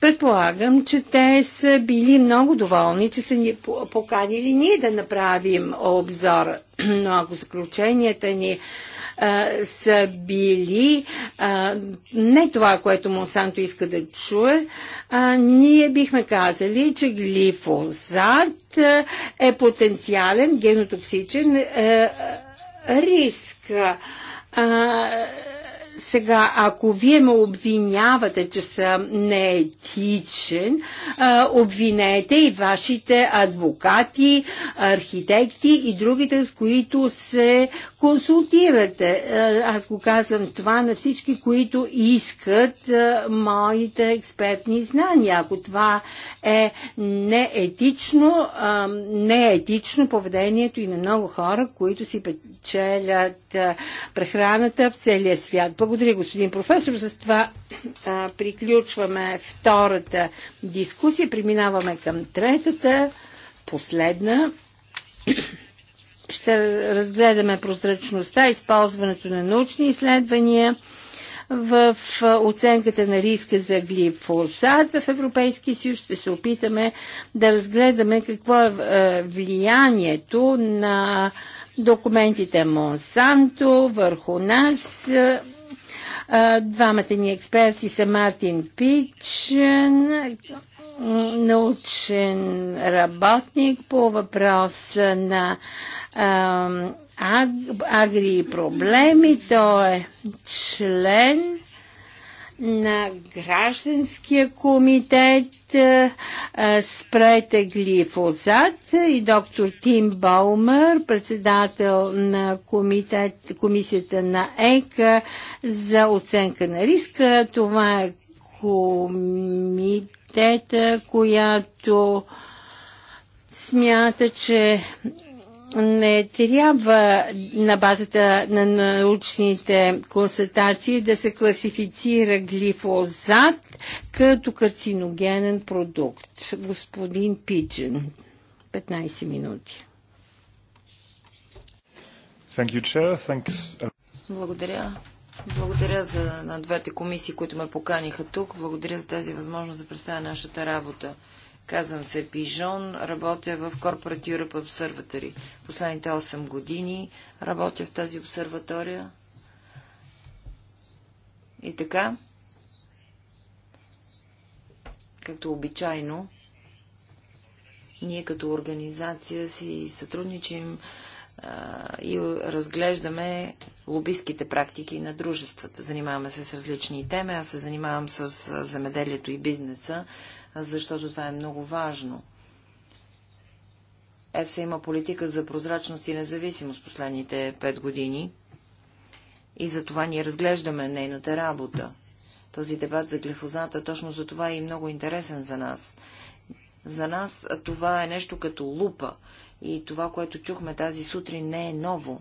Предполагам, че те са били много доволни, че са ни поканили ние да направим обзор. Но ако заключенията ни а, са били а, не това, което Монсанто иска да чуе, а, ние бихме казали, че глифозат е потенциален генотоксичен а, риск. А, сега, ако вие ме обвинявате, че съм неетичен, обвинете и вашите адвокати, архитекти и другите, с които се консултирате. Е, аз го казвам това на всички, които искат е, моите експертни знания. Ако това е неетично, е, неетично поведението и на много хора, които си печелят прехраната в целия свят. Благодаря, господин професор. С това приключваме втората дискусия. Преминаваме към третата, последна ще разгледаме прозрачността, използването на научни изследвания в оценката на риска за глифосат в Европейския съюз. Ще се опитаме да разгледаме какво е влиянието на документите Монсанто върху нас. Двамата ни експерти са Мартин Пичен научен работник по въпрос на агри и проблеми. Той е член на гражданския комитет Спрете глифозат и доктор Тим Баумър, председател на комитет, комисията на ЕКА за оценка на риска. Това е комитет тета, която смята, че не трябва на базата на научните констатации да се класифицира глифозат като карциногенен продукт. Господин Пиджин, 15 минути. Uh, Благодаря, благодаря за, на двете комисии, които ме поканиха тук. Благодаря за тази възможност да представя нашата работа. Казвам се Пижон, работя в Corporate Europe Observatory. Последните 8 години работя в тази обсерватория. И така, както обичайно, ние като организация си сътрудничим и разглеждаме лобистските практики на дружествата. Занимаваме се с различни теми. Аз се занимавам с земеделието и бизнеса, защото това е много важно. ЕФСА има политика за прозрачност и независимост последните пет години и за това ние разглеждаме нейната работа. Този дебат за глифозата точно за това е и много интересен за нас. За нас това е нещо като лупа и това, което чухме тази сутрин, не е ново.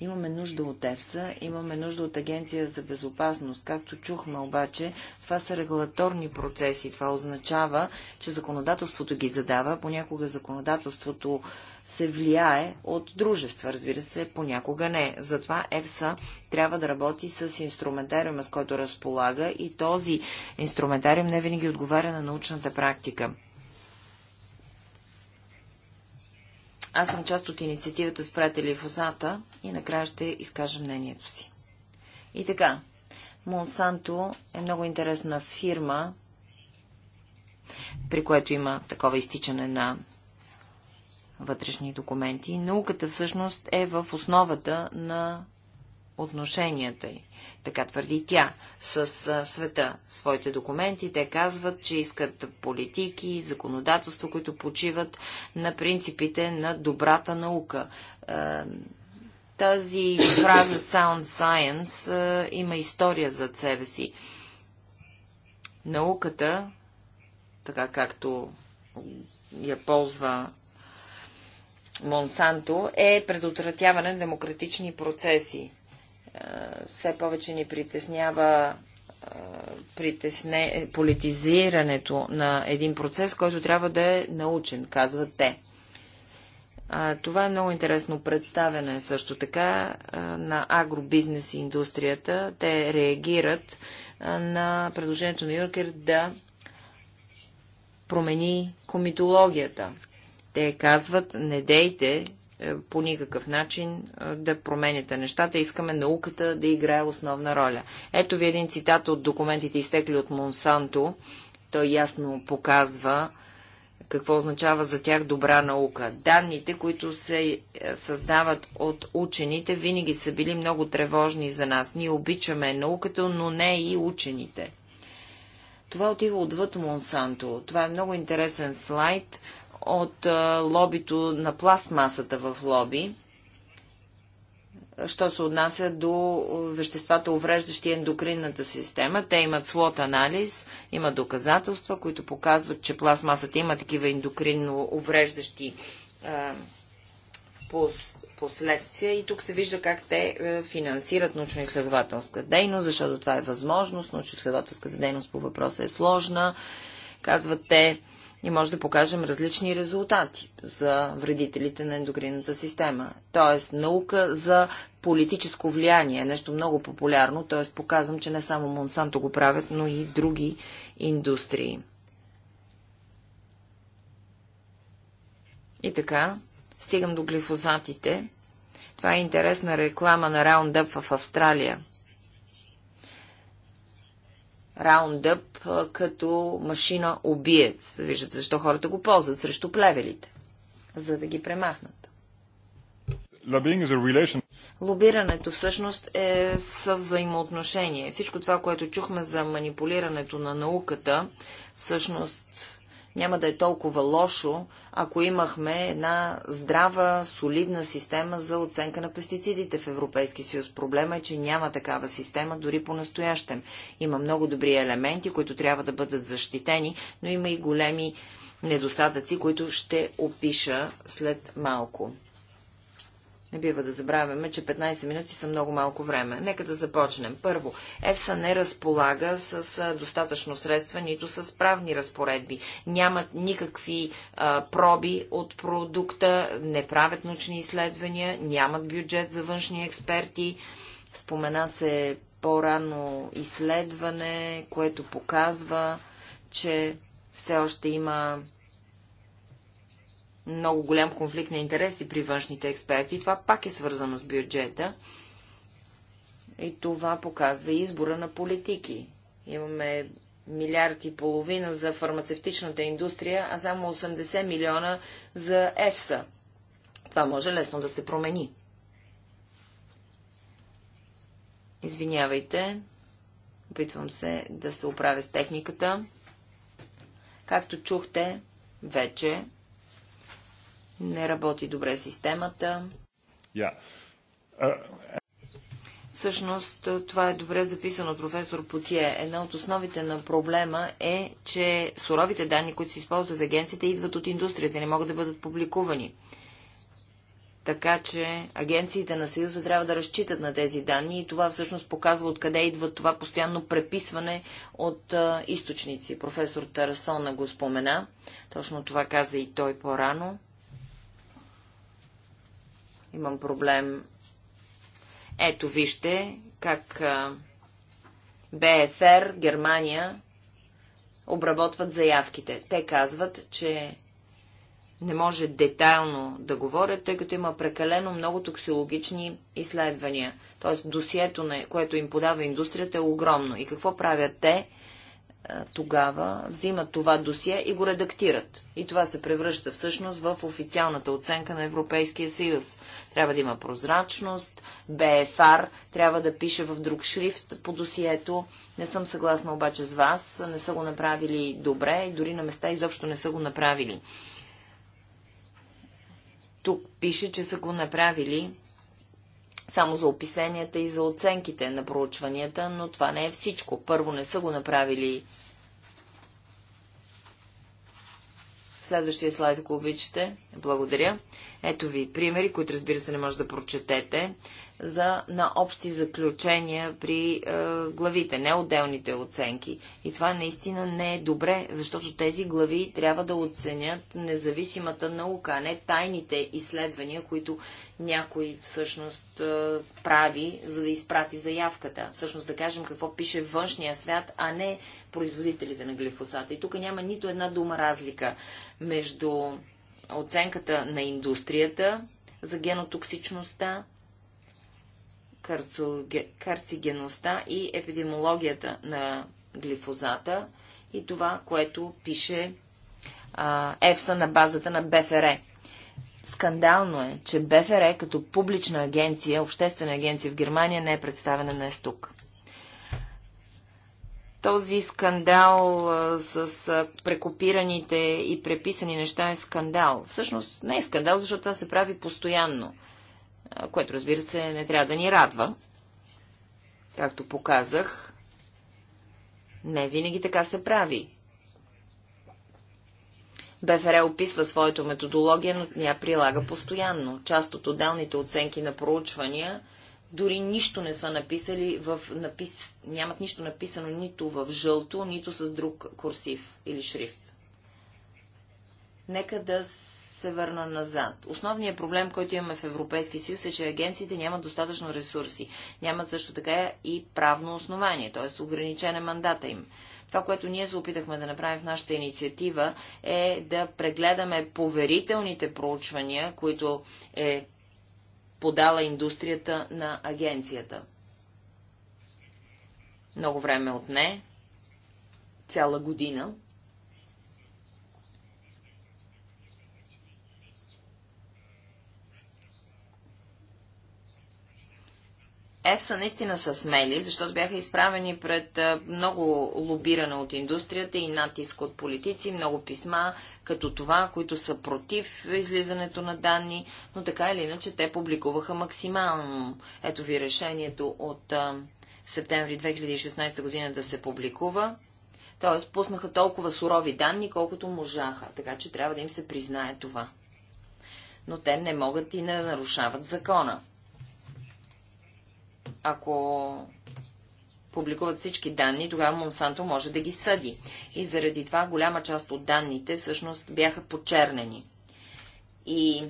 Имаме нужда от ЕФСА, имаме нужда от Агенция за безопасност. Както чухме обаче, това са регулаторни процеси. Това означава, че законодателството ги задава. Понякога законодателството се влияе от дружества, разбира се, понякога не. Затова ЕФСА трябва да работи с инструментариума, с който разполага и този инструментариум не винаги отговаря на научната практика. Аз съм част от инициативата с приятели в ОСАТА и накрая ще изкажа мнението си. И така, Монсанто е много интересна фирма, при което има такова изтичане на вътрешни документи. Науката всъщност е в основата на отношенията й, така твърди тя, с света. В своите документи те казват, че искат политики и законодателство, които почиват на принципите на добрата наука. Е, тази фраза Sound Science е, има история зад себе си. Науката, така както я ползва Монсанто е предотвратяване на демократични процеси все повече ни притеснява притесне, политизирането на един процес, който трябва да е научен, казват те. това е много интересно представяне също така на агробизнес и индустрията. Те реагират на предложението на Юркер да промени комитологията. Те казват, не дейте е, по никакъв начин е, да променяте нещата. Искаме науката да играе основна роля. Ето ви един цитат от документите, изтекли от Монсанто. Той ясно показва какво означава за тях добра наука. Данните, които се е, създават от учените, винаги са били много тревожни за нас. Ние обичаме науката, но не и учените. Това отива отвъд Монсанто. Това е много интересен слайд от лобито на пластмасата в лоби, що се отнася до веществата, увреждащи ендокринната система. Те имат слот анализ, има доказателства, които показват, че пластмасата има такива ендокринно увреждащи е, пос, последствия и тук се вижда как те финансират научно-изследователска дейност, защото това е възможност. Научно-изследователската дейност по въпроса е сложна. Казват те, и може да покажем различни резултати за вредителите на ендокринната система. Тоест, наука за политическо влияние, Е нещо много популярно, т.е. показвам, че не само Монсанто го правят, но и други индустрии. И така, стигам до глифозатите. Това е интересна реклама на Roundup в Австралия – раундъп като машина обиец. Виждате защо хората го ползват срещу плевелите, за да ги премахнат. Лобирането всъщност е съвзаимоотношение. Всичко това, което чухме за манипулирането на науката, всъщност няма да е толкова лошо, ако имахме една здрава, солидна система за оценка на пестицидите в Европейски съюз. Проблема е, че няма такава система дори по-настоящем. Има много добри елементи, които трябва да бъдат защитени, но има и големи недостатъци, които ще опиша след малко. Не бива да забравяме, че 15 минути са много малко време. Нека да започнем. Първо, ЕФСА не разполага с достатъчно средства, нито с правни разпоредби. Нямат никакви а, проби от продукта, не правят научни изследвания, нямат бюджет за външни експерти. Спомена се по-рано изследване, което показва, че все още има много голям конфликт на интереси при външните експерти. Това пак е свързано с бюджета. И това показва избора на политики. Имаме милиард и половина за фармацевтичната индустрия, а само 80 милиона за ЕФСА. Това може лесно да се промени. Извинявайте, опитвам се да се оправя с техниката. Както чухте, вече не работи добре системата. Uh, всъщност, това е добре записано от професор Потие. Една от основите на проблема е, че суровите данни, които се използват в агенцията, идват от индустрията, не могат да бъдат публикувани. Така че агенциите на Съюза трябва да разчитат на тези данни и това всъщност показва откъде идва това постоянно преписване от а, източници. Професор Тарасона го спомена, точно това каза и той по-рано. Имам проблем. Ето вижте как БФР, Германия, обработват заявките. Те казват, че не може детайлно да говорят, тъй като има прекалено много токсиологични изследвания. Тоест досието, което им подава индустрията, е огромно. И какво правят те? Е, тогава взимат това досие и го редактират. И това се превръща всъщност в официалната оценка на Европейския съюз. Трябва да има прозрачност, БФР трябва да пише в друг шрифт по досието. Не съм съгласна обаче с вас, не са го направили добре и дори на места изобщо не са го направили. Тук пише, че са го направили само за описанията и за оценките на проучванията, но това не е всичко. Първо не са го направили. Следващия слайд, ако обичате. Благодаря. Ето ви примери, които разбира се не може да прочетете, за, на общи заключения при е, главите, не отделните оценки. И това наистина не е добре, защото тези глави трябва да оценят независимата наука, а не тайните изследвания, които някой всъщност е, прави, за да изпрати заявката. Всъщност да кажем какво пише външния свят, а не производителите на глифосата. И тук няма нито една дума разлика между оценката на индустрията за генотоксичността карцигеността и епидемиологията на глифозата и това, което пише а, ЕФСА на базата на БФР. Скандално е, че БФР като публична агенция, обществена агенция в Германия не е представена на тук. Този скандал а, с а, прекопираните и преписани неща е скандал. Всъщност не е скандал, защото това се прави постоянно което разбира се не трябва да ни радва. Както показах, не винаги така се прави. БФР описва своето методология, но тя прилага постоянно. Част от отделните оценки на проучвания дори нищо не са написали в напис... нямат нищо написано нито в жълто, нито с друг курсив или шрифт. Нека да се върна назад. Основният проблем, който имаме в Европейски съюз е, че агенциите нямат достатъчно ресурси. Нямат също така и правно основание, т.е. ограничен е мандата им. Това, което ние се опитахме да направим в нашата инициатива е да прегледаме поверителните проучвания, които е подала индустрията на агенцията. Много време от не, цяла година. ЕФСА наистина са смели, защото бяха изправени пред много лобиране от индустрията и натиск от политици, много писма, като това, които са против излизането на данни, но така или иначе те публикуваха максимално. Ето ви решението от септември 2016 година да се публикува. Тоест, пуснаха толкова сурови данни, колкото можаха, така че трябва да им се признае това. Но те не могат и не нарушават закона ако публикуват всички данни, тогава Монсанто може да ги съди. И заради това голяма част от данните всъщност бяха почернени. И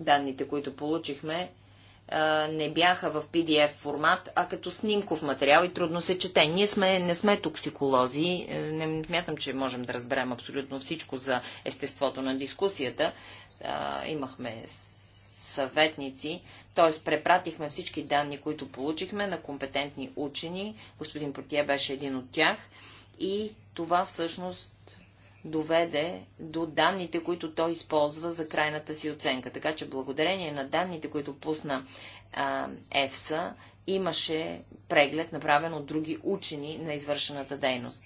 данните, които получихме, не бяха в PDF формат, а като снимков материал и трудно се чете. Ние сме, не сме токсиколози, е, не смятам, че можем да разберем абсолютно всичко за естеството на дискусията. Имахме съветници, т.е. препратихме всички данни, които получихме на компетентни учени, господин Протия беше един от тях, и това всъщност доведе до данните, които той използва за крайната си оценка. Така че благодарение на данните, които пусна а, ЕФСА, имаше преглед, направен от други учени на извършената дейност.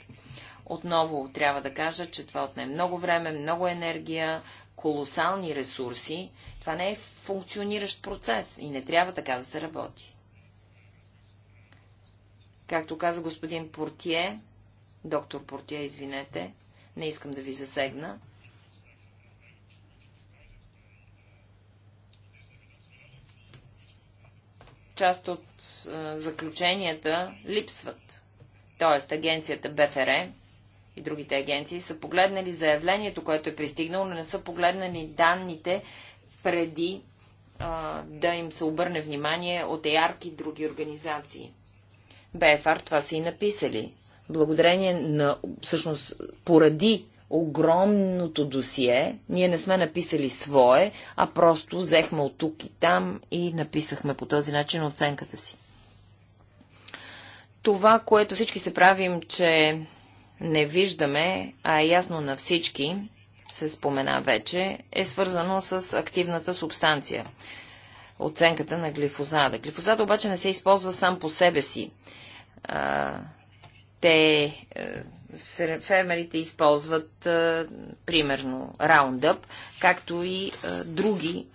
Отново трябва да кажа, че това отне много време, много енергия, колосални ресурси, това не е функциониращ процес и не трябва така да се работи. Както каза господин Портие, доктор Портие, извинете, не искам да ви засегна, част от е, заключенията липсват. Тоест, агенцията БФР и другите агенции са погледнали заявлението, което е пристигнало, но не са погледнали данните преди а, да им се обърне внимание от ярки други организации. БФР това са и написали. Благодарение на, всъщност, поради огромното досие, ние не сме написали свое, а просто взехме от тук и там и написахме по този начин оценката си. Това, което всички се правим, че не виждаме, а е ясно на всички, се спомена вече, е свързано с активната субстанция. Оценката на глифозада. Глифозада обаче не се използва сам по себе си. те, е, фермерите използват е, примерно раундъп, както и е, други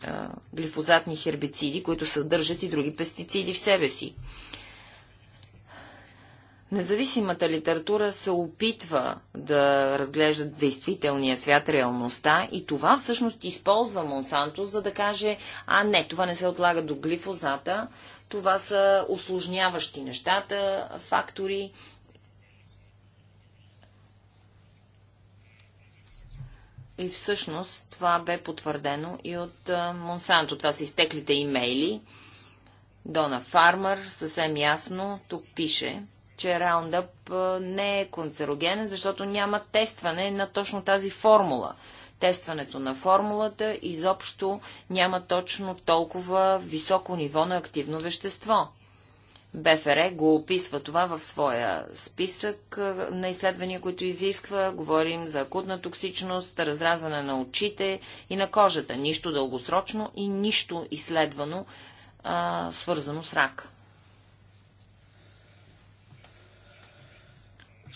глифозатни хербициди, които съдържат и други пестициди в себе си. Независимата литература се опитва да разглежда действителния свят, реалността и това всъщност използва Монсанто, за да каже, а не, това не се отлага до глифозата, това са осложняващи нещата, фактори. И всъщност това бе потвърдено и от Монсанто. Това са изтеклите имейли. Дона Фармър съвсем ясно тук пише – че раундъп не е канцерогенен, защото няма тестване на точно тази формула. Тестването на формулата изобщо няма точно толкова високо ниво на активно вещество. БФР го описва това в своя списък на изследвания, които изисква. Говорим за акутна токсичност, разразване на очите и на кожата. Нищо дългосрочно и нищо изследвано, а, свързано с рак.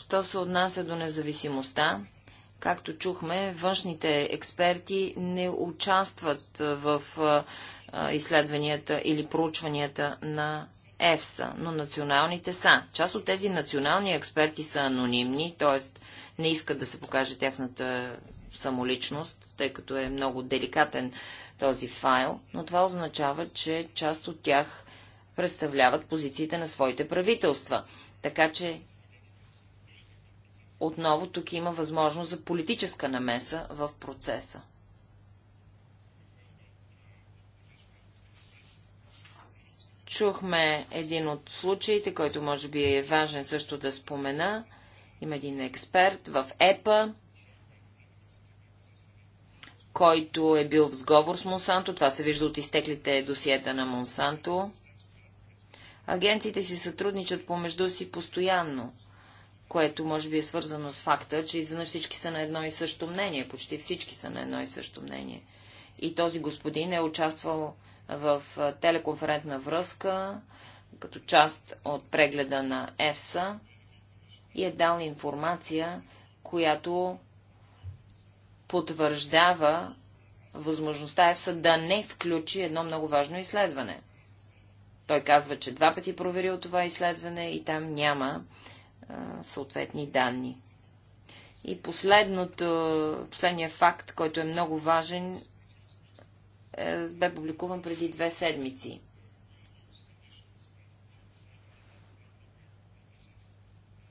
Що се отнася до независимостта, както чухме, външните експерти не участват в изследванията или проучванията на ЕФСА, но националните са. Част от тези национални експерти са анонимни, т.е. не искат да се покаже тяхната самоличност, тъй като е много деликатен този файл, но това означава, че част от тях представляват позициите на своите правителства. Така че отново тук има възможност за политическа намеса в процеса. Чухме един от случаите, който може би е важен също да спомена. Има един експерт в ЕПА, който е бил в сговор с Монсанто. Това се вижда от изтеклите досиета на Монсанто. Агенциите си сътрудничат помежду си постоянно което може би е свързано с факта, че изведнъж всички са на едно и също мнение, почти всички са на едно и също мнение. И този господин е участвал в телеконферентна връзка, като част от прегледа на ЕФСА и е дал информация, която потвърждава възможността ЕФСА да не включи едно много важно изследване. Той казва, че два пъти е проверил това изследване и там няма съответни данни. И последното, последният факт, който е много важен, е, бе публикуван преди две седмици.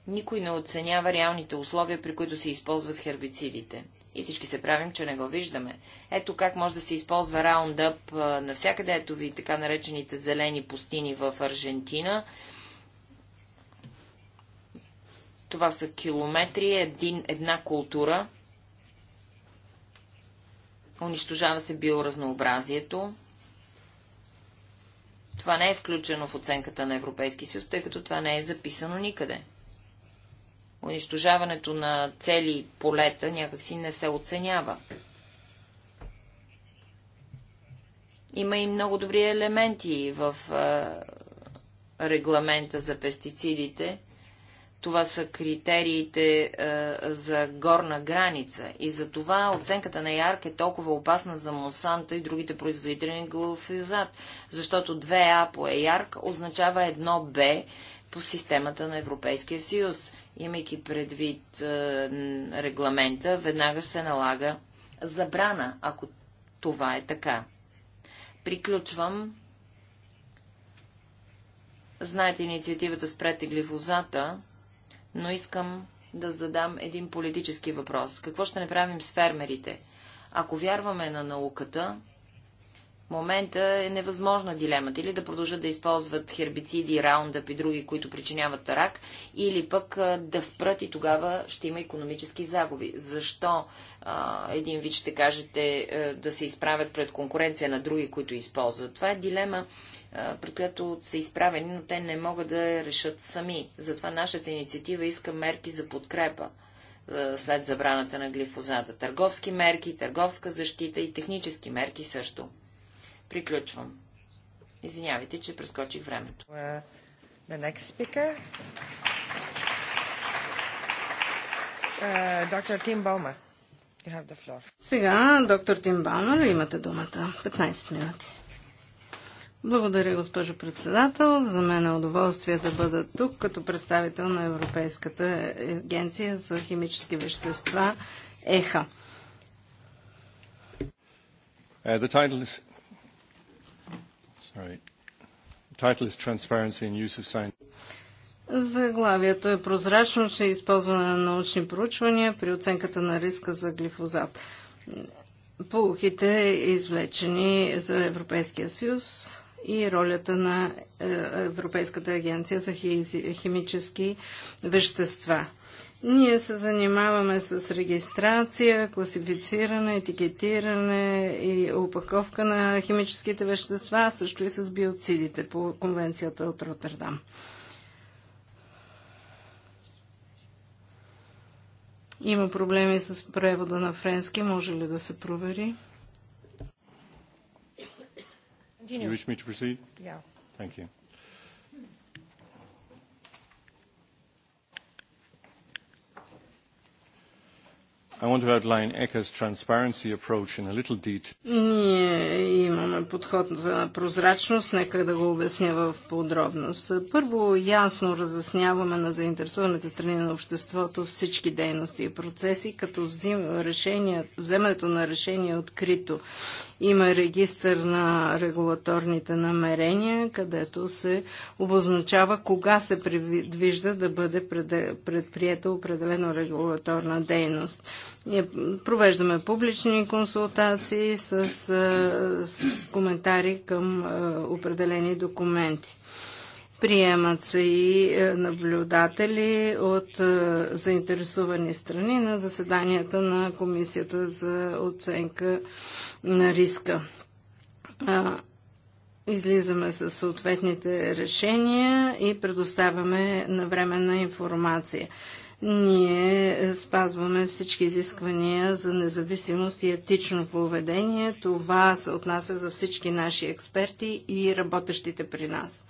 Никой не оценява реалните условия, при които се използват хербицидите. И всички се правим, че не го виждаме. Ето как може да се използва Roundup навсякъде. Ето ви така наречените зелени пустини в Аржентина. Това са километри, един, една култура. Унищожава се биоразнообразието. Това не е включено в оценката на Европейски съюз, тъй като това не е записано никъде. Унищожаването на цели полета някакси не се оценява. Има и много добри елементи в регламента за пестицидите, това са критериите е, за горна граница. И за това оценката на Ярк е толкова опасна за Монсанта и другите производители на глуфизат. Защото 2А по Ярк означава 1Б по системата на Европейския съюз. Имайки предвид е, регламента, веднага се налага забрана, ако това е така. Приключвам. Знаете инициативата Спрете глифозата но искам да задам един политически въпрос. Какво ще направим с фермерите? Ако вярваме на науката, момента е невъзможна дилемата. Или да продължат да използват хербициди, раундъп и други, които причиняват рак, или пък да спрат и тогава ще има економически загуби. Защо а, един вид ще кажете да се изправят пред конкуренция на други, които използват? Това е дилема, пред която са изправени, но те не могат да решат сами. Затова нашата инициатива иска мерки за подкрепа след забраната на глифозата. Търговски мерки, търговска защита и технически мерки също. Приключвам. Извинявайте, че прескочих времето. Е, the next speaker. Е, you have the floor. Сега, доктор Тим Баумер, имате думата. 15 минути. Благодаря, госпожо председател. За мен е удоволствие да бъда тук като представител на Европейската агенция за химически вещества ЕХА. Uh, the title is Title is Transparency and Use of Science. Заглавието е прозрачно, че е използване на научни проучвания при оценката на риска за глифозат. Полуките извлечени за Европейския съюз и ролята на е, Европейската агенция за химически вещества. Ние се занимаваме с регистрация, класифициране, етикетиране и упаковка на химическите вещества, също и с биоцидите по конвенцията от Роттердам. Има проблеми с превода на френски. Може ли да се провери? You wish me to proceed? Yeah. Thank you. Ние имаме подход за прозрачност, нека да го обясня в подробност. Първо, ясно разясняваме на заинтересованите страни на обществото всички дейности и процеси, като взим, вземането на решение е открито има регистър на регулаторните намерения, където се обозначава кога се предвижда да бъде предприета определена регулаторна дейност. Ние провеждаме публични консултации с, с коментари към определени документи. Приемат се и е, наблюдатели от е, заинтересувани страни на заседанията на Комисията за оценка на риска. Излизаме с съответните решения и предоставяме навременна информация. Ние спазваме всички изисквания за независимост и етично поведение. Това се отнася за всички наши експерти и работещите при нас.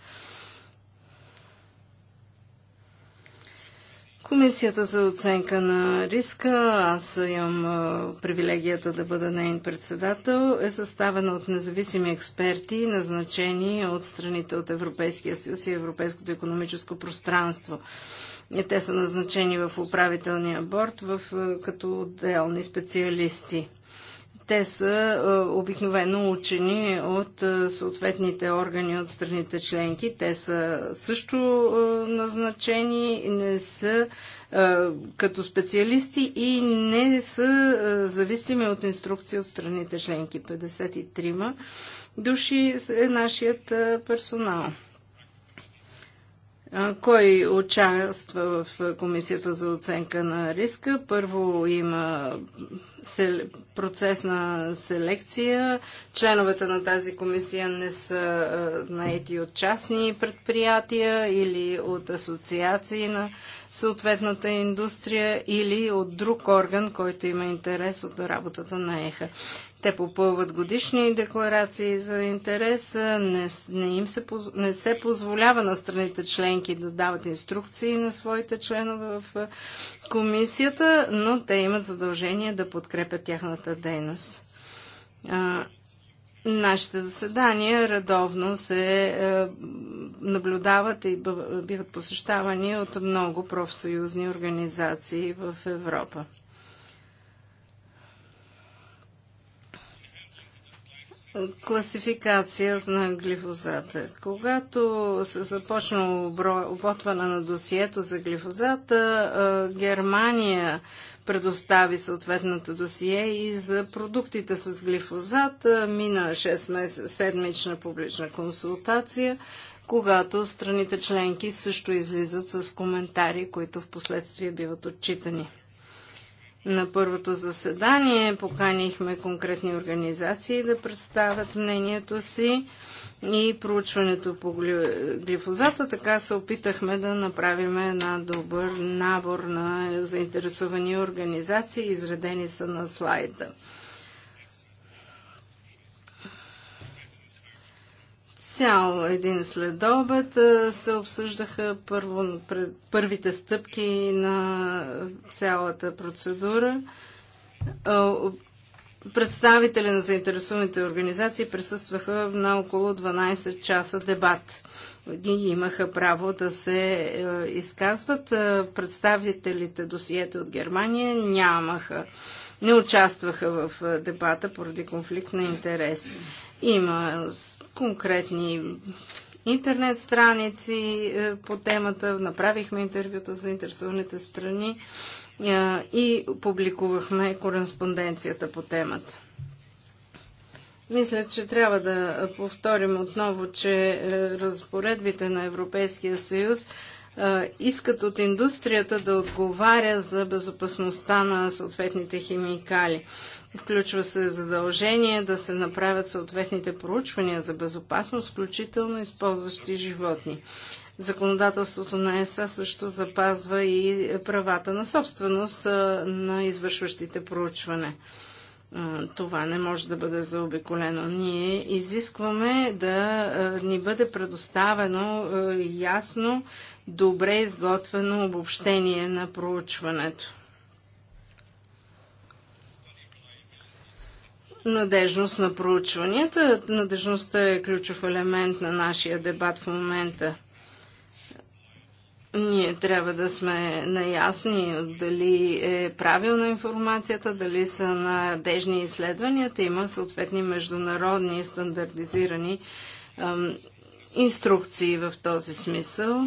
Комисията за оценка на риска, аз имам привилегията да бъда нейн председател, е съставена от независими експерти, назначени от страните от Европейския съюз и Европейското економическо пространство. И те са назначени в управителния борт в, като отделни специалисти те са е, обикновено учени от е, съответните органи от страните членки. Те са също е, назначени, не са като специалисти и не са зависими от инструкции от страните членки. 53 души е нашият персонал. Кой участва в Комисията за оценка на риска? Първо има процес на селекция. Членовете на тази комисия не са наети от частни предприятия или от асоциации на съответната индустрия или от друг орган, който има интерес от работата на ЕХА. Те попълват годишни декларации за интерес, не, не, им се, не се позволява на страните членки да дават инструкции на своите членове в комисията, но те имат задължение да подкрепят тяхната дейност. Нашите заседания редовно се е, наблюдават и биват посещавани от много профсъюзни организации в Европа. Класификация на глифозата. Когато се започна обработване на досието за глифозата, е, Германия предостави съответното досие и за продуктите с глифозат мина 6 месец, седмична публична консултация, когато страните членки също излизат с коментари, които в последствие биват отчитани. На първото заседание поканихме конкретни организации да представят мнението си и проучването по глифозата. Така се опитахме да направим една добър набор на заинтересовани организации, изредени са на слайда. Цял един следобед се обсъждаха първо, пред, първите стъпки на цялата процедура представители на заинтересуваните организации присъстваха на около 12 часа дебат. Ние имаха право да се е, изказват. Е, представителите досиета от Германия нямаха, не участваха в е, дебата поради конфликт на интерес. Има конкретни интернет страници по темата, направихме интервюта за заинтересованите страни и публикувахме кореспонденцията по темата. Мисля, че трябва да повторим отново, че е, разпоредбите на Европейския съюз е, искат от индустрията да отговаря за безопасността на съответните химикали. Включва се задължение да се направят съответните проучвания за безопасност, включително използващи животни. Законодателството на ЕСА също запазва и правата на собственост на извършващите проучване. Това не може да бъде заобиколено. Ние изискваме да ни бъде предоставено ясно, добре изготвено обобщение на проучването. Надежност на проучванията. Надежността е ключов елемент на нашия дебат в момента. Ние трябва да сме наясни дали е правилна информацията, дали са надежни изследванията. Има съответни международни стандартизирани ем, инструкции в този смисъл.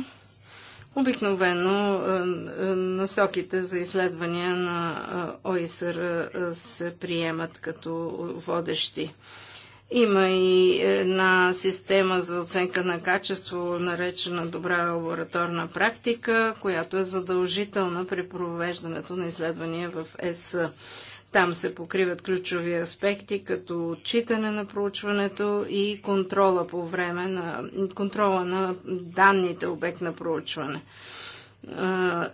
Обикновено насоките за изследвания на ОИСР се приемат като водещи. Има и една система за оценка на качество, наречена добра лабораторна практика, която е задължителна при провеждането на изследвания в ЕС. Там се покриват ключови аспекти, като отчитане на проучването и контрола по време на контрола на данните обект на проучване.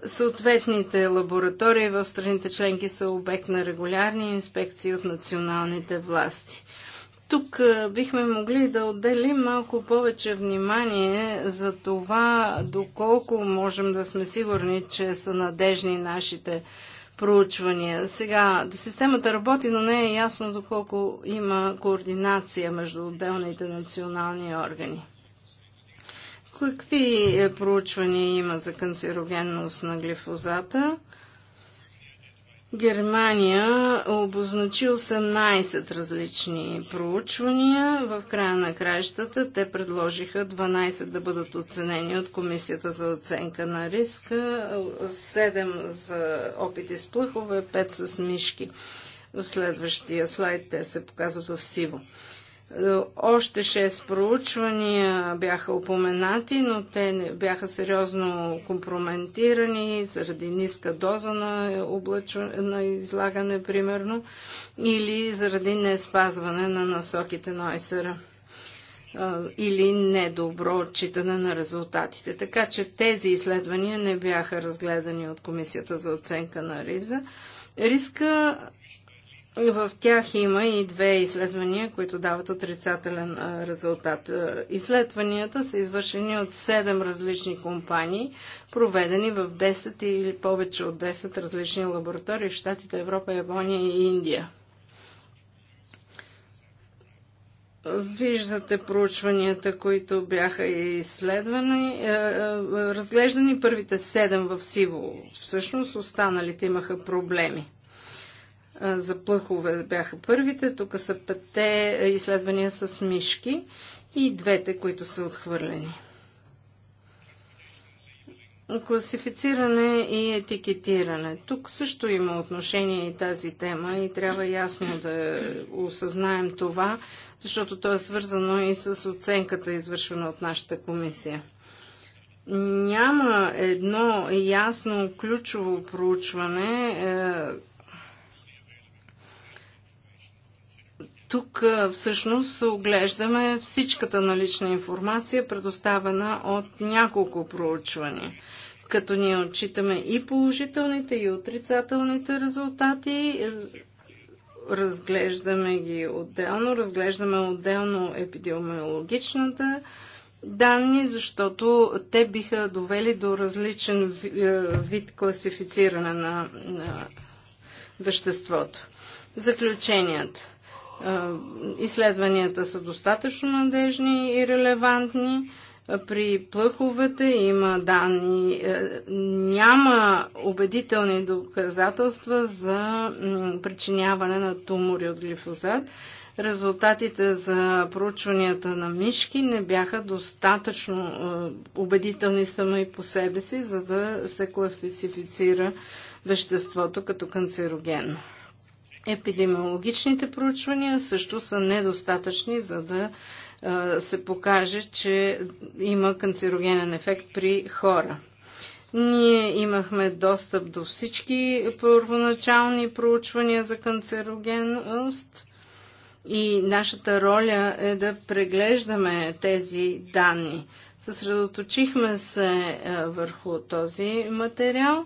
Съответните лаборатории в страните членки са обект на регулярни инспекции от националните власти. Тук бихме могли да отделим малко повече внимание за това, доколко можем да сме сигурни, че са надежни нашите проучвания. Сега, системата работи, но не е ясно доколко има координация между отделните национални органи. Какви е, проучвания има за канцерогенност на глифозата? Германия обозначи 18 различни проучвания. В края на краищата те предложиха 12 да бъдат оценени от Комисията за оценка на риска, 7 за опити с плъхове, 5 с мишки. В следващия слайд те се показват в сиво. Още 6 проучвания бяха упоменати, но те не бяха сериозно компрометирани заради ниска доза на, облъчване, на излагане, примерно, или заради не спазване на насоките на ОСР или недобро отчитане на резултатите. Така че тези изследвания не бяха разгледани от Комисията за оценка на риза. Риска в тях има и две изследвания, които дават отрицателен резултат. Изследванията са извършени от 7 различни компании, проведени в 10 или повече от 10 различни лаборатории в Штатите, Европа, Япония и Индия. Виждате проучванията, които бяха изследвани, е, е, разглеждани първите 7 в сиво. Всъщност останалите имаха проблеми за плъхове бяха първите, тук са петте изследвания с мишки и двете, които са отхвърлени. Класифициране и етикетиране. Тук също има отношение и тази тема и трябва ясно да осъзнаем това, защото то е свързано и с оценката, извършена от нашата комисия. Няма едно ясно ключово проучване, е, Тук всъщност оглеждаме всичката налична информация, предоставена от няколко проучвания като ние отчитаме и положителните, и отрицателните резултати, разглеждаме ги отделно, разглеждаме отделно епидемиологичната данни, защото те биха довели до различен вид класифициране на, на веществото. Заключенията. Е, изследванията са достатъчно надежни и релевантни. Е, при плъховете има данни, е, няма убедителни доказателства за причиняване на тумори от глифозат. Резултатите за проучванията на мишки не бяха достатъчно убедителни и по себе си, за да се класифицира веществото като канцерогенно. Епидемиологичните проучвания също са недостатъчни, за да се покаже, че има канцерогенен ефект при хора. Ние имахме достъп до всички първоначални проучвания за канцерогенност и нашата роля е да преглеждаме тези данни. Съсредоточихме се върху този материал,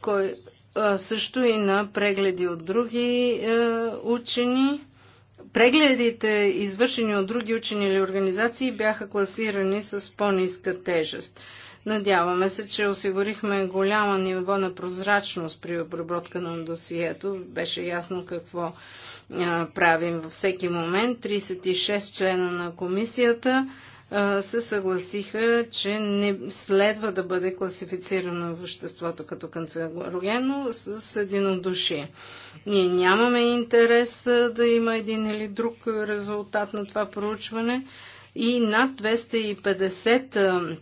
кой, също и на прегледи от други е, учени. Прегледите, извършени от други учени или организации, бяха класирани с по-ниска тежест. Надяваме се, че осигурихме голяма ниво на прозрачност при обработка на досието. Беше ясно какво а, е, правим във всеки момент. 36 члена на комисията се съгласиха, че не следва да бъде класифицирано веществото като канцерогенно с единодушие. Ние нямаме интерес да има един или друг резултат на това проучване и над 250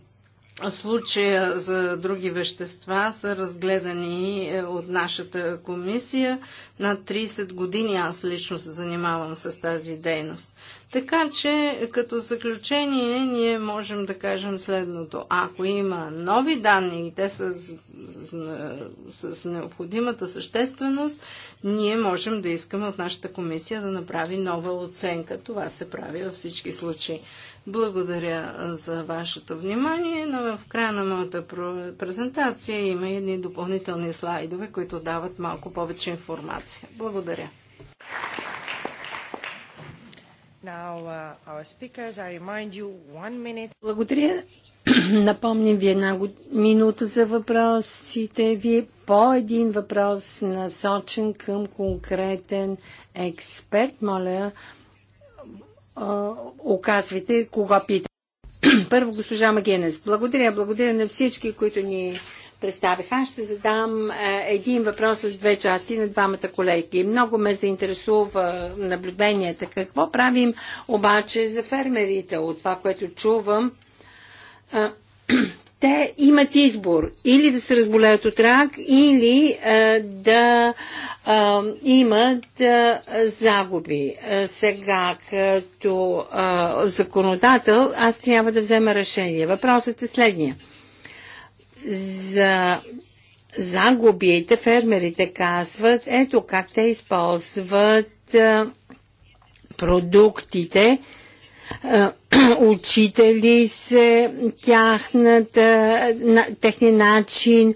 случая за други вещества са разгледани е, от нашата комисия. Над 30 години аз лично се занимавам с тази дейност. Така че, като заключение, ние можем да кажем следното. Ако има нови данни и те са с, с, с необходимата същественост, ние можем да искаме от нашата комисия да направи нова оценка. Това се прави във всички случаи. Благодаря за вашето внимание, но в края на моята презентация има едни допълнителни слайдове, които дават малко повече информация. Благодаря. Now, uh, Благодаря. Напомним ви една минута за въпросите ви. По един въпрос насочен към конкретен експерт. Моля, оказвате, кога питате. Първо, госпожа Магенес, благодаря, благодаря на всички, които ни представих. Аз ще задам един въпрос с две части на двамата колеги. Много ме заинтересува наблюденията. Какво правим обаче за фермерите от това, което чувам? те имат избор или да се разболеят от рак, или а, да а, имат а, загуби. А, сега, като а, законодател, аз трябва да взема решение. Въпросът е следния. За загубите фермерите казват, ето как те използват а, продуктите, а, е, учители се тяхната, на, техния начин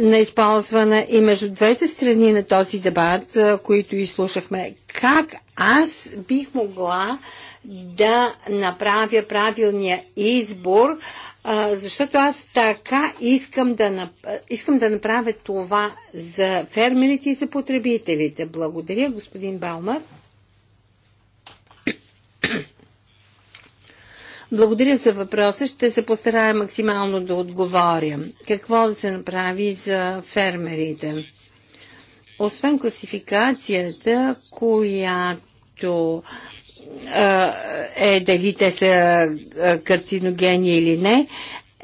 на използване и между двете страни на този дебат, е, които изслушахме, как аз бих могла да направя правилния избор, е, защото аз така искам да, искам да направя това за фермерите и за потребителите. Благодаря, господин Балмар. Благодаря за въпроса. Ще се постарая максимално да отговоря. Какво да се направи за фермерите? Освен класификацията, която е дали те са карциногени или не,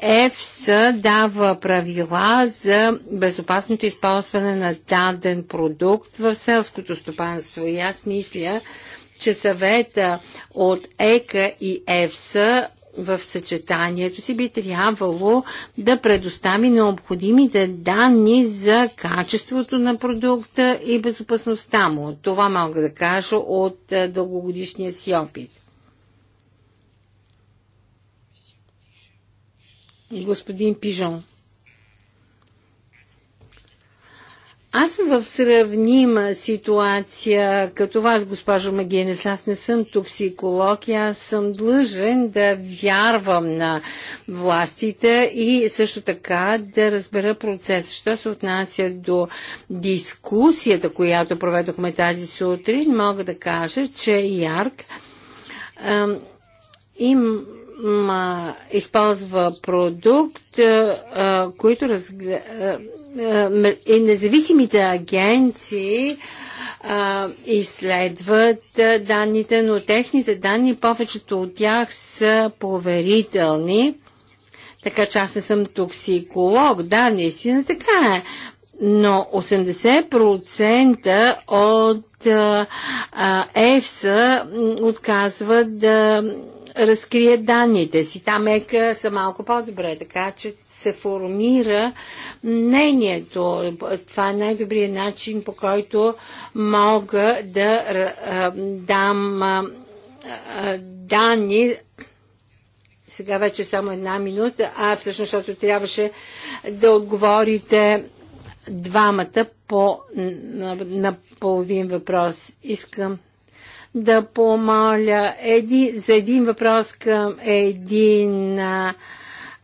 ЕФС дава правила за безопасното използване на даден продукт в селското стопанство. И аз мисля, че съвета от ЕКА и ЕФСА в съчетанието си би трябвало да предостави необходимите данни за качеството на продукта и безопасността му. Това мога да кажа от е, дългогодишния си опит. Господин Пижон. Аз съм в сравнима ситуация като вас, госпожо Магинес. Аз не съм токсиколог и аз съм длъжен да вярвам на властите и също така да разбера процес. Що се отнася до дискусията, която проведохме тази сутрин, мога да кажа, че ЯРК им използва продукт, които разгле... и независимите агенции изследват данните, но техните данни, повечето от тях са поверителни. Така че аз не съм токсиколог. Да, наистина така е. Но 80% от ЕФСА отказват да разкрие данните си. Там ЕКА са малко по-добре, така че се формира мнението. Това е най-добрият начин, по който мога да дам данни сега вече само една минута, а всъщност, защото трябваше да отговорите двамата по, на, на половин въпрос. Искам да помоля еди, за един въпрос към един а,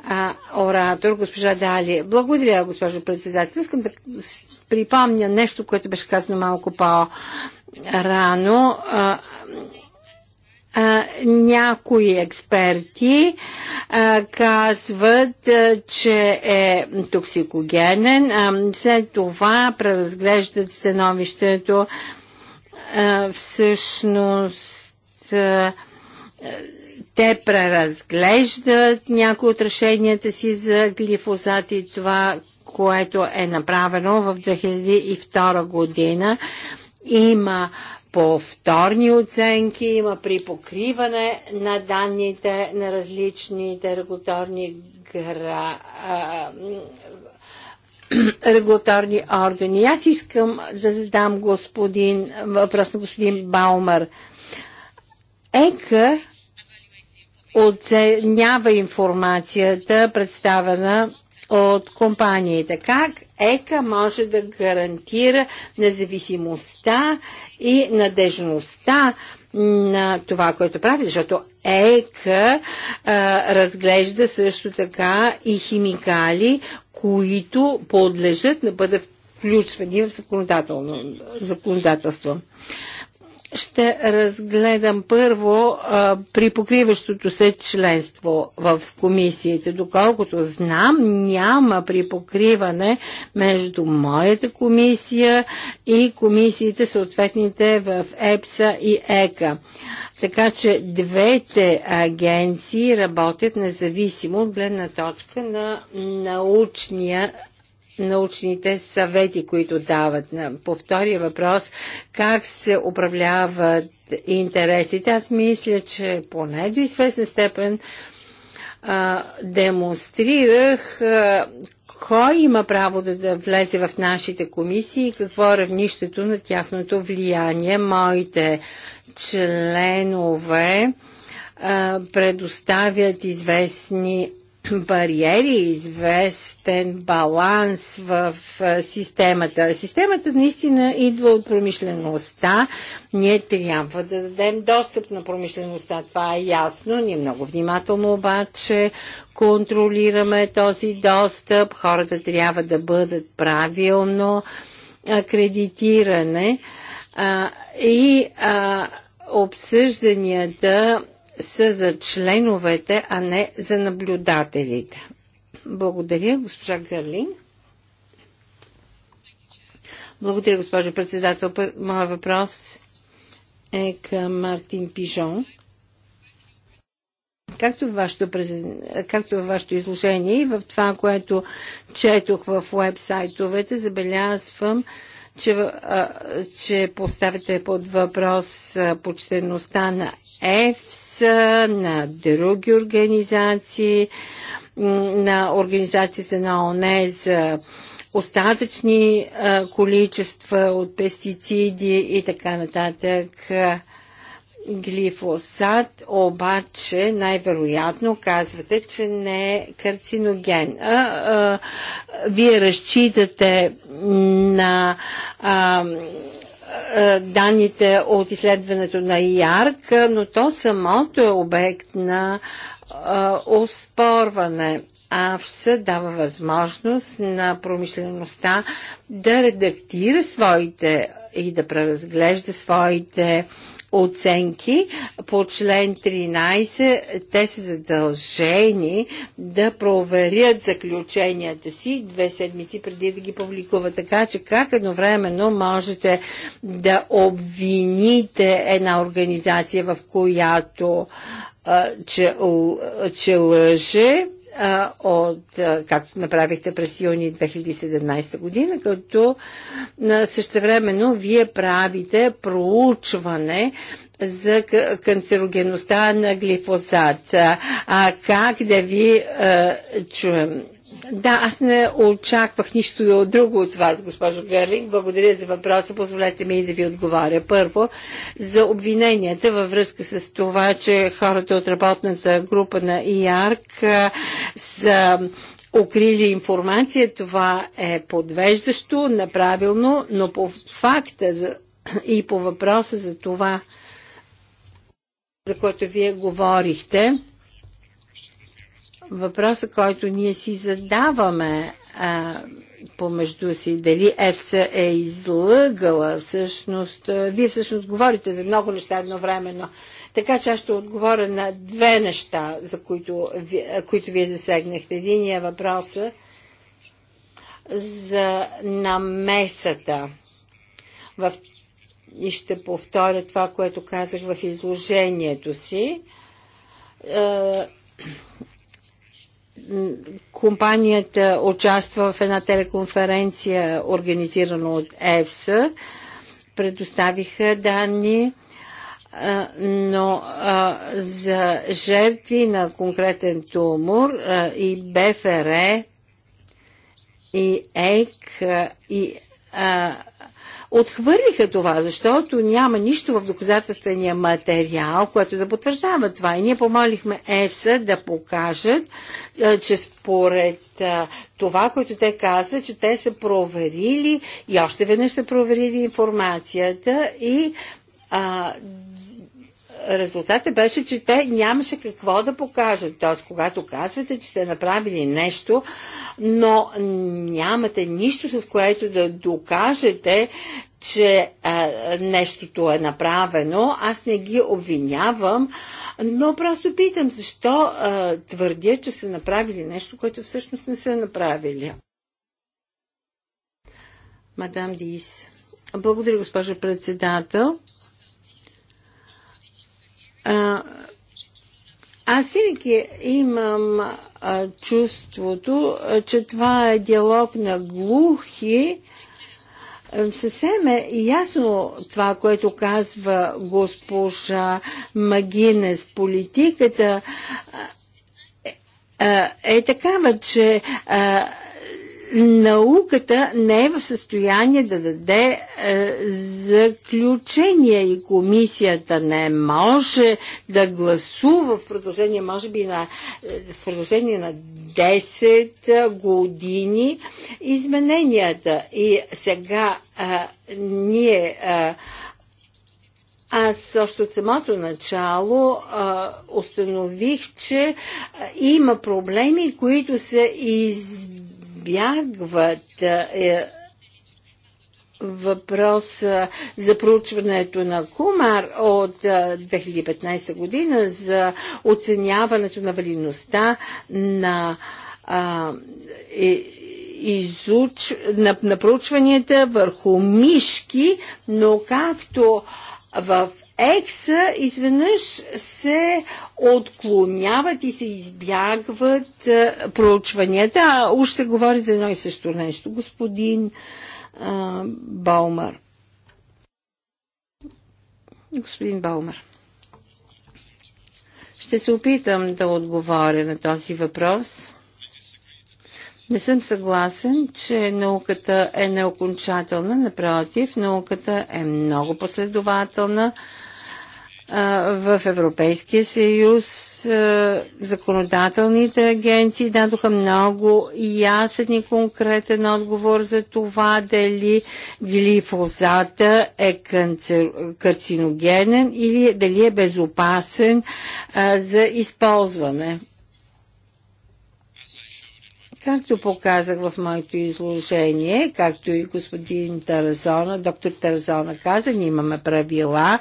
а, оратор, госпожа Дали. Благодаря, госпожо председател. Искам да припомня нещо, което беше казано малко по-рано. някои експерти а, казват, а, че е токсикогенен, а, след това преразглеждат становището всъщност те преразглеждат някои от решенията си за глифозат и това, което е направено в 2002 година. Има повторни оценки, има при покриване на данните на различните регуляторни гра, регулаторни органи. Аз искам да задам господин, въпрос на господин Баумър. ЕКА оценява информацията, представена от компаниите. Как ЕКА може да гарантира независимостта и надежността на това, което прави, защото ЕК а, разглежда също така и химикали, които подлежат на бъдат включвани в законодателно, законодателство ще разгледам първо а, при покриващото се членство в комисиите. Доколкото знам, няма при покриване между моята комисия и комисиите съответните в ЕПСА и ЕКА. Така че двете агенции работят независимо от гледна точка на научния научните съвети, които дават. По втория въпрос, как се управляват интересите, аз мисля, че поне до известна степен а, демонстрирах а, кой има право да, да влезе в нашите комисии и какво е равнището на тяхното влияние. Моите членове предоставят известни бариери, известен баланс в системата. Системата наистина идва от промишлеността. Ние трябва да дадем достъп на промишлеността. Това е ясно. Ние много внимателно обаче контролираме този достъп. Хората трябва да бъдат правилно акредитиране а, и а, обсъжданията са за членовете, а не за наблюдателите. Благодаря, госпожа Гърлин. Благодаря, госпожо председател. Моя въпрос е към Мартин Пижон. Както във, вашето, както в вашето изложение и в това, което четох в уебсайтовете, забелязвам, че, а, че поставяте под въпрос почтеността на ЕФСА, на други организации, на Организацията на ОНЕ за остатъчни количества от пестициди и така нататък. Глифосат обаче най-вероятно казвате, че не е карциноген. А, а, вие разчитате на а, е, данните от изследването на ИАРК, но то самото е обект на е, оспорване. все дава възможност на промишлеността да редактира своите и да преразглежда своите оценки по член 13, те са задължени да проверят заключенията си две седмици преди да ги публикуват. Така че как едновременно можете да обвините една организация, в която че, че лъже, от, както направихте през юни 2017 година, като същевременно вие правите проучване за канцерогеността на глифосат. А как да ви чуем? Да, аз не очаквах нищо друго от вас, госпожо Гърлинг. Благодаря за въпроса. Позволете ми и да ви отговаря. Първо, за обвиненията във връзка с това, че хората от работната група на ИАРК са укрили информация. Това е подвеждащо, неправилно, но по факта и по въпроса за това, за което вие говорихте, въпроса, който ние си задаваме а, помежду си, дали ЕФСА е излъгала всъщност. Вие всъщност говорите за много неща едновременно. Така че аз ще отговоря на две неща, за които, които вие засегнахте. Единия въпрос е за намесата. В... И ще повторя това, което казах в изложението си. Е компанията участва в една телеконференция, организирана от ЕФСА. Предоставиха данни, но за жертви на конкретен тумор и БФР и ЕК и отхвърлиха това, защото няма нищо в доказателствения материал, което да потвърждава това. И ние помолихме ЕФСА да покажат, че според това, което те казват, че те са проверили и още веднъж са проверили информацията и а, резултатът беше, че те нямаше какво да покажат. Т.е. когато казвате, че сте направили нещо, но нямате нищо, с което да докажете, че а, нещото е направено. Аз не ги обвинявам, но просто питам защо а, твърдя, че са направили нещо, което всъщност не са направили. Мадам Дис. Благодаря, госпожа председател аз винаги имам а, чувството, а, че това е диалог на глухи. Е, съвсем е ясно това, което казва госпожа Магинес. Политиката е, е, е такава, че науката не е в състояние да даде е, заключение и комисията не може да гласува в продължение, може би, на, е, в продължение на 10 е, години измененията. И сега е, ние. Е, аз още от самото начало а, е, установих, че а, има проблеми, които се избират избягват е, въпроса за проучването на Кумар от 2015 година за оценяването на валидността на а, е, изуч, на, на проучванията върху мишки, но както в екса изведнъж се отклоняват и се избягват а, е, проучванията. А уж се говори за едно и също нещо, господин а, е, Баумър. Господин Баумър. Ще се опитам да отговоря на този въпрос. Не съм съгласен, че науката е неокончателна. Напротив, науката е много последователна в Европейския съюз законодателните агенции дадоха много ясен и конкретен отговор за това дали глифозата е карциногенен или дали е безопасен за използване. Както показах в моето изложение, както и господин Таразона, доктор Таразона каза, ние имаме правила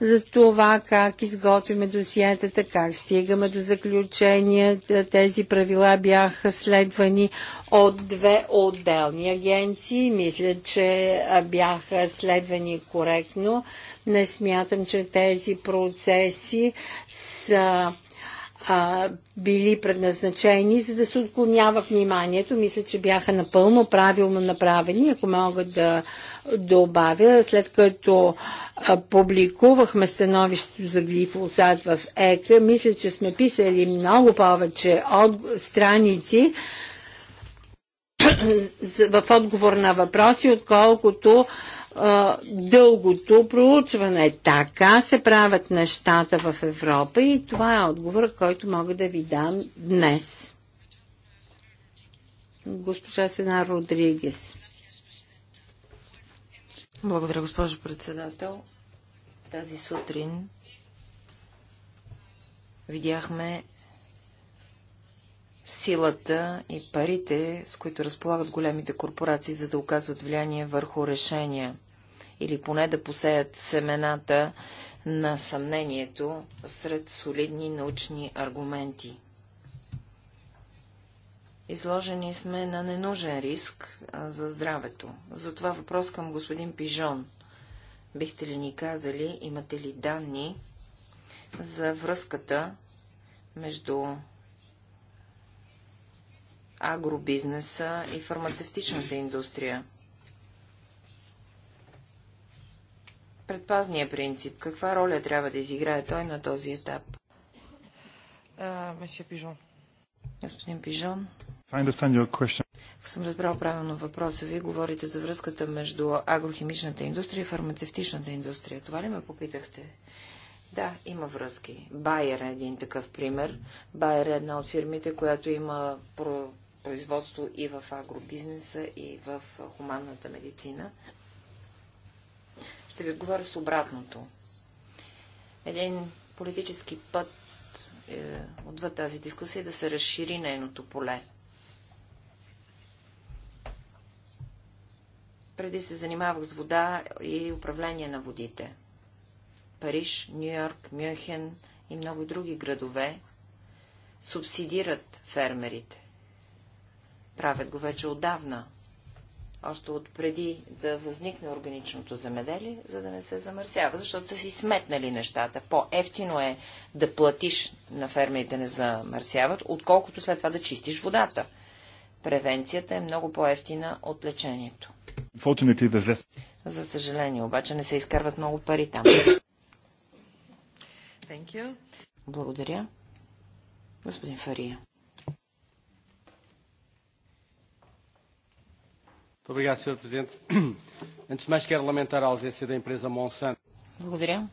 за това как изготвяме досиетата, как стигаме до заключенията. Тези правила бяха следвани от две отделни агенции. Мисля, че бяха следвани коректно. Не смятам, че тези процеси са а, били предназначени, за да се отклонява вниманието. Мисля, че бяха напълно правилно направени. Ако мога да добавя, след като а, публикувахме становището за глифосат в ЕКА, мисля, че сме писали много повече от страници, в отговор на въпроси, отколкото дългото проучване. Така се правят нещата в Европа и това е отговор, който мога да ви дам днес. Госпожа Сена Родригес. Благодаря, госпожо председател. Тази сутрин видяхме силата и парите, с които разполагат големите корпорации, за да оказват влияние върху решения или поне да посеят семената на съмнението сред солидни научни аргументи. Изложени сме на ненужен риск за здравето. Затова въпрос към господин Пижон. Бихте ли ни казали, имате ли данни за връзката между агробизнеса и фармацевтичната индустрия. Предпазния принцип. Каква роля трябва да изиграе той на този етап? Месье Пижон. Господин Пижон. Ако съм разбрал правилно въпроса ви, говорите за връзката между агрохимичната индустрия и фармацевтичната индустрия. Това ли ме попитахте? Да, има връзки. Байер е един такъв пример. Байер е една от фирмите, която има производство и в агробизнеса, и в хуманната медицина. Ще ви говоря с обратното. Един политически път е, отвъд тази дискусия е да се разшири нейното поле. Преди се занимавах с вода и управление на водите. Париж, Нью-Йорк, Мюнхен и много други градове субсидират фермерите. Правят го вече отдавна, още от преди да възникне органичното замеделие, за да не се замърсява, защото са си сметнали нещата. По-ефтино е да платиш на фермерите не замърсяват, отколкото след това да чистиш водата. Превенцията е много по-ефтина от лечението. За съжаление, обаче не се изкарват много пари там. Благодаря. Господин Фария. Muito Obrigado, Sr. Presidente. Antes de mais, quero lamentar a ausência da empresa Monsanto. Благодаря.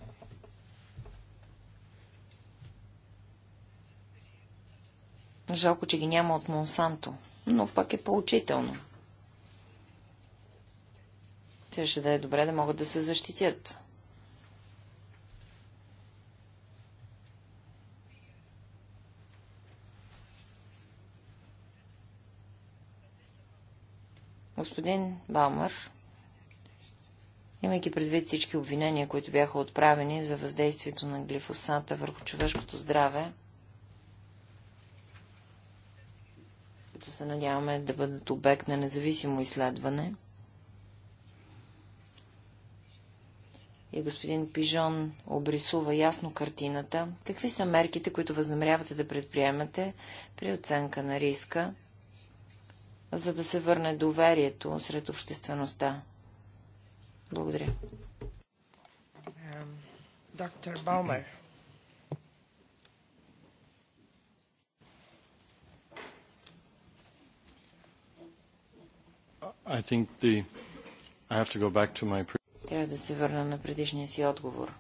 Жалко, че ги няма от Монсанто, но пък е поучително. Те ще да е добре да могат да се защитят. Господин Балмър, имайки предвид всички обвинения, които бяха отправени за въздействието на глифосата върху човешкото здраве, Като се надяваме да бъдат обект на независимо изследване, и господин Пижон обрисува ясно картината, какви са мерките, които възнамерявате да предприемате при оценка на риска за да се върне доверието сред обществеността. Благодаря. Доктор Баумер. I think the... I have to go back to my... Трябва да се върна на предишния си отговор.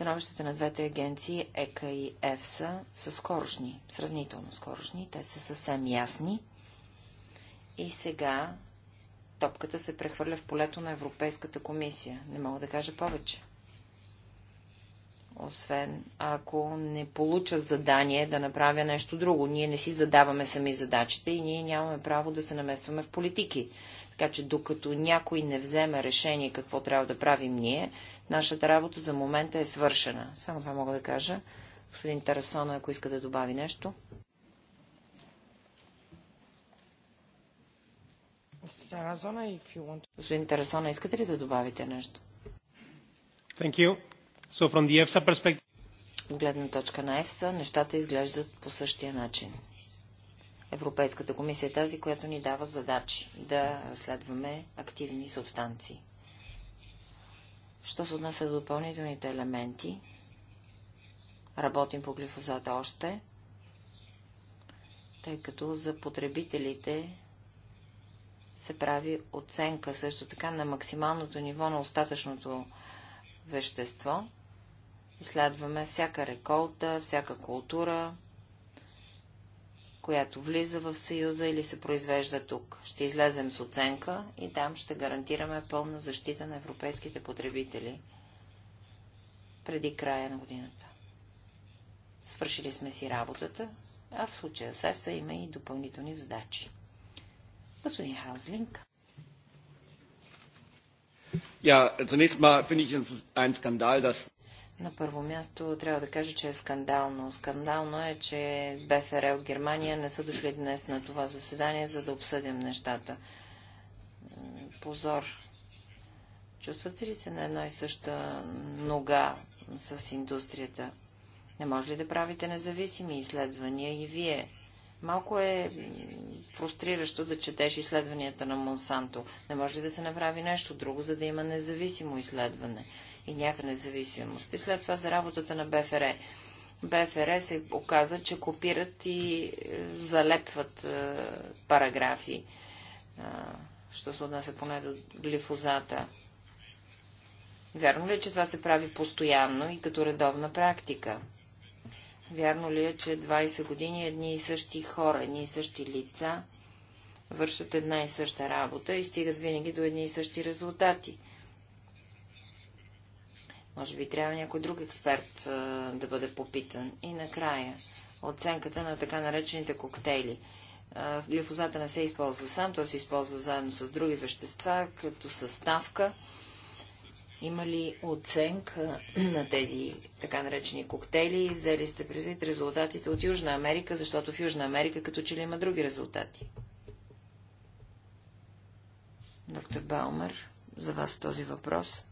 Становищата на двете агенции, ЕКА и ЕФСА, са скорошни, сравнително скорошни, те са съвсем ясни. И сега топката се прехвърля в полето на Европейската комисия. Не мога да кажа повече. Освен ако не получа задание да направя нещо друго. Ние не си задаваме сами задачите и ние нямаме право да се намесваме в политики. Така че докато някой не вземе решение какво трябва да правим ние, Нашата работа за момента е свършена. Само това мога да кажа. Господин Тарасона, ако иска да добави нещо. Господин Тарасона, искате ли да добавите нещо? Thank you. So from the EFSA perspective... От гледна точка на ЕФСА, нещата изглеждат по същия начин. Европейската комисия е тази, която ни дава задачи да следваме активни субстанции. Що се отнася до допълнителните елементи, работим по глифозата още, тъй като за потребителите се прави оценка също така на максималното ниво на остатъчното вещество. Изследваме всяка реколта, всяка култура, която влиза в Съюза или се произвежда тук. Ще излезем с оценка и там ще гарантираме пълна защита на европейските потребители преди края на годината. Свършили сме си работата, а в случая с ЕФСА има и допълнителни задачи. Господин Хаузлинг. Ja, zunächst mal finde ich es ein Skandal, dass на първо място трябва да кажа, че е скандално. Скандално е, че БФР е от Германия не са дошли днес на това заседание, за да обсъдим нещата. Позор. Чувствате ли се на една и съща нога с индустрията? Не може ли да правите независими изследвания и вие? Малко е фрустриращо да четеш изследванията на Монсанто. Не може ли да се направи нещо друго, за да има независимо изследване? и някаква независимост. И след това за работата на БФР. БФР се оказа, че копират и е, залепват е, параграфи, е, що се отнася поне до глифозата. Вярно ли е, че това се прави постоянно и като редовна практика? Вярно ли е, че 20 години едни и същи хора, едни и същи лица вършат една и съща работа и стигат винаги до едни и същи резултати? Може би трябва някой друг експерт а, да бъде попитан. И накрая, оценката на така наречените коктейли. А, глифозата не се използва сам, то се използва заедно с други вещества, като съставка. Има ли оценка на тези така наречени коктейли? Взели сте предвид резултатите от Южна Америка, защото в Южна Америка като че ли има други резултати? Доктор Баумер, за вас този въпрос.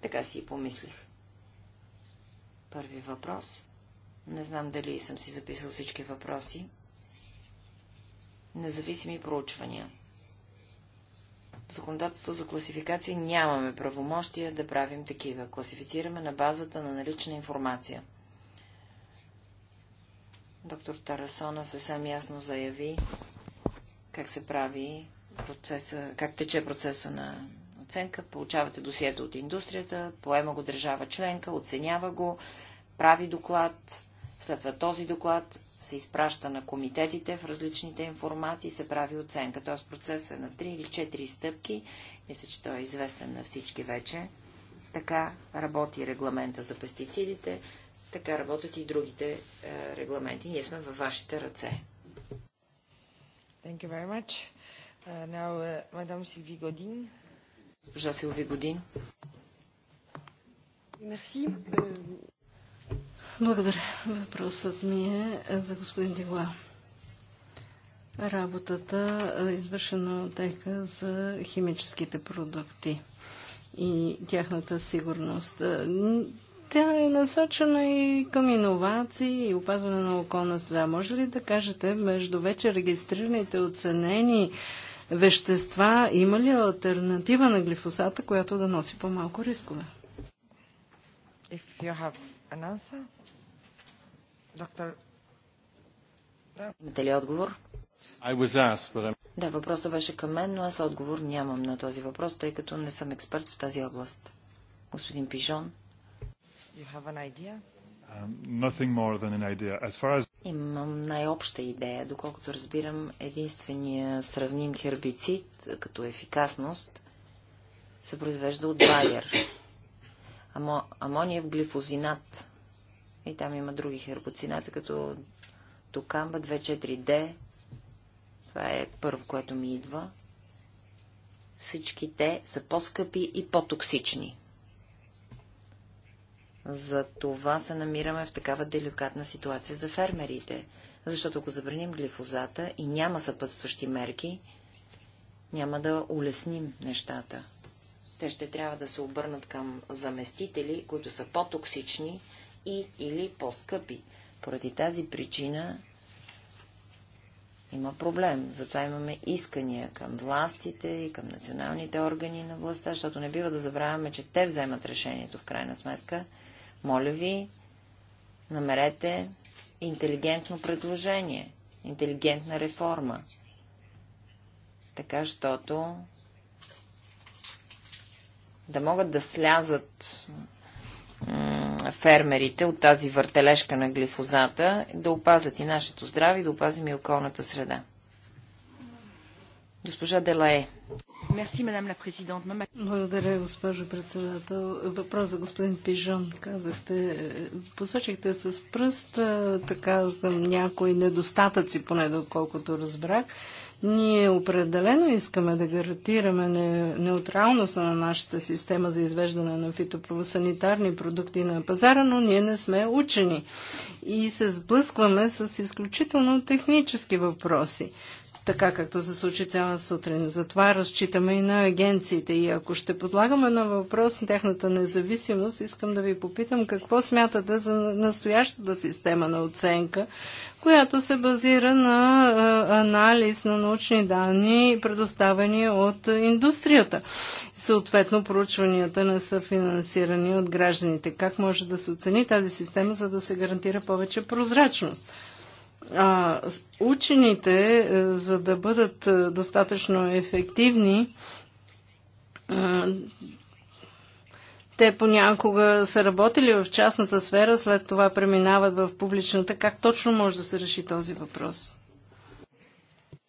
Така си и помислих. Първи въпрос. Не знам дали съм си записал всички въпроси. Независими проучвания. Законодателство за класификация нямаме правомощия да правим такива. Класифицираме на базата на налична информация. Доктор Тарасона съвсем ясно заяви как се прави процеса, как тече процеса на оценка, получавате досието от индустрията, поема го държава членка, оценява го, прави доклад, след това този доклад се изпраща на комитетите в различните информати и се прави оценка. Тоест процесът е на 3 или 4 стъпки. Мисля, че той е известен на всички вече. Така работи регламента за пестицидите, така работят и другите е, регламенти. Ние сме във вашите ръце. Thank you very much. Uh, now, uh, Madame Sylvie Godin, Госпожа Силви Годин. Мерси. Благодаря. Въпросът ми е за господин Дигла. Работата, е, извършена от ЕКА за химическите продукти и тяхната сигурност. Е, тя е насочена и към иновации и опазване на околна среда. Може ли да кажете между вече регистрираните, оценени вещества. Има ли альтернатива на глифосата, която да носи по-малко рискове? Имате ли отговор? да, въпросът беше към мен, но аз отговор нямам на този въпрос, тъй като не съм експерт в тази област. Господин Пижон. You have an idea? Um, Имам най-обща идея. Доколкото разбирам, единствения сравним хербицид като ефикасност се произвежда от Байер. Амо... Амониев глифозинат. И там има други хербоцината, като Токамба 24D. Това е първо, което ми идва. Всички те са по-скъпи и по-токсични. За това се намираме в такава деликатна ситуация за фермерите, защото ако забраним глифозата и няма съпътстващи мерки, няма да улесним нещата. Те ще трябва да се обърнат към заместители, които са по-токсични и или по-скъпи. Поради тази причина има проблем. Затова имаме искания към властите и към националните органи на властта, защото не бива да забравяме, че те вземат решението в крайна сметка моля ви, намерете интелигентно предложение, интелигентна реформа, така, щото да могат да слязат фермерите от тази въртележка на глифозата, да опазят и нашето здраве, да опазим и околната среда. Госпожа Делае. Мерси, мадам ла президент. Благодаря, госпожо председател. Въпрос за господин Пижон. Казахте, е, посочихте с пръст е, така за някои недостатъци, поне доколкото разбрах. Ние определено искаме да гарантираме не, неутралност на нашата система за извеждане на фитопросанитарни продукти на пазара, но ние не сме учени и се сблъскваме с изключително технически въпроси така както се случи цяла сутрин. Затова разчитаме и на агенциите. И ако ще подлагаме на въпрос на тяхната независимост, искам да ви попитам какво смятате за настоящата система на оценка, която се базира на анализ на научни данни, предоставени от индустрията. Съответно, проучванията не са финансирани от гражданите. Как може да се оцени тази система, за да се гарантира повече прозрачност? А, учените, е, за да бъдат е, достатъчно ефективни, е, те понякога са работили в частната сфера, след това преминават в публичната. Как точно може да се реши този въпрос?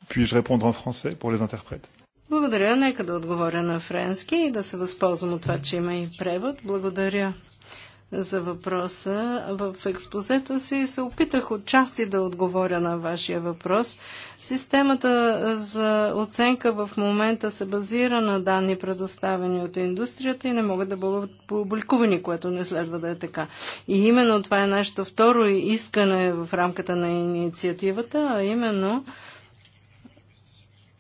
Puis-je répondre en français pour les interprètes? Благодаря. Нека да отговоря на френски и да се възползвам от това, че има и превод. Благодаря за въпроса. В експозето си се опитах отчасти да отговоря на вашия въпрос. Системата за оценка в момента се базира на данни, предоставени от индустрията и не могат да бъдат публикувани, което не следва да е така. И именно това е нашето второ искане в рамката на инициативата, а именно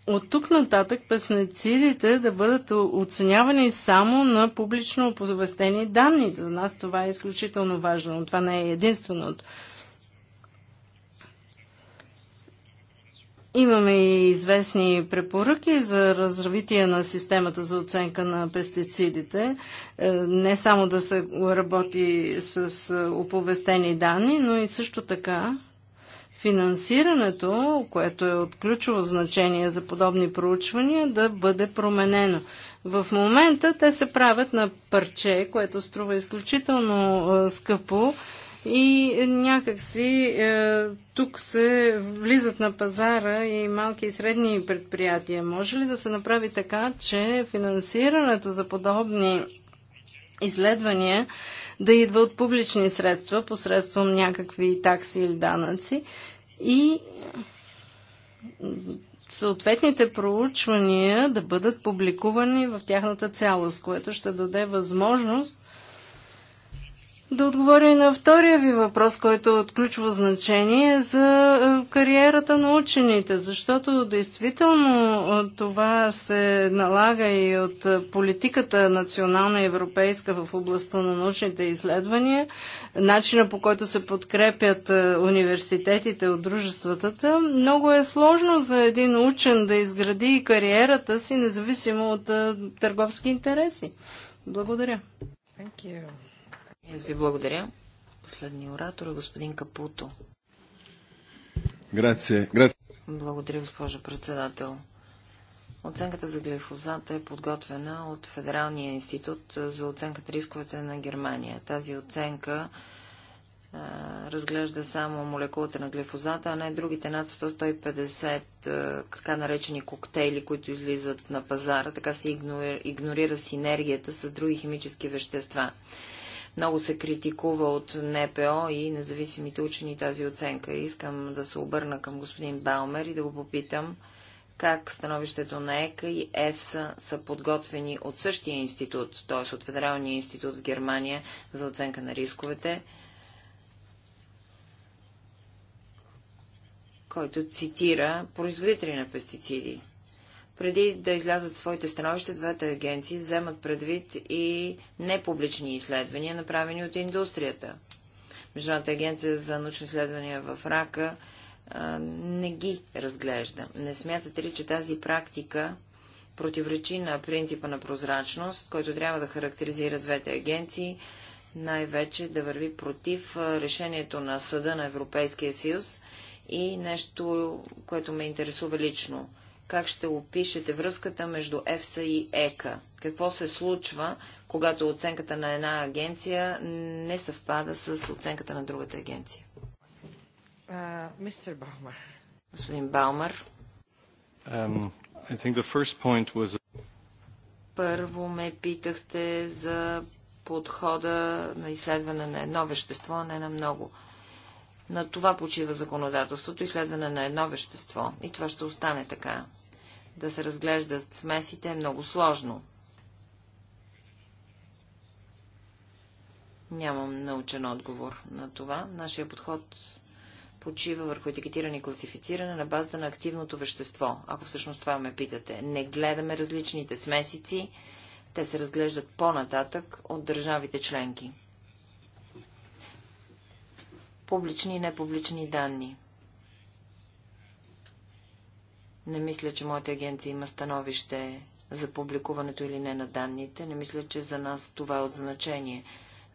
от тук нататък песнецидите да бъдат оценявани само на публично оповестени данни. За нас това е изключително важно. Това не е единственото. Имаме и известни препоръки за развитие на системата за оценка на пестицидите. Е, не само да се работи с е, оповестени данни, но и също така финансирането, което е от ключово значение за подобни проучвания, да бъде променено. В момента те се правят на парче, което струва изключително е, скъпо и някакси е, тук се влизат на пазара и малки и средни предприятия. Може ли да се направи така, че финансирането за подобни изследвания да идва от публични средства, посредством някакви такси или данъци. И съответните проучвания да бъдат публикувани в тяхната цялост, което ще даде възможност да отговоря и на втория ви въпрос, който е от ключово значение за е, кариерата на учените, защото действително е, това се налага и от е, политиката национална и европейска в областта на научните изследвания, начина по който се подкрепят университетите от дружествата. Много е сложно за един учен да изгради кариерата си, независимо от търговски интереси. Благодаря. Thank you. Аз ви благодаря. Последния оратор е господин Капуто. Грация. Грация. Благодаря, госпожо председател. Оценката за глифозата е подготвена от Федералния институт за оценката рисковете на Германия. Тази оценка разглежда само молекулата на глифозата, а не другите над 100-150 така наречени коктейли, които излизат на пазара. Така се игнорира синергията с други химически вещества. Много се критикува от НПО и независимите учени тази оценка. Искам да се обърна към господин Балмер и да го попитам как становището на ЕКА и ЕФСА са подготвени от същия институт, т.е. от Федералния институт в Германия за оценка на рисковете, който цитира производители на пестициди. Преди да излязат своите становища, двете агенции вземат предвид и непублични изследвания, направени от индустрията. Международната агенция за научни изследвания в рака а, не ги разглежда. Не смятате ли, че тази практика противоречи на принципа на прозрачност, който трябва да характеризира двете агенции, най-вече да върви против решението на Съда на Европейския съюз и нещо, което ме интересува лично как ще опишете връзката между ЕФСА и ЕКА? Какво се случва, когато оценката на една агенция не съвпада с оценката на другата агенция? Мистер uh, Господин Баумер, Um, was... Първо ме питахте за подхода на изследване на едно вещество, а не на много. На това почива законодателството, изследване на едно вещество. И това ще остане така да се разглеждат смесите е много сложно. Нямам научен отговор на това. Нашия подход почива върху етикетиране и класифициране на базата на активното вещество, ако всъщност това ме питате. Не гледаме различните смесици, те се разглеждат по-нататък от държавите членки. Публични и непублични данни – не мисля, че моята агенция има становище за публикуването или не на данните. Не мисля, че за нас това е от значение.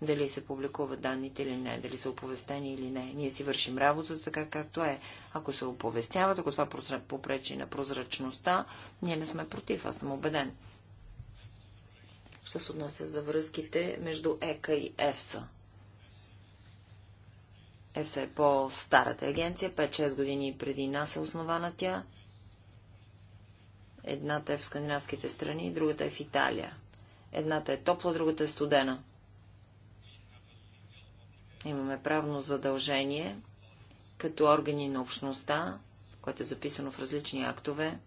Дали се публикуват данните или не, дали са оповестени или не. Ние си вършим работата така, както е. Ако се оповестяват, ако това попречи на прозрачността, ние не сме против, аз съм убеден. Що се отнася за връзките между ЕКА и ЕФСА? ЕФСА е по-старата агенция, 5-6 години преди нас е основана тя. Едната е в скандинавските страни, другата е в Италия. Едната е топла, другата е студена. Имаме правно задължение, като органи на общността, което е записано в различни актове,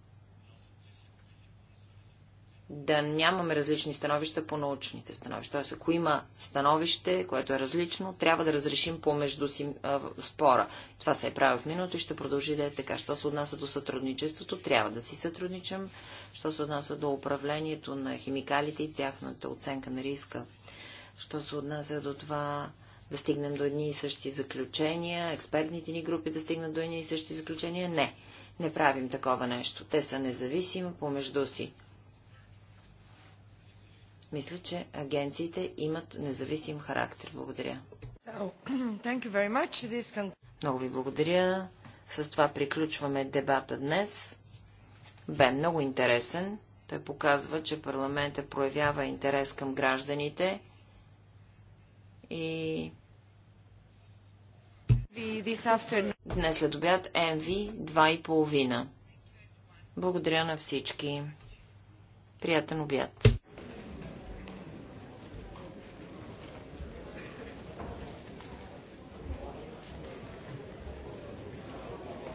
да нямаме различни становища по научните становища. Тоест, ако има становище, което е различно, трябва да разрешим помежду си а, спора. Това се е правило в миналото и ще продължи да е така. Що се отнася до сътрудничеството, трябва да си сътрудничам. Що се отнася до управлението на химикалите и тяхната оценка на риска. Що се отнася до това да стигнем до едни и същи заключения, експертните ни групи да стигнат до едни и същи заключения, не. Не правим такова нещо. Те са независими помежду си. Мисля, че агенциите имат независим характер. Благодаря. Can... Много ви благодаря. С това приключваме дебата днес. Бе много интересен. Той показва, че парламентът проявява интерес към гражданите и Днес след обяд МВ 2.30. Благодаря на всички. Приятен обяд.